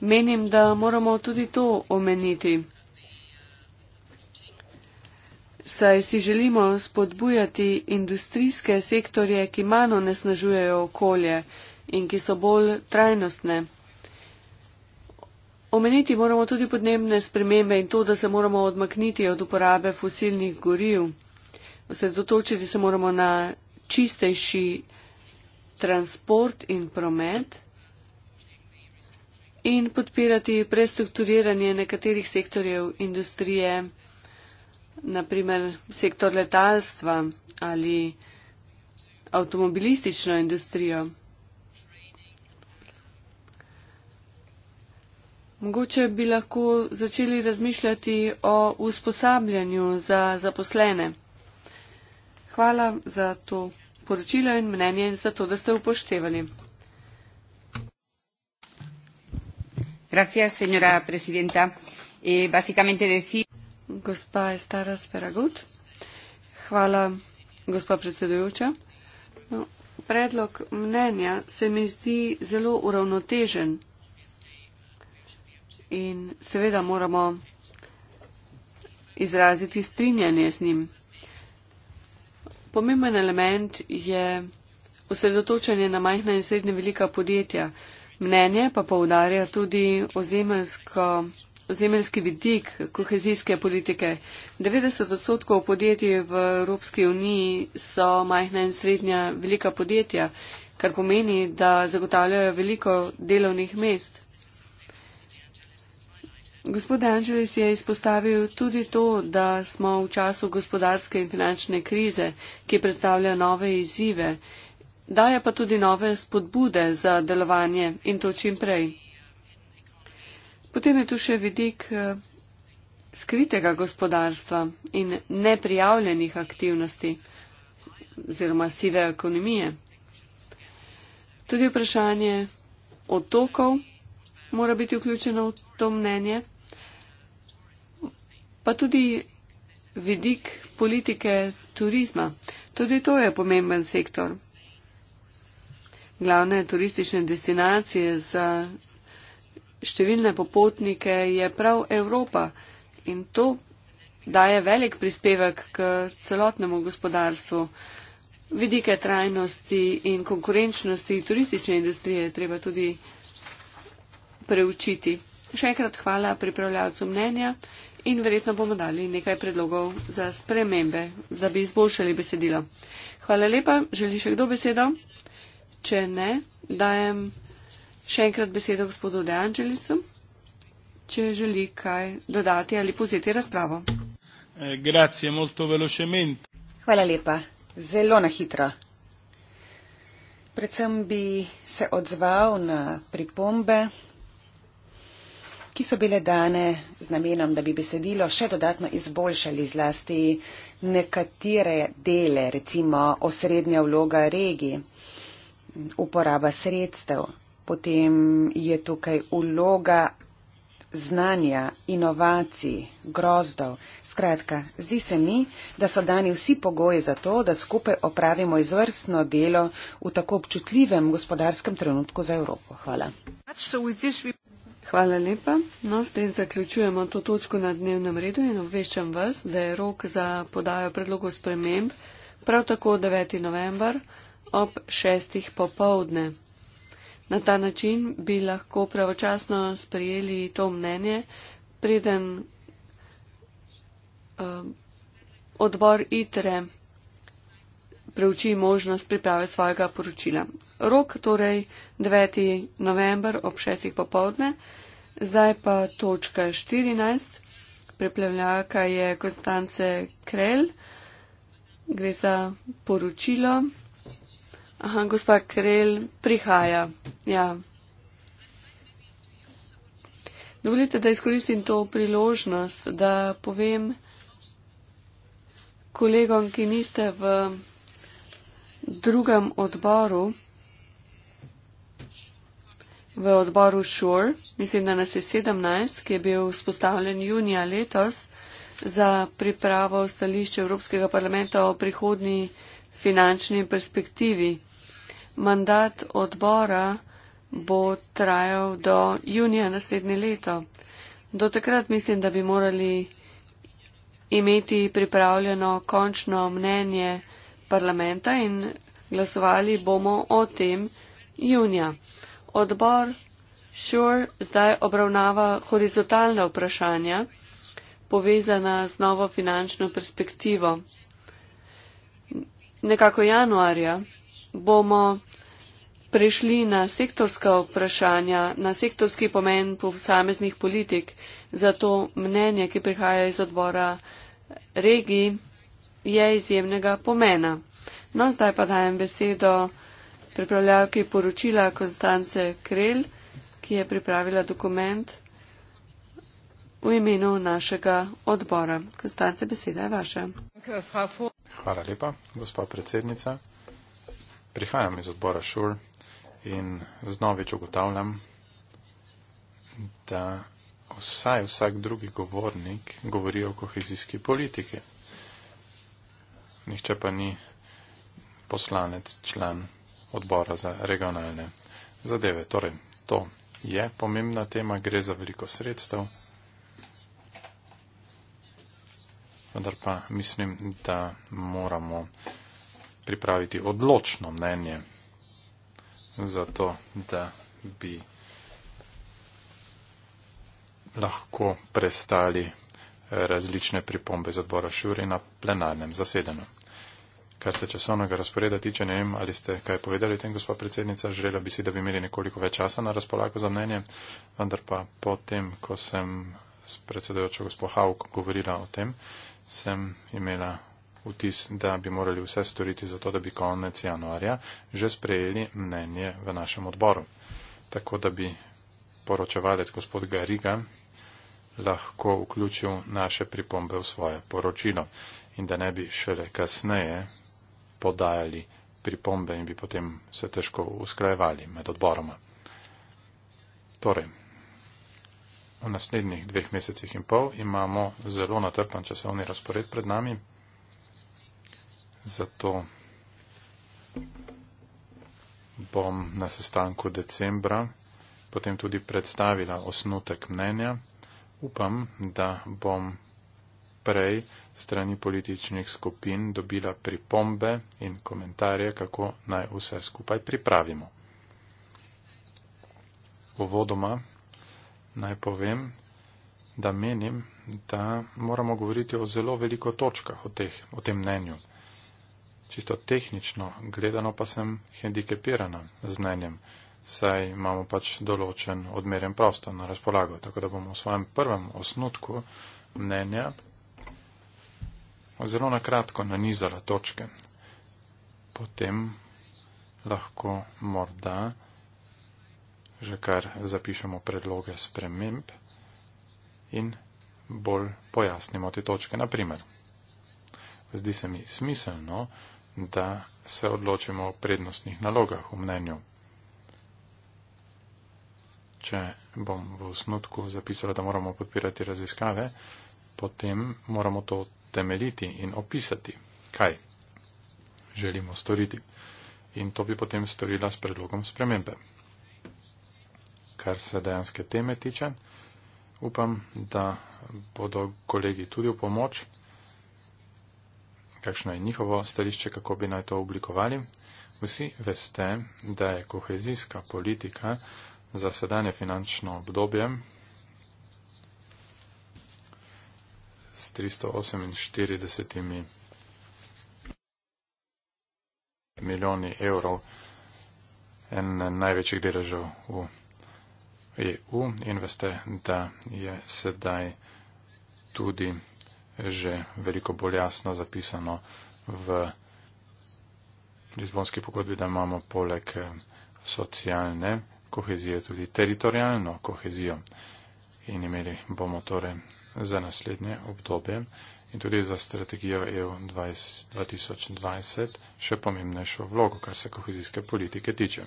menim, da moramo tudi to omeniti. Saj si želimo spodbujati industrijske sektorje, ki manj onesnažujejo okolje in ki so bolj trajnostne. Omeniti moramo tudi podnebne spremembe in to, da se moramo odmakniti od uporabe fosilnih goriv. Osredotočiti se moramo na čistejši transport in promet in podpirati prestrukturiranje nekaterih sektorjev industrije, naprimer sektor letalstva ali avtomobilistično industrijo. Mogoče bi lahko začeli razmišljati o usposabljanju za zaposlene. Hvala za to poročilo in mnenje in za to, da ste upoštevali. Gracias, señora presidenta. E, básicamente decir... Gospa Estara Speragut. Hvala, gospa predsedujoča. No, predlog mnenja se mi zdi zelo uravnotežen. In seveda moramo izraziti strinjanje z njim. Pomemben element je osredotočanje na majhna in srednje velika podjetja. Mnenje pa povdarja tudi ozemeljski vidik kohezijske politike. 90 odstotkov podjetij v Evropski uniji so majhna in srednja velika podjetja, kar pomeni, da zagotavljajo veliko delovnih mest. Gospod Anželis je izpostavil tudi to, da smo v času gospodarske in finančne krize, ki predstavlja nove izzive, daje pa tudi nove spodbude za delovanje in to čim prej. Potem je tu še vidik eh, skritega gospodarstva in neprijavljenih aktivnosti oziroma sive ekonomije. Tudi vprašanje otokov mora biti vključeno v to mnenje pa tudi vidik politike turizma. Tudi to je pomemben sektor. Glavne turistične destinacije za številne popotnike je prav Evropa in to daje velik prispevek k celotnemu gospodarstvu. Vidike trajnosti in konkurenčnosti turistične industrije treba tudi preučiti. Še enkrat hvala pripravljavcu mnenja in verjetno bomo dali nekaj predlogov za spremembe, da bi izboljšali besedilo. Hvala lepa. Želi še kdo besedo? Če ne, dajem še enkrat besedo gospodu De Angelisu, če želi kaj dodati ali pozeti razpravo. Eh, grazie, molto velocemente. Hvala lepa. Zelo na hitro. Predvsem bi se odzval na pripombe ki so bile dane z namenom, da bi besedilo še dodatno izboljšali zlasti nekatere dele, recimo osrednja vloga regij, uporaba sredstev, potem je tukaj vloga znanja, inovacij, grozdov. Skratka, zdi se mi, da so dani vsi pogoji za to, da skupaj opravimo izvrstno delo v tako občutljivem gospodarskem trenutku za Evropo. Hvala. Hvala lepa. No, s tem zaključujemo to točko na dnevnem redu in obveščam vas, da je rok za podajo predlogov sprememb prav tako 9. november ob 6. popovdne. Na ta način bi lahko pravočasno sprijeli to mnenje, preden um, odbor ITRE preuči možnost priprave svojega poročila. Rok torej 9. november ob 6. popovdne, zdaj pa točka 14. Preplevljaka je Konstance Krel, gre za poročilo. Aha, gospa Krel prihaja. Ja. Dovolite, da izkoristim to priložnost, da povem kolegom, ki niste v drugem odboru, v odboru Šur, mislim, da nas je 17, ki je bil spostavljen junija letos za pripravo stališča Evropskega parlamenta o prihodnji finančni perspektivi. Mandat odbora bo trajal do junija naslednje leto. Do takrat mislim, da bi morali imeti pripravljeno končno mnenje parlamenta in glasovali bomo o tem junija. Odbor Šur zdaj obravnava horizontalna vprašanja povezana z novo finančno perspektivo. Nekako januarja bomo prešli na sektorska vprašanja, na sektorski pomen posameznih politik, zato mnenje, ki prihaja iz odbora regij, je izjemnega pomena. No, zdaj pa dajem besedo pripravljavki poročila Konstance Krel, ki je pripravila dokument v imenu našega odbora. Konstance, beseda je vaša. Hvala lepa, gospod predsednica. Prihajam iz odbora ŠUR in znovič ugotavljam, da vsaj vsak drugi govornik govori o kohezijski politiki nihče pa ni poslanec, član odbora za regionalne zadeve. Torej, to je pomembna tema, gre za veliko sredstev, vendar pa mislim, da moramo pripraviti odločno mnenje za to, da bi lahko prestali različne pripombe z odbora Šuri na plenarnem zasedanju. Kar se časovnega razporeda tiče, ne vem, ali ste kaj povedali tem, gospod predsednica, želela bi si, da bi imeli nekoliko več časa na razpolago za mnenje, vendar pa potem, ko sem s predsedojočo gospod Havk govorila o tem, sem imela vtis, da bi morali vse storiti za to, da bi konec januarja že sprejeli mnenje v našem odboru. Tako da bi poročevalec gospod Gariga lahko vključil naše pripombe v svoje poročilo in da ne bi šele kasneje podajali pripombe in bi potem se težko usklajevali med odboroma. Torej, v naslednjih dveh mesecih in pol imamo zelo natrpan časovni razpored pred nami, zato bom na sestanku decembra potem tudi predstavila osnutek mnenja upam, da bom prej strani političnih skupin dobila pripombe in komentarje, kako naj vse skupaj pripravimo. Uvodoma naj povem, da menim, da moramo govoriti o zelo veliko točkah o, teh, o tem mnenju. Čisto tehnično gledano pa sem hendikepirana z mnenjem, saj imamo pač določen odmeren prostor na razpolago. Tako da bomo v svojem prvem osnutku mnenja zelo nakratko nanizala točke. Potem lahko morda že kar zapišemo predloge sprememb in bolj pojasnimo te točke. Naprimer, zdi se mi smiselno, da se odločimo o prednostnih nalogah v mnenju če bom v osnutku zapisala, da moramo podpirati raziskave, potem moramo to temeljiti in opisati, kaj želimo storiti. In to bi potem storila s predlogom spremembe. Kar se dejanske teme tiče, upam, da bodo kolegi tudi v pomoč, kakšno je njihovo stališče, kako bi naj to oblikovali. Vsi veste, da je kohezijska politika za sedanje finančno obdobje s 348 milijoni evrov en največjih deležev v EU in veste, da je sedaj tudi že veliko bolj jasno zapisano v Lizbonski pogodbi, da imamo poleg eh, socialne kohezijo, tudi teritorijalno kohezijo in imeli bomo torej za naslednje obdobje in tudi za strategijo EU 2020 še pomembnejšo vlogo, kar se kohezijske politike tiče.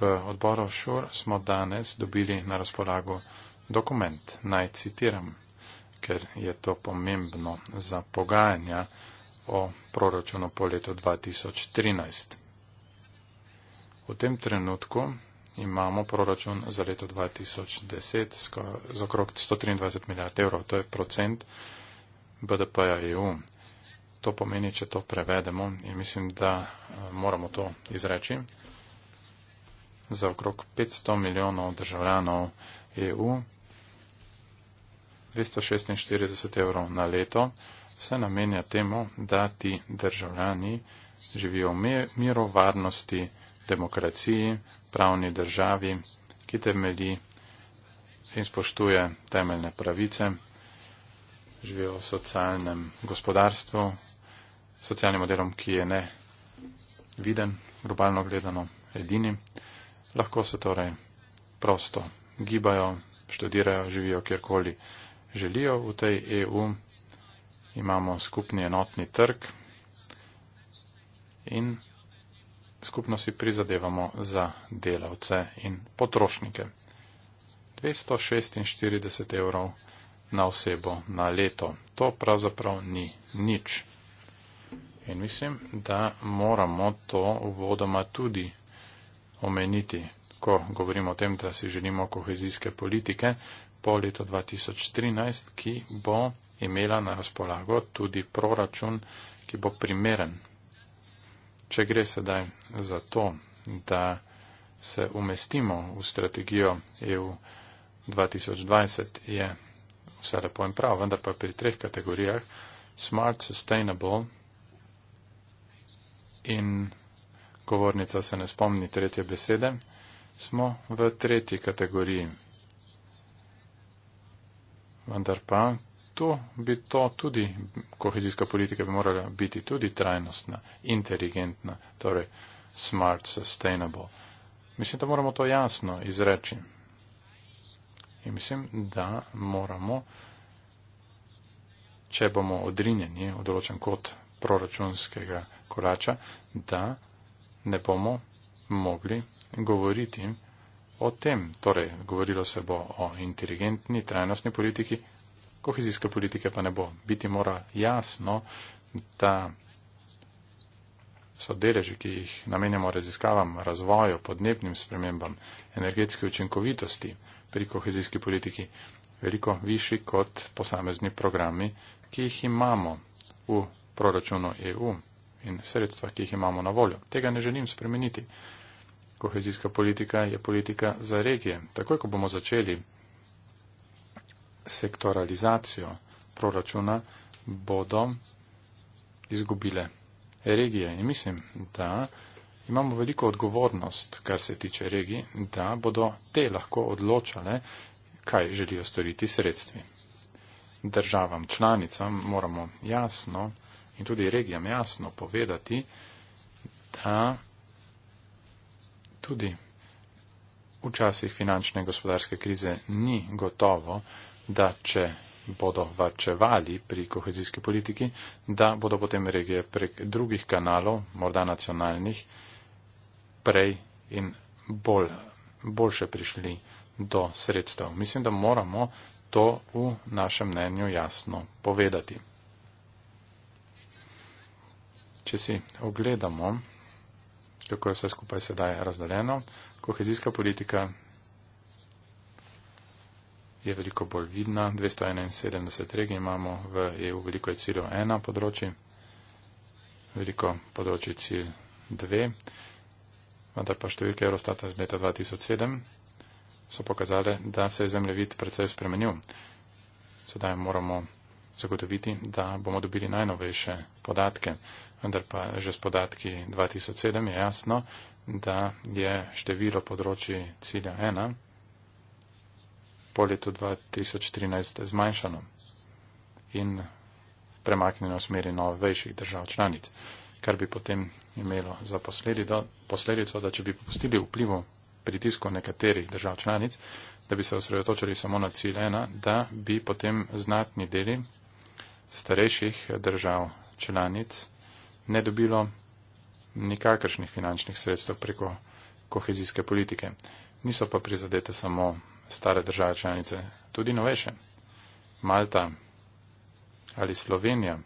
V odboru Šur smo danes dobili na razpolago dokument, naj citiram, ker je to pomembno za pogajanja o proračunu po letu 2013. V tem trenutku imamo proračun za leto 2010 za okrog 123 milijard evrov. To je procent BDP-ja EU. To pomeni, če to prevedemo in mislim, da eh, moramo to izreči, za okrog 500 milijonov državljanov EU 246 evrov na leto se namenja temu, da ti državljani živijo v miru, varnosti, demokraciji, pravni državi, ki temelji in spoštuje temeljne pravice, živi v socialnem gospodarstvu, socialnim modelom, ki je ne viden, globalno gledano edini. Lahko se torej prosto gibajo, študirajo, živijo kjerkoli želijo v tej EU. Imamo skupni enotni trg in skupno si prizadevamo za delavce in potrošnike. 246 evrov na osebo na leto. To pravzaprav ni nič. In mislim, da moramo to uvodoma tudi omeniti, ko govorimo o tem, da si želimo kohezijske politike po leto 2013, ki bo imela na razpolago tudi proračun, ki bo primeren Če gre sedaj za to, da se umestimo v strategijo EU 2020, je vse lepo in prav, vendar pa pri treh kategorijah smart, sustainable in govornica se ne spomni tretje besede, smo v tretji kategoriji. Vendar pa to bi to tudi, kohezijska politika bi morala biti tudi trajnostna, inteligentna, torej smart, sustainable. Mislim, da moramo to jasno izreči. In mislim, da moramo, če bomo odrinjeni v določen kot proračunskega korača, da ne bomo mogli govoriti o tem. Torej, govorilo se bo o inteligentni, trajnostni politiki, kohezijske politike pa ne bo. Biti mora jasno, da so deleži, ki jih namenjamo raziskavam, razvoju, podnebnim spremembam, energetske učinkovitosti pri kohezijski politiki, veliko višji kot posamezni programi, ki jih imamo v proračunu EU in sredstva, ki jih imamo na voljo. Tega ne želim spremeniti. Kohezijska politika je politika za regije. Takoj, ko bomo začeli sektoralizacijo proračuna bodo izgubile regije. In mislim, da imamo veliko odgovornost, kar se tiče regij, da bodo te lahko odločale, kaj želijo storiti sredstvi. Državam članicam moramo jasno in tudi regijam jasno povedati, da tudi v časih finančne in gospodarske krize ni gotovo, da če bodo vačevali pri kohezijski politiki, da bodo potem regije prek drugih kanalov, morda nacionalnih, prej in bolj, boljše prišli do sredstev. Mislim, da moramo to v našem mnenju jasno povedati. Če si ogledamo, kako je vse skupaj sedaj razdaljeno, kohezijska politika je veliko bolj vidna. 271 regij imamo v EU, veliko je ciljev ena področji, veliko področji cilj dve, vendar pa številke Eurostata iz leta 2007 so pokazale, da se je zemljevid predvsej spremenil. Sedaj moramo zagotoviti, da bomo dobili najnovejše podatke, vendar pa že s podatki 2007 je jasno, da je število področji cilja ena po letu 2013 zmanjšano in premaknjeno v smeri novejših držav članic, kar bi potem imelo za posledico, da če bi popustili vplivu pritisku nekaterih držav članic, da bi se osredotočili samo na cilj ena, da bi potem znatni deli starejših držav članic ne dobilo nikakršnih finančnih sredstev preko kohezijske politike. Niso pa prizadete samo stare države članice, tudi novejše, Malta ali Slovenija,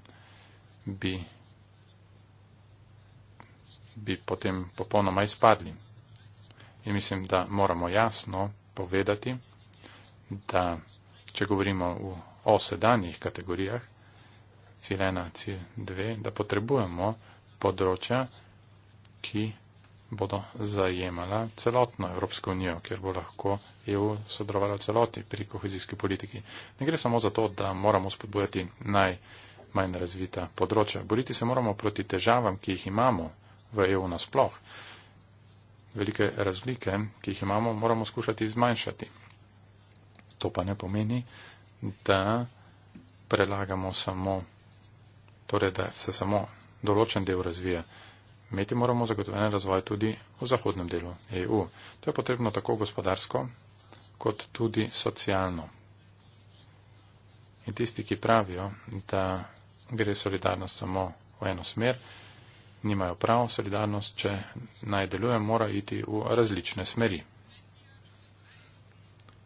bi, bi potem popolnoma izpadli. In mislim, da moramo jasno povedati, da če govorimo v, o sedanjih kategorijah, cilj ena, cilj dve, da potrebujemo področja, ki bodo zajemala celotno Evropsko unijo, kjer bo lahko EU sodelovala celoti pri kohezijski politiki. Ne gre samo za to, da moramo spodbujati najmanj razvita področja. Boriti se moramo proti težavam, ki jih imamo v EU nasploh. Velike razlike, ki jih imamo, moramo skušati zmanjšati. To pa ne pomeni, da prelagamo samo, torej da se samo določen del razvija imeti moramo zagotovljen razvoj tudi v zahodnem delu EU. To je potrebno tako gospodarsko, kot tudi socialno. In tisti, ki pravijo, da gre solidarnost samo v eno smer, nimajo prav, solidarnost, če naj deluje, mora iti v različne smeri.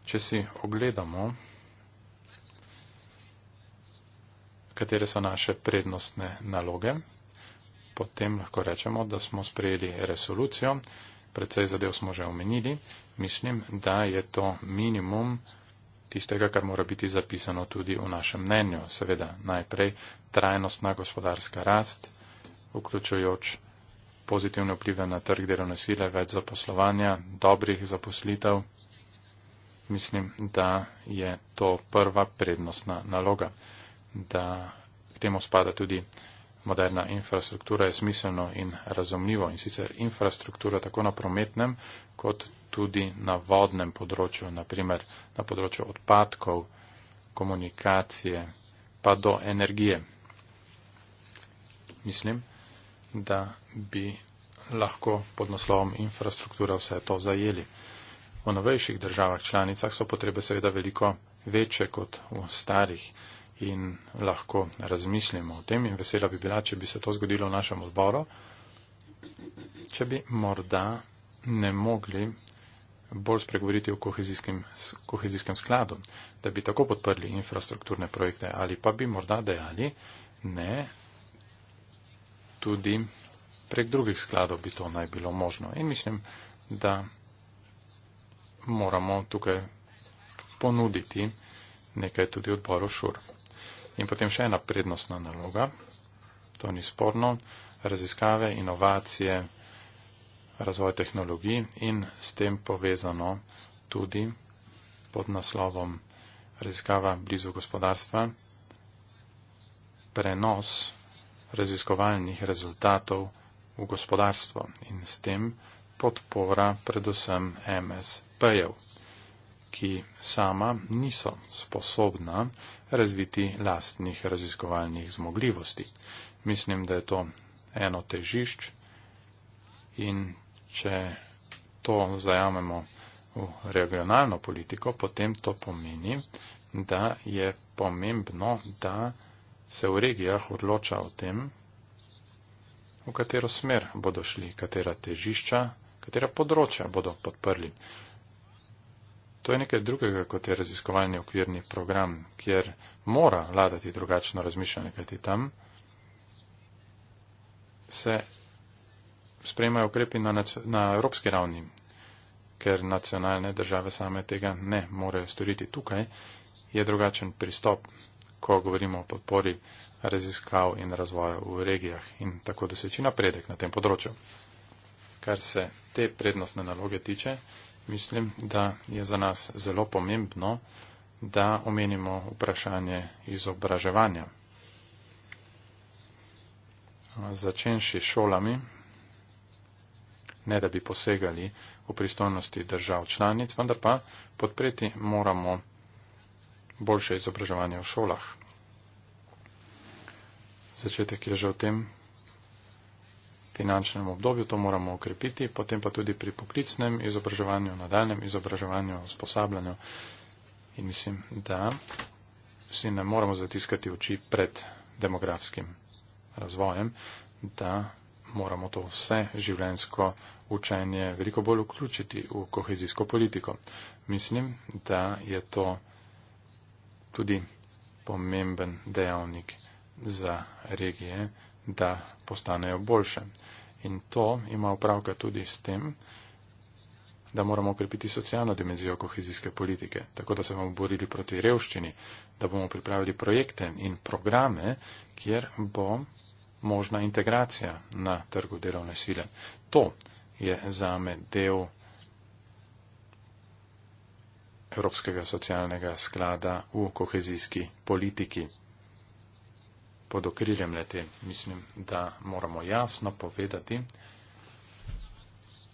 Če si ogledamo, katere so naše prednostne naloge, potem lahko rečemo, da smo sprejeli resolucijo. Predvsej zadev smo že omenili. Mislim, da je to minimum tistega, kar mora biti zapisano tudi v našem mnenju. Seveda, najprej trajnostna gospodarska rast, vključujoč pozitivne vplive na trg delovne sile, več zaposlovanja, dobrih zaposlitev. Mislim, da je to prva prednostna naloga, da k temu spada tudi moderna infrastruktura je smiselno in razumljivo. In sicer infrastruktura tako na prometnem, kot tudi na vodnem področju, naprimer na področju odpadkov, komunikacije, pa do energije. Mislim, da bi lahko pod naslovom infrastruktura vse to zajeli. V novejših državah članicah so potrebe seveda veliko večje kot v starih in lahko razmislimo o tem in vesela bi bila, če bi se to zgodilo v našem odboru, če bi morda ne mogli bolj spregovoriti o kohezijskem, kohezijskem skladu, da bi tako podprli infrastrukturne projekte ali pa bi morda dejali, ne, tudi prek drugih skladov bi to naj bilo možno. In mislim, da moramo tukaj ponuditi nekaj tudi odboru šur. In potem še ena prednostna naloga, to ni sporno, raziskave, inovacije, razvoj tehnologij in s tem povezano tudi pod naslovom raziskava blizu gospodarstva, prenos raziskovalnih rezultatov v gospodarstvo in s tem podpora predvsem MSP-jev ki sama niso sposobna razviti lastnih raziskovalnih zmogljivosti. Mislim, da je to eno težišč in če to zajamemo v regionalno politiko, potem to pomeni, da je pomembno, da se v regijah odloča o tem, v katero smer bodo šli, katera težišča, katera področja bodo podprli. To je nekaj drugega, kot je raziskovalni okvirni program, kjer mora vladati drugačno razmišljanje, kajti tam se sprejmajo ukrepi na, na evropski ravni, ker nacionalne države same tega ne morejo storiti. Tukaj je drugačen pristop, ko govorimo o podpori raziskav in razvoja v regijah in tako doseči napredek na tem področju. Kar se te prednostne naloge tiče, mislim, da je za nas zelo pomembno, da omenimo vprašanje izobraževanja. Začenši šolami, ne da bi posegali v pristojnosti držav članic, vendar pa podpreti moramo boljše izobraževanje v šolah. Začetek je že v tem, finančnem obdobju, to moramo okrepiti, potem pa tudi pri poklicnem izobraževanju, nadaljem izobraževanju, usposabljanju. In mislim, da si ne moramo zatiskati oči pred demografskim razvojem, da moramo to vse življensko učenje veliko bolj vključiti v kohezijsko politiko. Mislim, da je to tudi pomemben dejavnik za regije da postanejo boljše. In to ima upravka tudi s tem, da moramo okrepiti socialno dimenzijo kohezijske politike, tako da se bomo borili proti revščini, da bomo pripravili projekte in programe, kjer bo možna integracija na trgu delovne sile. To je za me del Evropskega socialnega sklada v kohezijski politiki pod okriljem leti. Mislim, da moramo jasno povedati,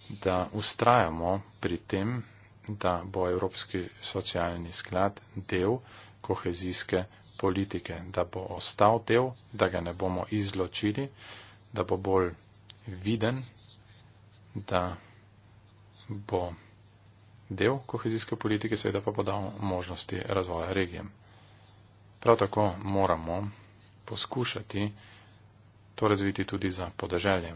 da ustrajamo pri tem, da bo Evropski socialni sklad del kohezijske politike, da bo ostal del, da ga ne bomo izločili, da bo bolj viden, da bo del kohezijske politike, seveda pa bo dal možnosti razvoja regije. Prav tako moramo poskušati to razviti tudi za podeželje.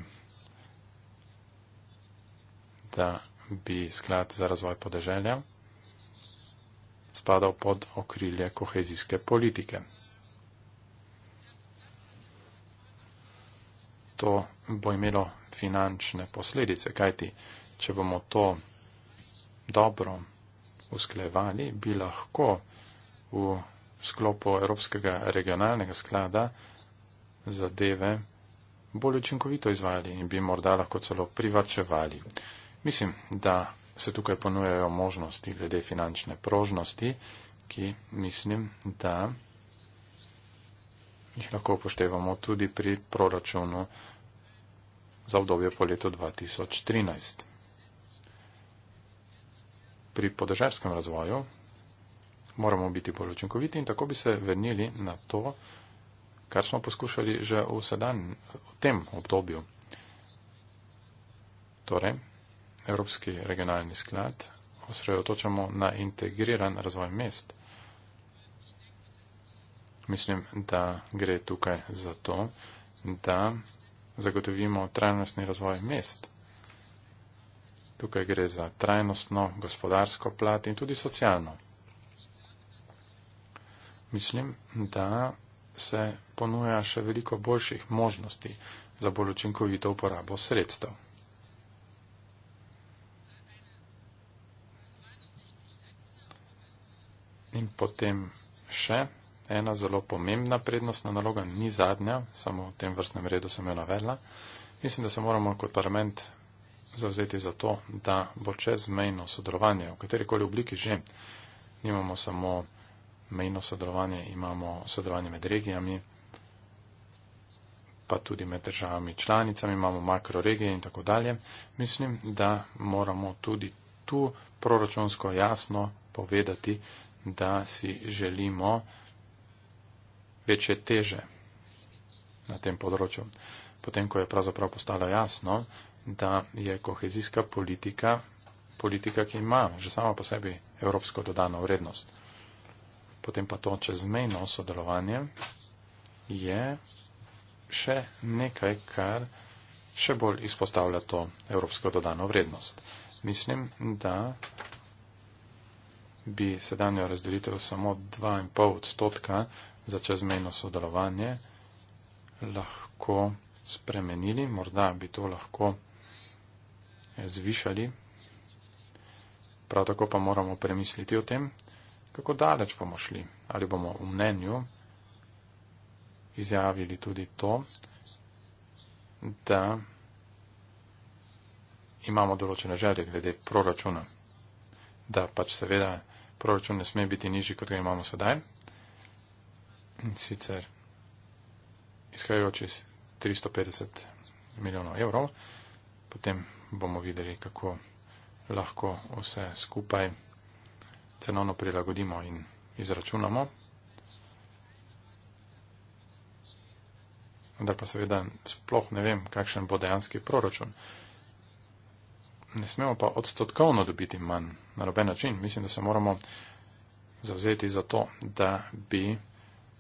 Da bi sklad za razvoj podeželja spadal pod okrilje kohezijske politike. To bo imelo finančne posledice, kajti, če bomo to dobro usklejevali, bi lahko v v sklopu Evropskega regionalnega sklada zadeve bolj učinkovito izvajali in bi morda lahko celo privarčevali. Mislim, da se tukaj ponujajo možnosti glede finančne prožnosti, ki mislim, da jih lahko upoštevamo tudi pri proračunu za obdobje po letu 2013. Pri podržarskem razvoju moramo biti bolj učinkoviti in tako bi se vrnili na to, kar smo poskušali že v tem obdobju. Torej, Evropski regionalni sklad osredotočamo na integriran razvoj mest. Mislim, da gre tukaj za to, da zagotovimo trajnostni razvoj mest. Tukaj gre za trajnostno, gospodarsko plat in tudi socialno. Mislim, da se ponuja še veliko boljših možnosti za bolj učinkovito uporabo sredstev. In potem še ena zelo pomembna prednostna naloga, ni zadnja, samo v tem vrstnem redu sem jo navedla. Mislim, da se moramo kot parlament zavzeti za to, da bo čezmejno sodelovanje v katerikoli obliki že. Nimamo samo mejno sodelovanje, imamo sodelovanje med regijami, pa tudi med državami članicami, imamo makroregije in tako dalje. Mislim, da moramo tudi tu proračunsko jasno povedati, da si želimo večje teže na tem področju. Potem, ko je pravzaprav postalo jasno, da je kohezijska politika politika, ki ima že sama po sebi evropsko dodano vrednost potem pa to čezmejno sodelovanje je še nekaj, kar še bolj izpostavlja to evropsko dodano vrednost. Mislim, da bi sedanjo razdelitev samo 2,5 odstotka za čezmejno sodelovanje lahko spremenili, morda bi to lahko zvišali. Prav tako pa moramo premisliti o tem, kako daleč bomo šli, ali bomo v mnenju izjavili tudi to, da imamo določene želje glede proračuna, da pač seveda proračun ne sme biti nižji, kot ga imamo sedaj. In sicer izhajajoč iz 350 milijonov evrov, potem bomo videli, kako lahko vse skupaj cenovno prilagodimo in izračunamo. Vendar pa seveda sploh ne vem, kakšen bo dejanski proračun. Ne smemo pa odstotkovno dobiti manj na roben način. Mislim, da se moramo zavzeti za to, da bi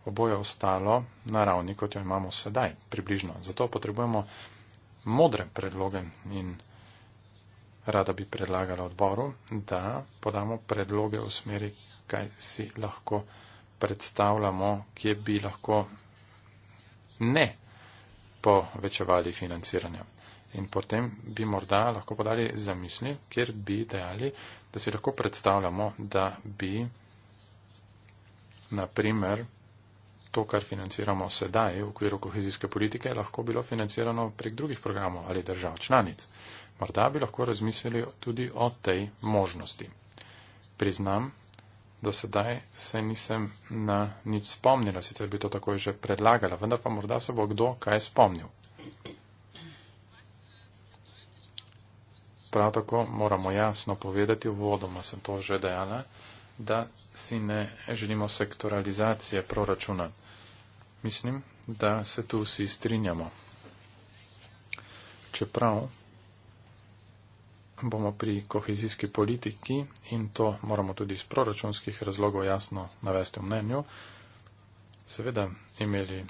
oboje ostalo na ravni, kot jo imamo sedaj, približno. Zato potrebujemo modre predloge in. Rada bi predlagala odboru, da podamo predloge v smeri, kaj si lahko predstavljamo, kje bi lahko ne povečevali financiranja. In potem bi morda lahko podali zamisli, kjer bi dejali, da si lahko predstavljamo, da bi naprimer to, kar financiramo sedaj v okviru kohezijske politike, lahko bilo financirano prek drugih programov ali držav članic. Morda bi lahko razmislili tudi o tej možnosti. Priznam, da sedaj se nisem na nič spomnila, sicer bi to takoj že predlagala, vendar pa morda se bo kdo kaj spomnil. Prav tako moramo jasno povedati, v vodoma sem to že dejala, da si ne želimo sektoralizacije proračuna. Mislim, da se tu vsi strinjamo. Čeprav bomo pri kohezijski politiki in to moramo tudi iz proračunskih razlogov jasno navesti v mnenju, seveda imeli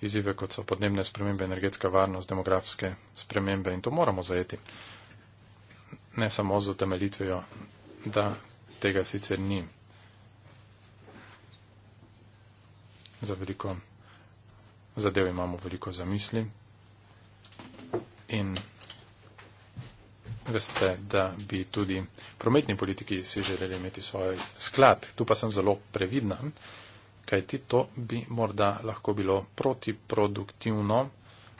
izzive, kot so podnebne spremembe, energetska varnost, demografske spremembe in to moramo zajeti. Ne samo z utemelitvijo, da tega sicer ni za veliko zadev imamo veliko zamisli in veste, da bi tudi prometni politiki si želeli imeti svoj sklad. Tu pa sem zelo previdna, kajti to bi morda lahko bilo protiproduktivno,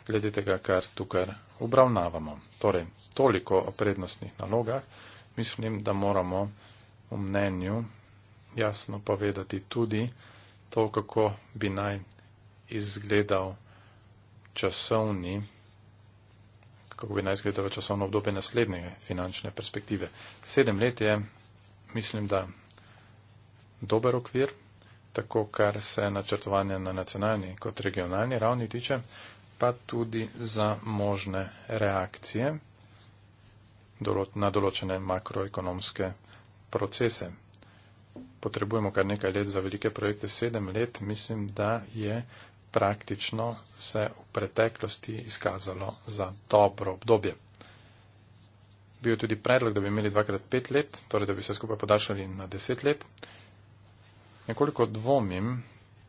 glede tega, kar tukaj obravnavamo. Torej, toliko o prednostnih nalogah. Mislim, da moramo v mnenju jasno povedati tudi to, kako bi naj izgledal časovni kako bi naj izgledalo časovno obdobje naslednje finančne perspektive. Sedem let je, mislim, da dober okvir, tako kar se načrtovanja na nacionalni kot regionalni ravni tiče, pa tudi za možne reakcije na določene makroekonomske procese. Potrebujemo kar nekaj let za velike projekte. Sedem let mislim, da je praktično se v preteklosti izkazalo za dobro obdobje. Bil tudi predlog, da bi imeli dvakrat pet let, torej da bi se skupaj podaljšali na deset let. Nekoliko dvomim,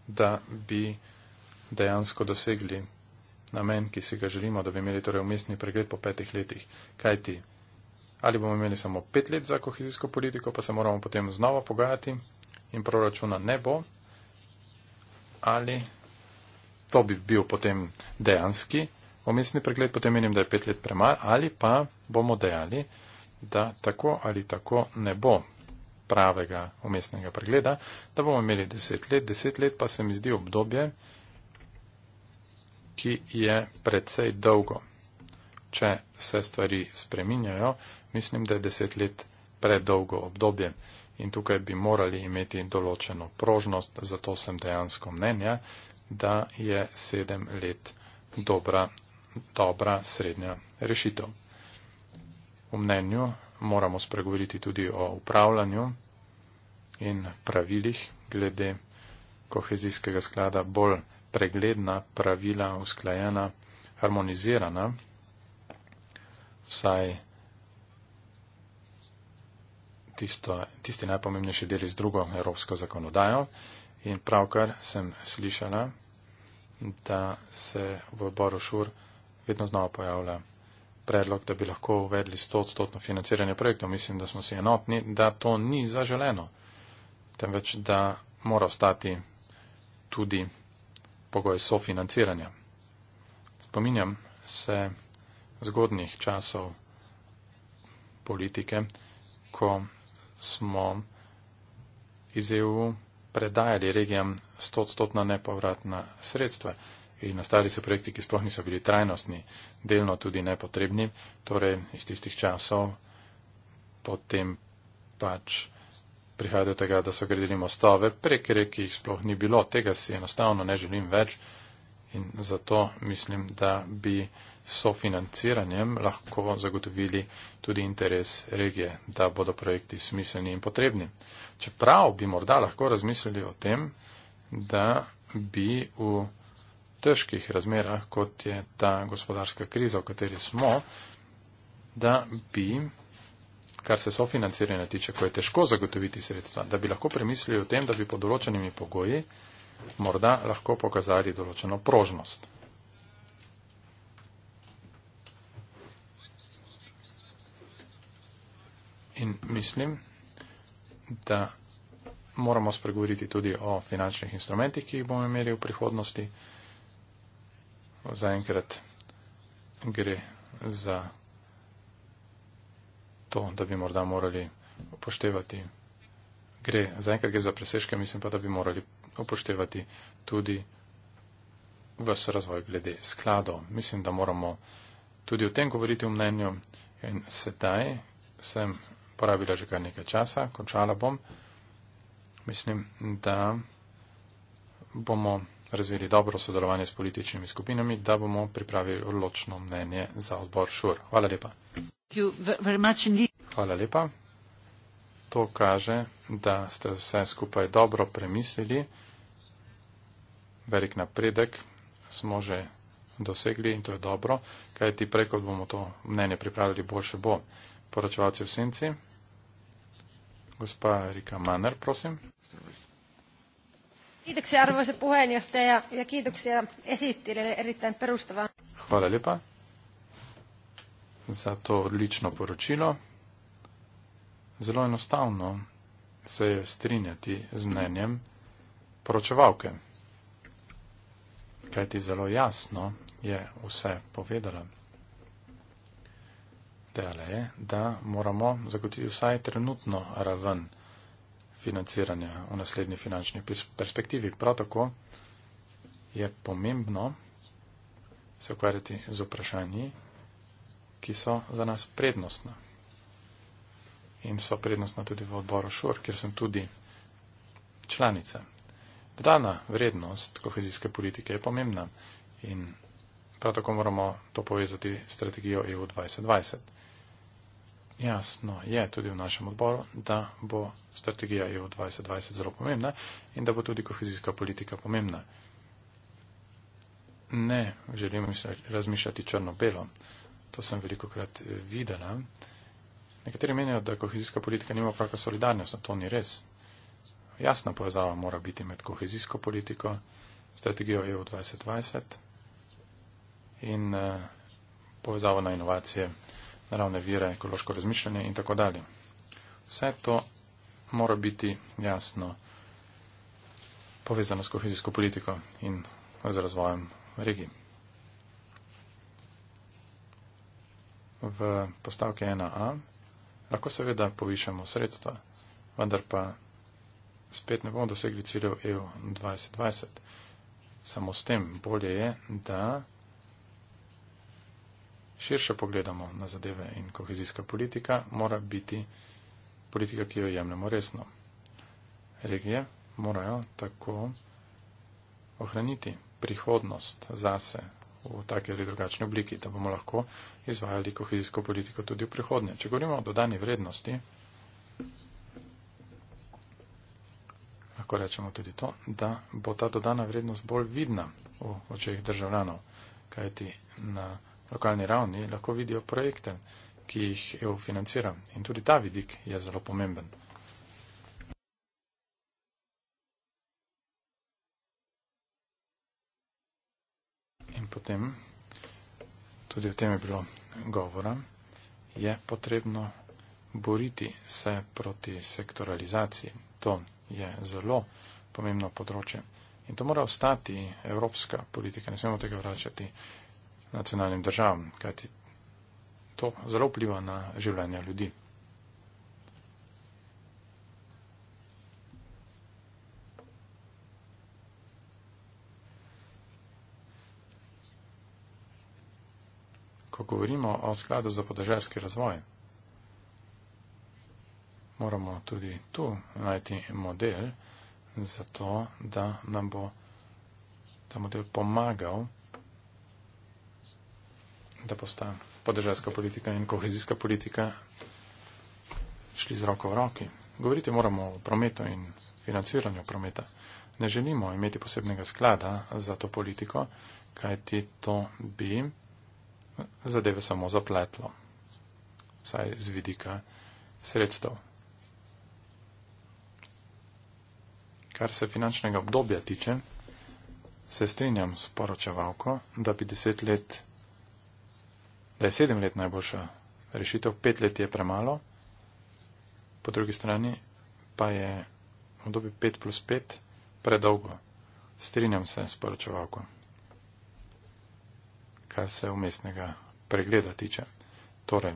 da bi dejansko dosegli namen, ki si ga želimo, da bi imeli torej umestni pregled po petih letih. Kaj ti? Ali bomo imeli samo pet let za kohezijsko politiko, pa se moramo potem znova pogajati in proračuna ne bo? Ali to bi bil potem dejanski omestni pregled, potem menim, da je pet let premalo, ali pa bomo dejali, da tako ali tako ne bo pravega omestnega pregleda, da bomo imeli deset let. Deset let pa se mi zdi obdobje, ki je predvsej dolgo. Če se stvari spreminjajo, mislim, da je deset let predolgo obdobje. In tukaj bi morali imeti določeno prožnost, zato sem dejansko mnenja, da je sedem let dobra, dobra srednja rešitev. V mnenju moramo spregovoriti tudi o upravljanju in pravilih glede kohezijskega sklada bolj pregledna, pravila usklajena, harmonizirana, vsaj tisto, tisti najpomembnejši deli z drugo evropsko zakonodajo. In pravkar sem slišala da se v borošur vedno znova pojavlja predlog, da bi lahko uvedli 100-odstotno financiranje projektov. Mislim, da smo si enotni, da to ni zaželeno, temveč da mora ostati tudi pogoj sofinanciranja. Spominjam se zgodnih časov politike, ko smo iz EU predajali regijam 100-stotna nepovratna sredstva. In nastali so projekti, ki sploh niso bili trajnostni, delno tudi nepotrebni, torej iz tistih časov potem pač prihaja do tega, da so gradili mostove prek rek, ki jih sploh ni bilo. Tega si enostavno ne želim več in zato mislim, da bi sofinanciranjem lahko zagotovili tudi interes regije, da bodo projekti smiselni in potrebni. Čeprav bi morda lahko razmislili o tem, da bi v težkih razmerah, kot je ta gospodarska kriza, v kateri smo, da bi, kar se sofinanciranja tiče, ko je težko zagotoviti sredstva, da bi lahko premislili o tem, da bi pod določenimi pogoji morda lahko pokazali določeno prožnost. In mislim, da moramo spregovoriti tudi o finančnih instrumentih, ki jih bomo imeli v prihodnosti. Zaenkrat gre za to, da bi morda morali upoštevati. Gre, zaenkrat gre za presežke, mislim pa, da bi morali upoštevati tudi vse razvoj glede skladov. Mislim, da moramo tudi o tem govoriti v mnenju. In sedaj sem porabila že kar nekaj časa, končala bom. Mislim, da bomo razvili dobro sodelovanje s političnimi skupinami, da bomo pripravili odločno mnenje za odbor ŠUR. Hvala lepa. Hvala lepa. To kaže, da ste vse skupaj dobro premislili. Velik napredek smo že dosegli in to je dobro, kajti prej, kot bomo to mnenje pripravili, boljše bo. Poročevalci v senci. Gospa Rika Manner, prosim. Kiitoksia arvoisa puheenjohtaja ja kiitoksia esittelijälle erittäin perustavaa. Hvala lepa za to odlično poročilo. Zelo enostavno se je strinjati z mnenjem poročevalke. Kajti zelo jasno je vse povedala dejala je, da moramo zagotoviti vsaj trenutno raven financiranja v naslednji finančni perspektivi. Prav tako je pomembno se ukvarjati z vprašanji, ki so za nas prednostna. In so prednostna tudi v odboru ŠUR, kjer sem tudi članica. Dodana vrednost kohezijske politike je pomembna in prav tako moramo to povezati s strategijo EU 2020 jasno je tudi v našem odboru, da bo strategija EU 2020 zelo pomembna in da bo tudi kohezijska politika pomembna. Ne želim razmišljati črno-belo. To sem veliko krat videla. Nekateri menijo, da kohezijska politika nima prava solidarnost, a to ni res. Jasna povezava mora biti med kohezijsko politiko, strategijo EU 2020 in eh, povezavo na inovacije naravne vire, ekološko razmišljanje in tako dalje. Vse to mora biti jasno povezano s kohezijsko politiko in z razvojem regij. V postavki 1a lahko seveda povišamo sredstva, vendar pa spet ne bomo dosegli ciljev EU 2020. Samo s tem bolje je, da širše pogledamo na zadeve in kohezijska politika, mora biti politika, ki jo jemljemo resno. Regije morajo tako ohraniti prihodnost zase v taki ali drugačni obliki, da bomo lahko izvajali kohezijsko politiko tudi v prihodnje. Če govorimo o dodani vrednosti, lahko rečemo tudi to, da bo ta dodana vrednost bolj vidna v očeh državljanov, kajti na vrednosti, lokalni ravni lahko vidijo projekte, ki jih EU financira. In tudi ta vidik je zelo pomemben. In potem, tudi o tem je bilo govora, je potrebno boriti se proti sektoralizaciji. To je zelo pomembno področje. In to mora ostati evropska politika, ne smemo tega vračati nacionalnim državam, kajti to zelo vpliva na življenja ljudi. Ko govorimo o skladu za podeželski razvoj, moramo tudi tu najti model za to, da nam bo ta model pomagal da bosta podržavska politika in kohezijska politika šli z roko v roki. Govoriti moramo o prometu in financiranju prometa. Ne želimo imeti posebnega sklada za to politiko, kajti to bi zadeve samo zapletlo, saj z vidika sredstev. Kar se finančnega obdobja tiče, se strinjam s poročevalko, da bi deset let da je sedem let najboljša rešitev, pet let je premalo, po drugi strani pa je v dobi pet plus pet predolgo. Strinjam se s poročevalko, kar se umestnega pregleda tiče. Torej,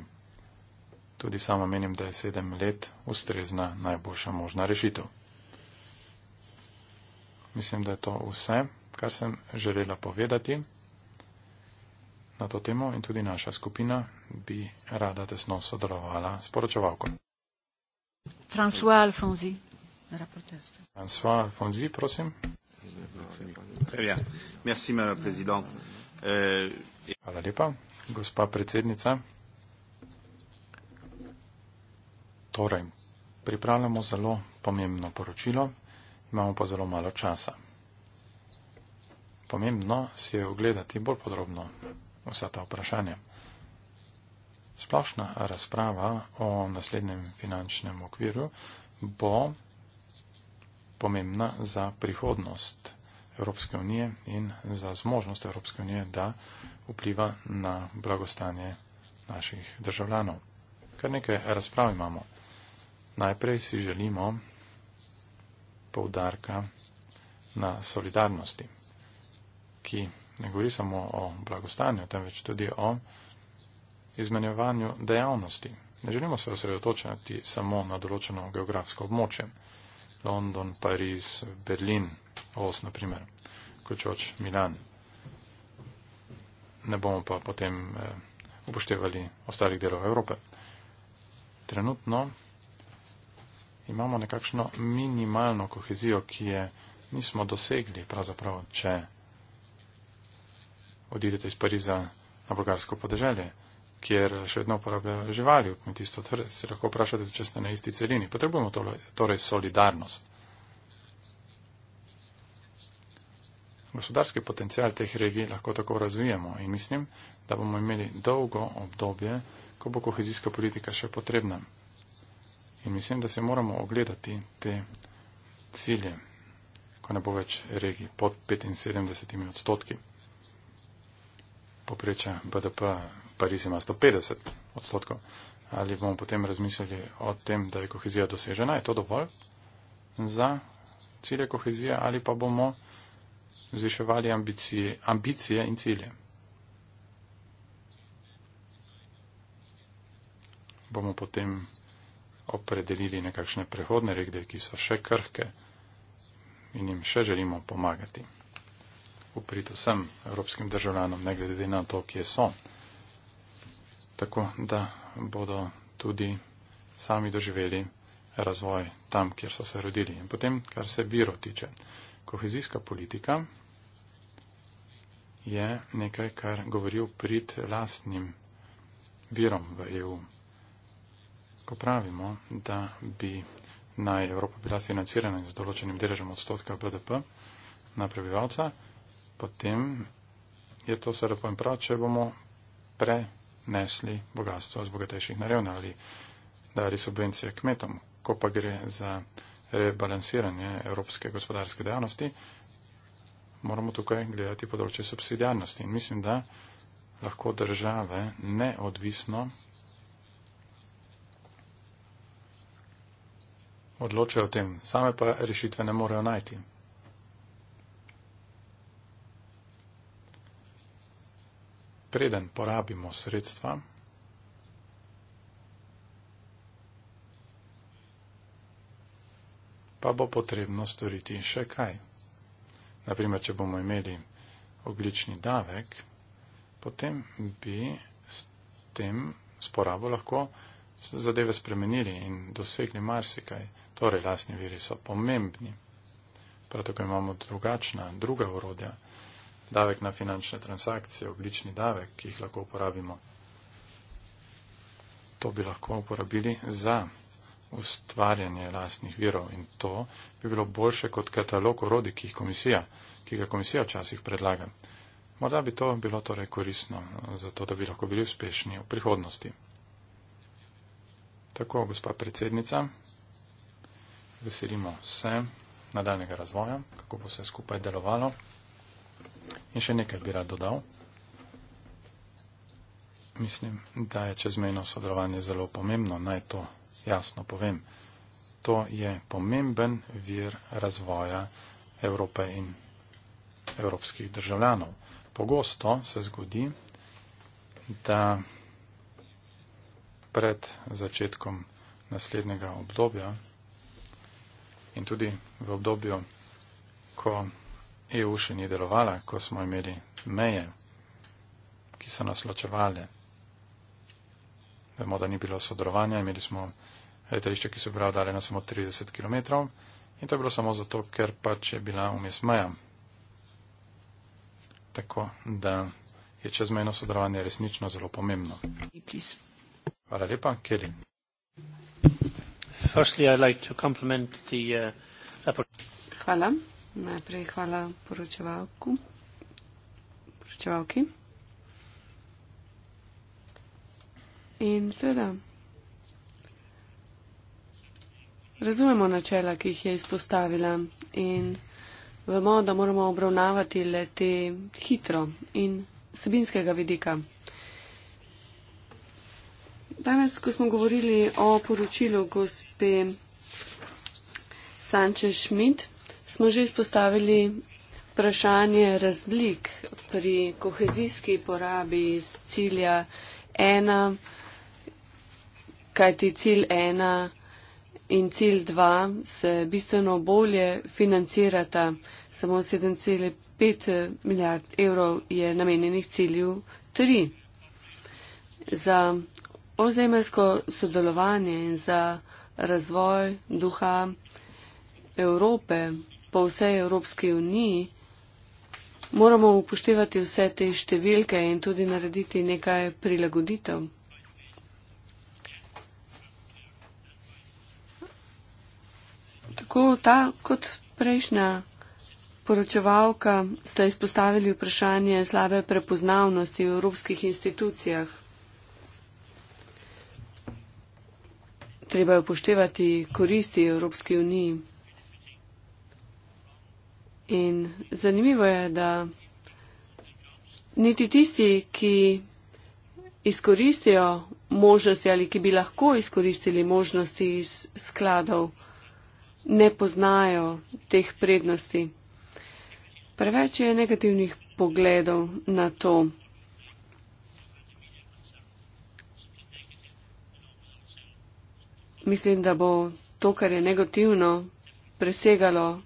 tudi sama menim, da je sedem let ustrezna najboljša možna rešitev. Mislim, da je to vse, kar sem želela povedati na to temo in tudi naša skupina bi rada tesno sodelovala s poročevalkom. François Alfonzi. François Alfonzi, prosim. Euh, Hvala lepa, gospa predsednica. Torej, pripravljamo zelo pomembno poročilo, imamo pa zelo malo časa. Pomembno si je ogledati bolj podrobno vsa ta vprašanja. Splošna razprava o naslednjem finančnem okviru bo pomembna za prihodnost Evropske unije in za zmožnost Evropske unije, da vpliva na blagostanje naših državljanov. Kar nekaj razprav imamo. Najprej si želimo poudarka na solidarnosti ki ne govori samo o blagostanju, temveč tudi o izmenjevanju dejavnosti. Ne želimo se osredotočati samo na določeno geografsko območje. London, Pariz, Berlin, Os, na primer, ključoč Milan. Ne bomo pa potem eh, upoštevali ostalih delov Evrope. Trenutno imamo nekakšno minimalno kohezijo, ki je nismo dosegli, pravzaprav, če odidete iz Pariza na bolgarsko podeželje, kjer še vedno uporabljajo živali v kmetijstvu. Torej se lahko vprašate, če ste na isti celini. Potrebujemo tole, torej solidarnost. Gospodarski potencial teh regij lahko tako razvijemo in mislim, da bomo imeli dolgo obdobje, ko bo kohezijska politika še potrebna. In mislim, da se moramo ogledati te cilje, ko ne bo več regij pod 75 odstotki poprečja BDP, Pariz ima 150 odstotkov. Ali bomo potem razmislili o tem, da je kohezija dosežena, je to dovolj za cilje kohezije ali pa bomo zviševali ambicije, ambicije in cilje. Bomo potem opredelili nekakšne prehodne regde, ki so še krhke in jim še želimo pomagati v prid vsem evropskim državljanom, ne glede na to, kje so. Tako da bodo tudi sami doživeli razvoj tam, kjer so se rodili. In potem, kar se viro tiče. Kohezijska politika je nekaj, kar govori v prid lastnim virom v EU. Ko pravimo, da bi naj Evropa bila financirana z določenim deležem odstotka BDP na prebivalca, potem je to srpo in prav, če bomo prenesli bogatstvo z bogatejših na revne ali dali subvencije kmetom. Ko pa gre za rebalansiranje evropske gospodarske dejavnosti, moramo tukaj gledati področje subsidijarnosti. In mislim, da lahko države neodvisno odločajo o tem, same pa rešitve ne morejo najti. preden porabimo sredstva, pa bo potrebno storiti še kaj. Naprimer, če bomo imeli oglični davek, potem bi s tem sporabo lahko zadeve spremenili in dosegli marsikaj. Torej, lastni viri so pomembni. Prav tako imamo drugačna, druga urodja davek na finančne transakcije, oblični davek, ki jih lahko uporabimo. To bi lahko uporabili za ustvarjanje lastnih virov in to bi bilo boljše kot katalog orodij, ki jih komisija, ki ga komisija včasih predlaga. Morda bi to bilo torej koristno, zato da bi lahko bili uspešni v prihodnosti. Tako, gospa predsednica, veselimo se nadaljnega razvoja, kako bo vse skupaj delovalo. In še nekaj bi rad dodal. Mislim, da je čezmejno sodelovanje zelo pomembno, naj to jasno povem. To je pomemben vir razvoja Evrope in evropskih državljanov. Pogosto se zgodi, da pred začetkom naslednjega obdobja in tudi v obdobju, ko EU še ni delovala, ko smo imeli meje, ki so nas ločevale. Vemo, da ni bilo sodelovanja, imeli smo letališče, ki so bila oddaljena samo 30 km in to je bilo samo zato, ker pač je bila vmes meja. Tako da je čezmejno sodelovanje resnično zelo pomembno. Hvala lepa, Kelly. Firstly, I'd like to compliment the uh, Hvala. Najprej hvala poročevalku. Poročevalki. In seveda, razumemo načela, ki jih je izpostavila in vemo, da moramo obravnavati le te hitro in sebinskega vidika. Danes, ko smo govorili o poročilu gospe Sanče Šmit, Smo že izpostavili vprašanje razlik pri kohezijski porabi iz cilja ena, kajti cilj ena in cilj dva se bistveno bolje financirata. Samo 7,5 milijard evrov je namenjenih cilju tri. Za ozemelsko sodelovanje in za razvoj duha Evrope po vsej Evropski uniji, moramo upoštevati vse te številke in tudi narediti nekaj prilagoditev. Tako ta kot prejšnja poročevalka sta izpostavili vprašanje slabe prepoznavnosti v evropskih institucijah. Treba je upoštevati koristi Evropske unije. In zanimivo je, da niti tisti, ki izkoristijo možnosti ali ki bi lahko izkoristili možnosti iz skladov, ne poznajo teh prednosti. Preveč je negativnih pogledov na to. Mislim, da bo to, kar je negativno, presegalo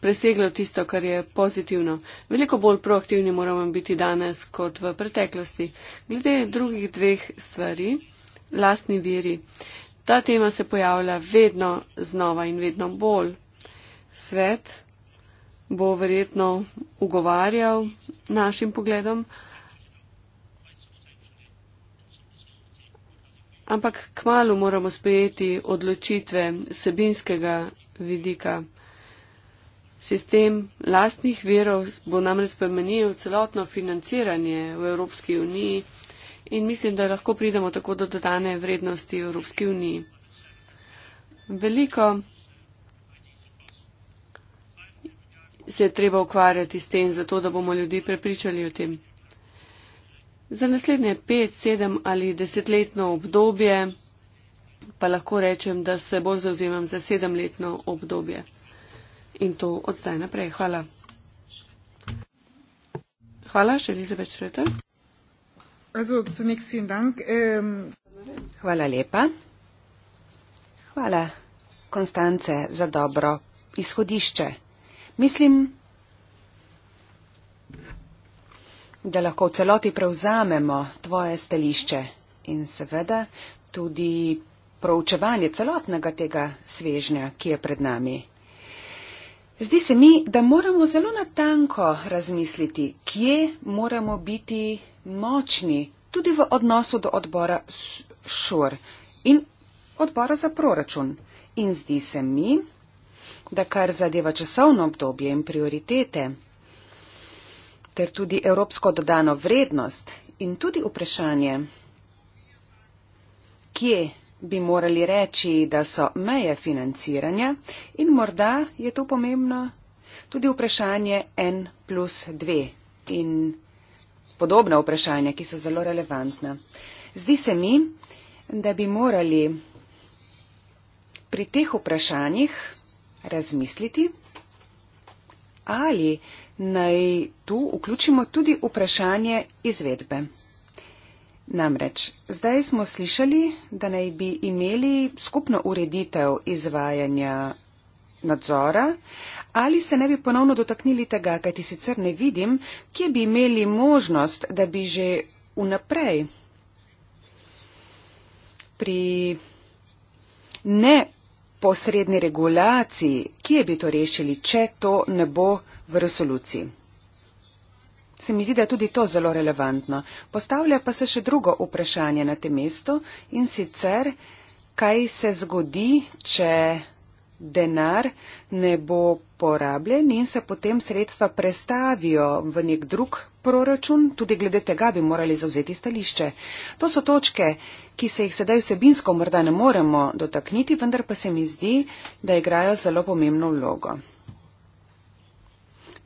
preseglo tisto, kar je pozitivno. Veliko bolj proaktivni moramo biti danes kot v preteklosti. Glede drugih dveh stvari, lastni viri. Ta tema se pojavlja vedno znova in vedno bolj. Svet bo verjetno ugovarjal našim pogledom, ampak k malu moramo sprejeti odločitve sebinskega vidika. Sistem lastnih verov bo namreč spremenil celotno financiranje v Evropski uniji in mislim, da lahko pridemo tako do dodane vrednosti Evropski uniji. Veliko se je treba ukvarjati s tem, zato da bomo ljudi prepričali o tem. Za naslednje pet, sedem ali desetletno obdobje pa lahko rečem, da se bolj zauzemam za sedemletno obdobje in to od zdaj naprej. Hvala. Hvala, še Elizabeth Schröter. Also, zunächst vielen Dank. Ähm Hvala lepa. Hvala, Konstance, za dobro izhodišče. Mislim, da lahko v celoti prevzamemo tvoje stališče in seveda tudi proučevanje celotnega tega svežnja, ki je pred nami. Zdi se mi, da moramo zelo natanko razmisliti, kje moramo biti močni, tudi v odnosu do odbora ŠUR in odbora za proračun. In zdi se mi, da kar zadeva časovno obdobje in prioritete, ter tudi evropsko dodano vrednost in tudi vprašanje, kje bi morali reči, da so meje financiranja in morda je tu pomembno tudi vprašanje N plus 2 in podobna vprašanja, ki so zelo relevantna. Zdi se mi, da bi morali pri teh vprašanjih razmisliti, ali naj tu vključimo tudi vprašanje izvedbe. Namreč, zdaj smo slišali, da naj bi imeli skupno ureditev izvajanja nadzora, ali se ne bi ponovno dotaknili tega, kaj ti sicer ne vidim, kje bi imeli možnost, da bi že vnaprej pri neposredni regulaciji, kje bi to rešili, če to ne bo v resoluciji. Se mi zdi, da je tudi to zelo relevantno. Postavlja pa se še drugo vprašanje na tem mestu in sicer, kaj se zgodi, če denar ne bo porabljen in se potem sredstva prestavijo v nek drug proračun, tudi glede tega bi morali zauzeti stališče. To so točke, ki se jih sedaj vsebinsko morda ne moremo dotakniti, vendar pa se mi zdi, da igrajo zelo pomembno vlogo.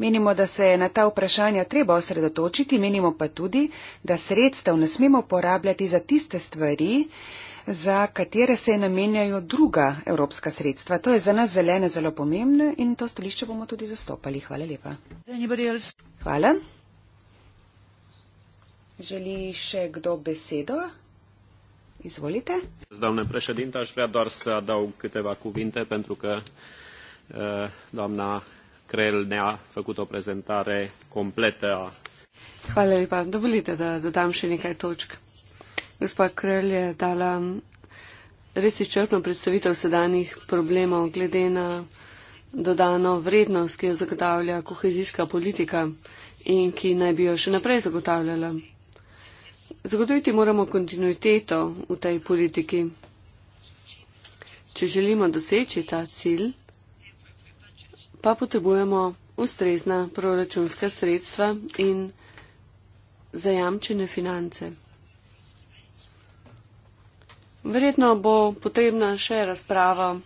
Menimo, da se je na ta vprašanja treba osredotočiti, menimo pa tudi, da sredstev ne smemo uporabljati za tiste stvari, za katere se namenjajo druga evropska sredstva. To je za nas zelene zelo pomembno in to stališče bomo tudi zastopali. Hvala lepa. Hvala. Želi še kdo besedo? Izvolite. Zdravne președinte, aș vrea doar să adaug câteva cuvinte pentru că eh, doamna Krel ne-a făcut o prezentare completă. Hvala lepa. Dovolite, da dodam še nekaj točk. Gospa Krel je dala res izčrpno predstavitev sedanjih problemov glede na dodano vrednost, ki jo zagotavlja kohezijska politika in ki naj bi jo še naprej zagotavljala. Zagotoviti moramo kontinuiteto v tej politiki. Če želimo doseči ta cilj, pa potrebujemo ustrezna proračunska sredstva in zajamčene finance. Verjetno bo potrebna še razprava,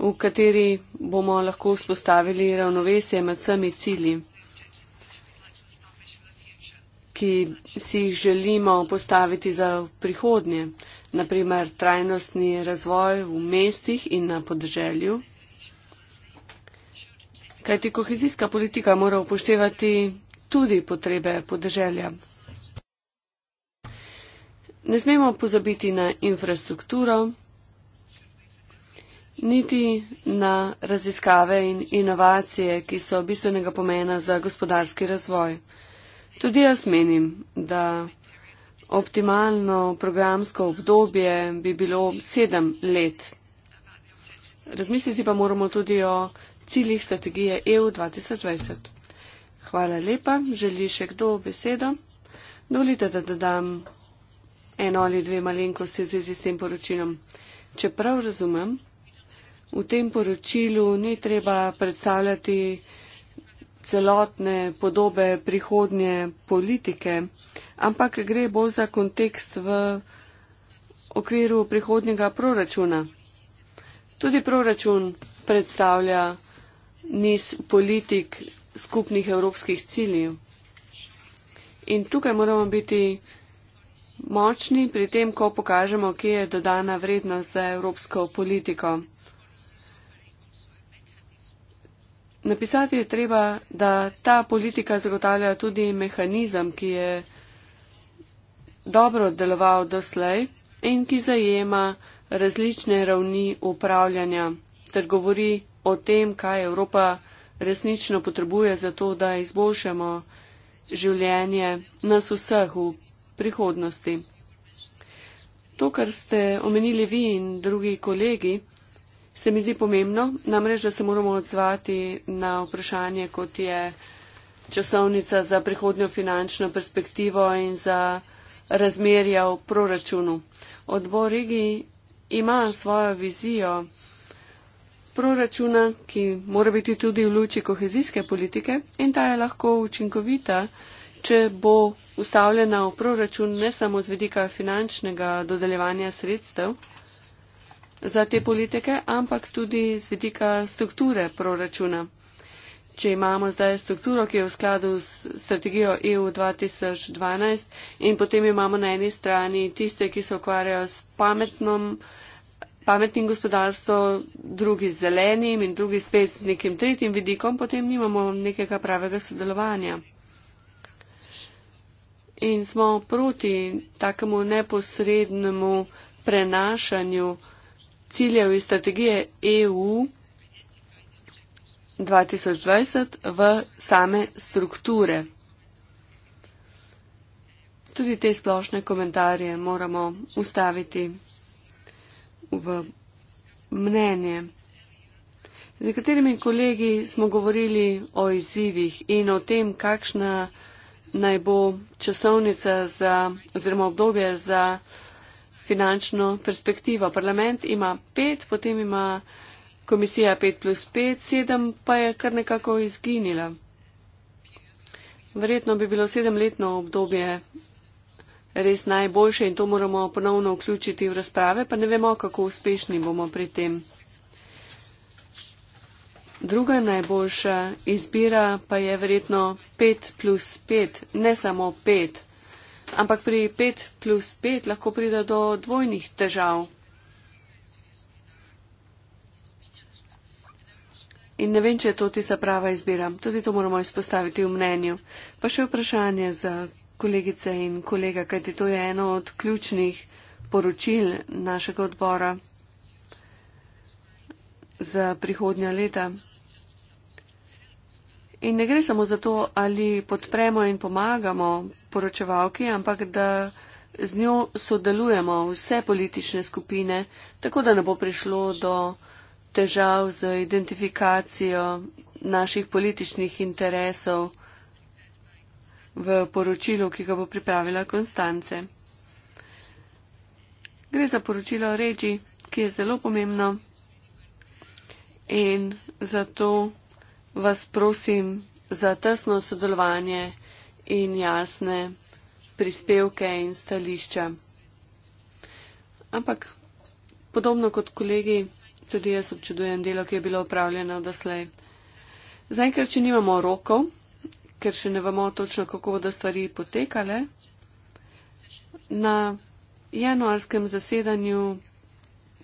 v kateri bomo lahko vzpostavili ravnovesje med vsemi cili, ki si jih želimo postaviti za prihodnje, naprimer trajnostni razvoj v mestih in na podeželju kajti kohezijska politika mora upoštevati tudi potrebe podeželja. Ne smemo pozabiti na infrastrukturo, niti na raziskave in inovacije, ki so bistvenega pomena za gospodarski razvoj. Tudi jaz menim, da optimalno programsko obdobje bi bilo sedem let. Razmisliti pa moramo tudi o ciljih strategije EU 2020. Hvala lepa. Želi še kdo besedo? Dovolite, da dodam eno ali dve malenkosti v zvezi s tem poročilom. Čeprav razumem, v tem poročilu ni treba predstavljati celotne podobe prihodnje politike, ampak gre bolj za kontekst v okviru prihodnjega proračuna. Tudi proračun predstavlja niz politik skupnih evropskih ciljev. In tukaj moramo biti močni pri tem, ko pokažemo, kje je dodana vrednost za evropsko politiko. Napisati je treba, da ta politika zagotavlja tudi mehanizem, ki je dobro deloval doslej in ki zajema različne ravni upravljanja ter govori o tem, kaj Evropa resnično potrebuje za to, da izboljšamo življenje nas vseh v prihodnosti. To, kar ste omenili vi in drugi kolegi, se mi zdi pomembno, namreč, da se moramo odzvati na vprašanje, kot je časovnica za prihodnjo finančno perspektivo in za razmerja v proračunu. Odbor Rigi ima svojo vizijo proračuna, ki mora biti tudi v luči kohezijske politike in ta je lahko učinkovita, če bo ustavljena v proračun ne samo z vedika finančnega dodeljevanja sredstev za te politike, ampak tudi z vedika strukture proračuna. Če imamo zdaj strukturo, ki je v skladu s strategijo EU 2012 in potem imamo na eni strani tiste, ki se ukvarjajo s pametnom, pametnim gospodarstvom, drugi z zelenim in drugi spet z nekim tretjim vidikom, potem nimamo nekega pravega sodelovanja. In smo proti takemu neposrednemu prenašanju ciljev iz strategije EU 2020 v same strukture. Tudi te splošne komentarje moramo ustaviti v mnenje. Z nekaterimi kolegi smo govorili o izzivih in o tem, kakšna naj bo časovnica za, oziroma obdobje za finančno perspektivo. Parlament ima pet, potem ima komisija pet plus pet, sedem pa je kar nekako izginila. Verjetno bi bilo sedemletno obdobje res najboljše in to moramo ponovno vključiti v razprave, pa ne vemo, kako uspešni bomo pri tem. Druga najboljša izbira pa je verjetno 5 plus 5, ne samo 5, ampak pri 5 plus 5 lahko pride do dvojnih težav. In ne vem, če je to tista prava izbira. Tudi to moramo izpostaviti v mnenju. Pa še vprašanje za kolegice in kolega, kajti to je eno od ključnih poročil našega odbora za prihodnja leta. In ne gre samo za to, ali podpremo in pomagamo poročevalki, ampak da z njo sodelujemo vse politične skupine, tako da ne bo prišlo do težav z identifikacijo naših političnih interesov v poročilu, ki ga bo pripravila Konstance. Gre za poročilo o reči, ki je zelo pomembno in zato vas prosim za tesno sodelovanje in jasne prispevke in stališča. Ampak podobno kot kolegi, tudi jaz občudujem delo, ki je bilo upravljeno doslej. Zaenkrat, če nimamo rokov, ker še ne vemo točno, kako bodo stvari potekale. Na januarskem zasedanju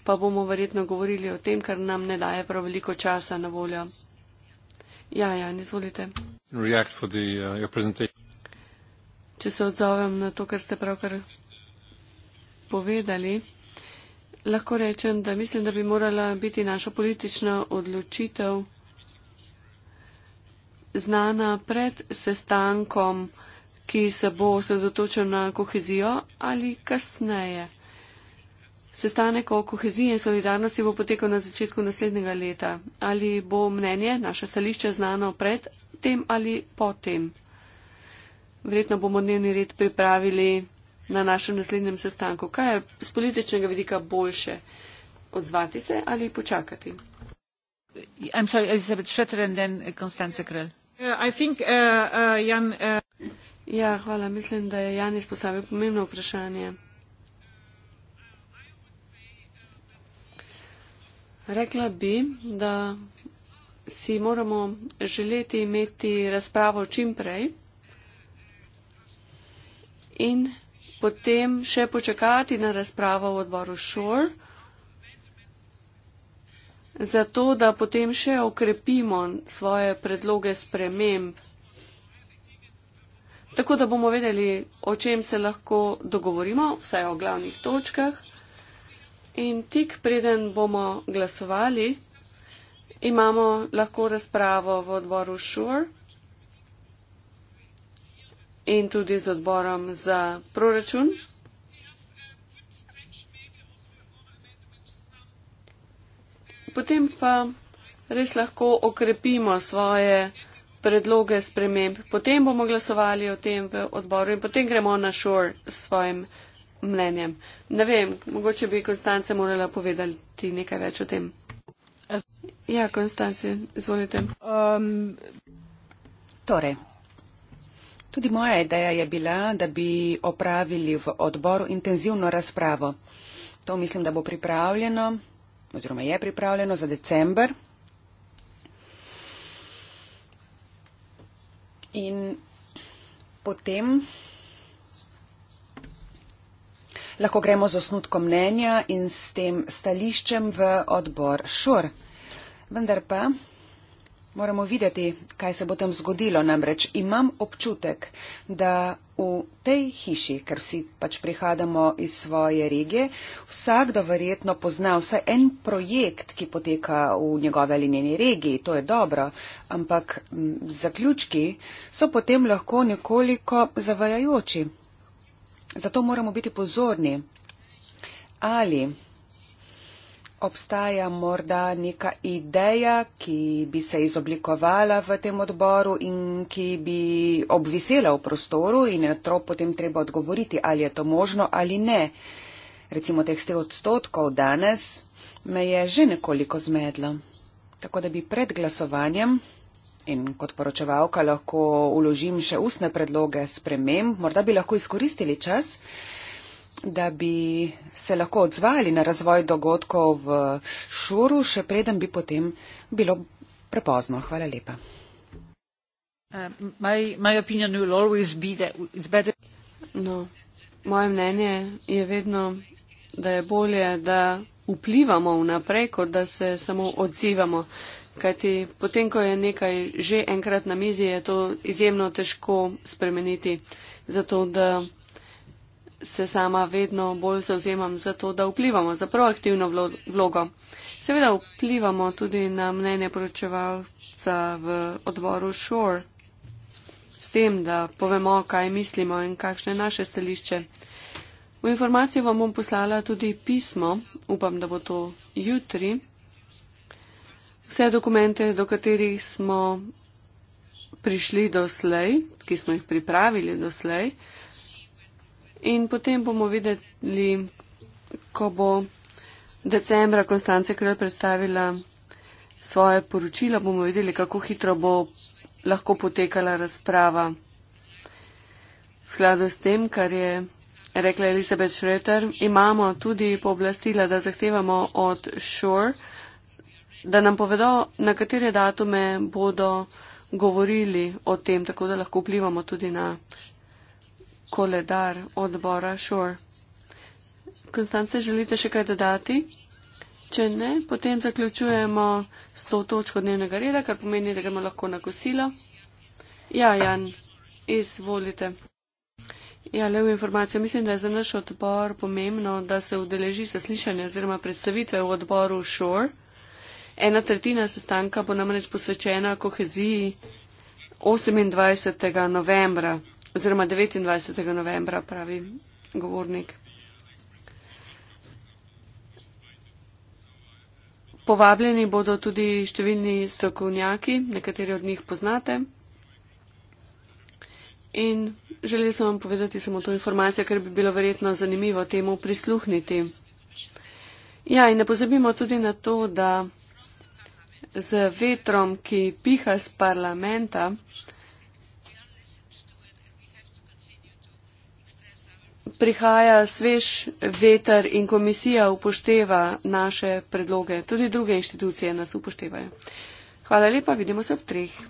pa bomo verjetno govorili o tem, kar nam ne daje prav veliko časa na voljo. Ja, ja, izvolite. Uh, Če se odzovem na to, kar ste pravkar povedali, lahko rečem, da mislim, da bi morala biti naša politična odločitev znana pred sestankom, ki se bo sredotočil na kohezijo ali kasneje. Sestanek o koheziji in solidarnosti bo potekal na začetku naslednjega leta. Ali bo mnenje, naše stališče znano pred tem ali po tem? Verjetno bomo dnevni red pripravili na našem naslednjem sestanku. Kaj je z političnega vidika boljše? Odzvati se ali počakati? I'm sorry, Elizabeth Shutter and then uh, Constance Krell. Yeah. Uh, uh, uh, ja, hvala. Mislim, da je Jan izpostavil pomembno vprašanje. Rekla bi, da si moramo želeti imeti razpravo čim prej in potem še počakati na razpravo v odboru Shore zato da potem še okrepimo svoje predloge sprememb, tako da bomo vedeli, o čem se lahko dogovorimo, vsaj o glavnih točkah. In tik preden bomo glasovali, imamo lahko razpravo v odboru Šur in tudi z odborom za proračun. potem pa res lahko okrepimo svoje predloge sprememb. Potem bomo glasovali o tem v odboru in potem gremo na šor s svojim mnenjem. Ne vem, mogoče bi Konstance morala povedati nekaj več o tem. Ja, Konstance, izvolite. Um, torej. Tudi moja ideja je bila, da bi opravili v odboru intenzivno razpravo. To mislim, da bo pripravljeno oziroma je pripravljeno za december. In potem lahko gremo z osnutkom mnenja in s tem stališčem v odbor ŠUR. Vendar pa Moramo videti, kaj se bo tam zgodilo. Namreč imam občutek, da v tej hiši, ker vsi pač prihajamo iz svoje regije, vsakdo verjetno pozna vsaj en projekt, ki poteka v njegove ali njeni regiji. To je dobro, ampak zaključki so potem lahko nekoliko zavajajoči. Zato moramo biti pozorni. Ali obstaja morda neka ideja, ki bi se izoblikovala v tem odboru in ki bi obvisela v prostoru in na to potem treba odgovoriti, ali je to možno ali ne. Recimo teh 100 odstotkov danes me je že nekoliko zmedlo. Tako da bi pred glasovanjem in kot poročevalka lahko uložim še ustne predloge sprememb, morda bi lahko izkoristili čas, da bi se lahko odzvali na razvoj dogodkov v Šuru, še preden bi potem bilo prepozno. Hvala lepa. Uh, no, moje mnenje je vedno, da je bolje, da vplivamo vnaprej, kot da se samo odzivamo. Kajti potem, ko je nekaj že enkrat na mizi, je to izjemno težko spremeniti. Zato, da se sama vedno bolj zauzemam za to, da vplivamo za proaktivno vlogo. Seveda vplivamo tudi na mnenje poročevalca v odboru Shore, s tem, da povemo, kaj mislimo in kakšne naše stališče. V informacijo vam bom poslala tudi pismo, upam, da bo to jutri. Vse dokumente, do katerih smo prišli doslej, ki smo jih pripravili doslej, In potem bomo videli, ko bo decembra Konstance Krl predstavila svoje poročila, bomo videli, kako hitro bo lahko potekala razprava v skladu s tem, kar je rekla Elizabeth Schroeter. Imamo tudi pooblastila, da zahtevamo od Shore, da nam povedo, na katere datume bodo govorili o tem, tako da lahko vplivamo tudi na koledar odbora Šor. Konstance, želite še kaj dodati? Če ne, potem zaključujemo s to točko dnevnega reda, kar pomeni, da gremo lahko na kosilo. Ja, Jan, izvolite. Ja, le v informacijo. Mislim, da je za naš odbor pomembno, da se udeleži zaslišanje oziroma predstavitve v odboru ŠOR. Ena tretjina sestanka bo namreč posvečena koheziji 28. novembra oziroma 29. novembra, pravi govornik. Povabljeni bodo tudi številni strokovnjaki, nekateri od njih poznate. In želeli sem vam povedati samo to informacijo, ker bi bilo verjetno zanimivo temu prisluhniti. Ja, in ne pozabimo tudi na to, da z vetrom, ki piha z parlamenta, prihaja svež veter in komisija upošteva naše predloge. Tudi druge inštitucije nas upoštevajo. Hvala lepa, vidimo se ob treh.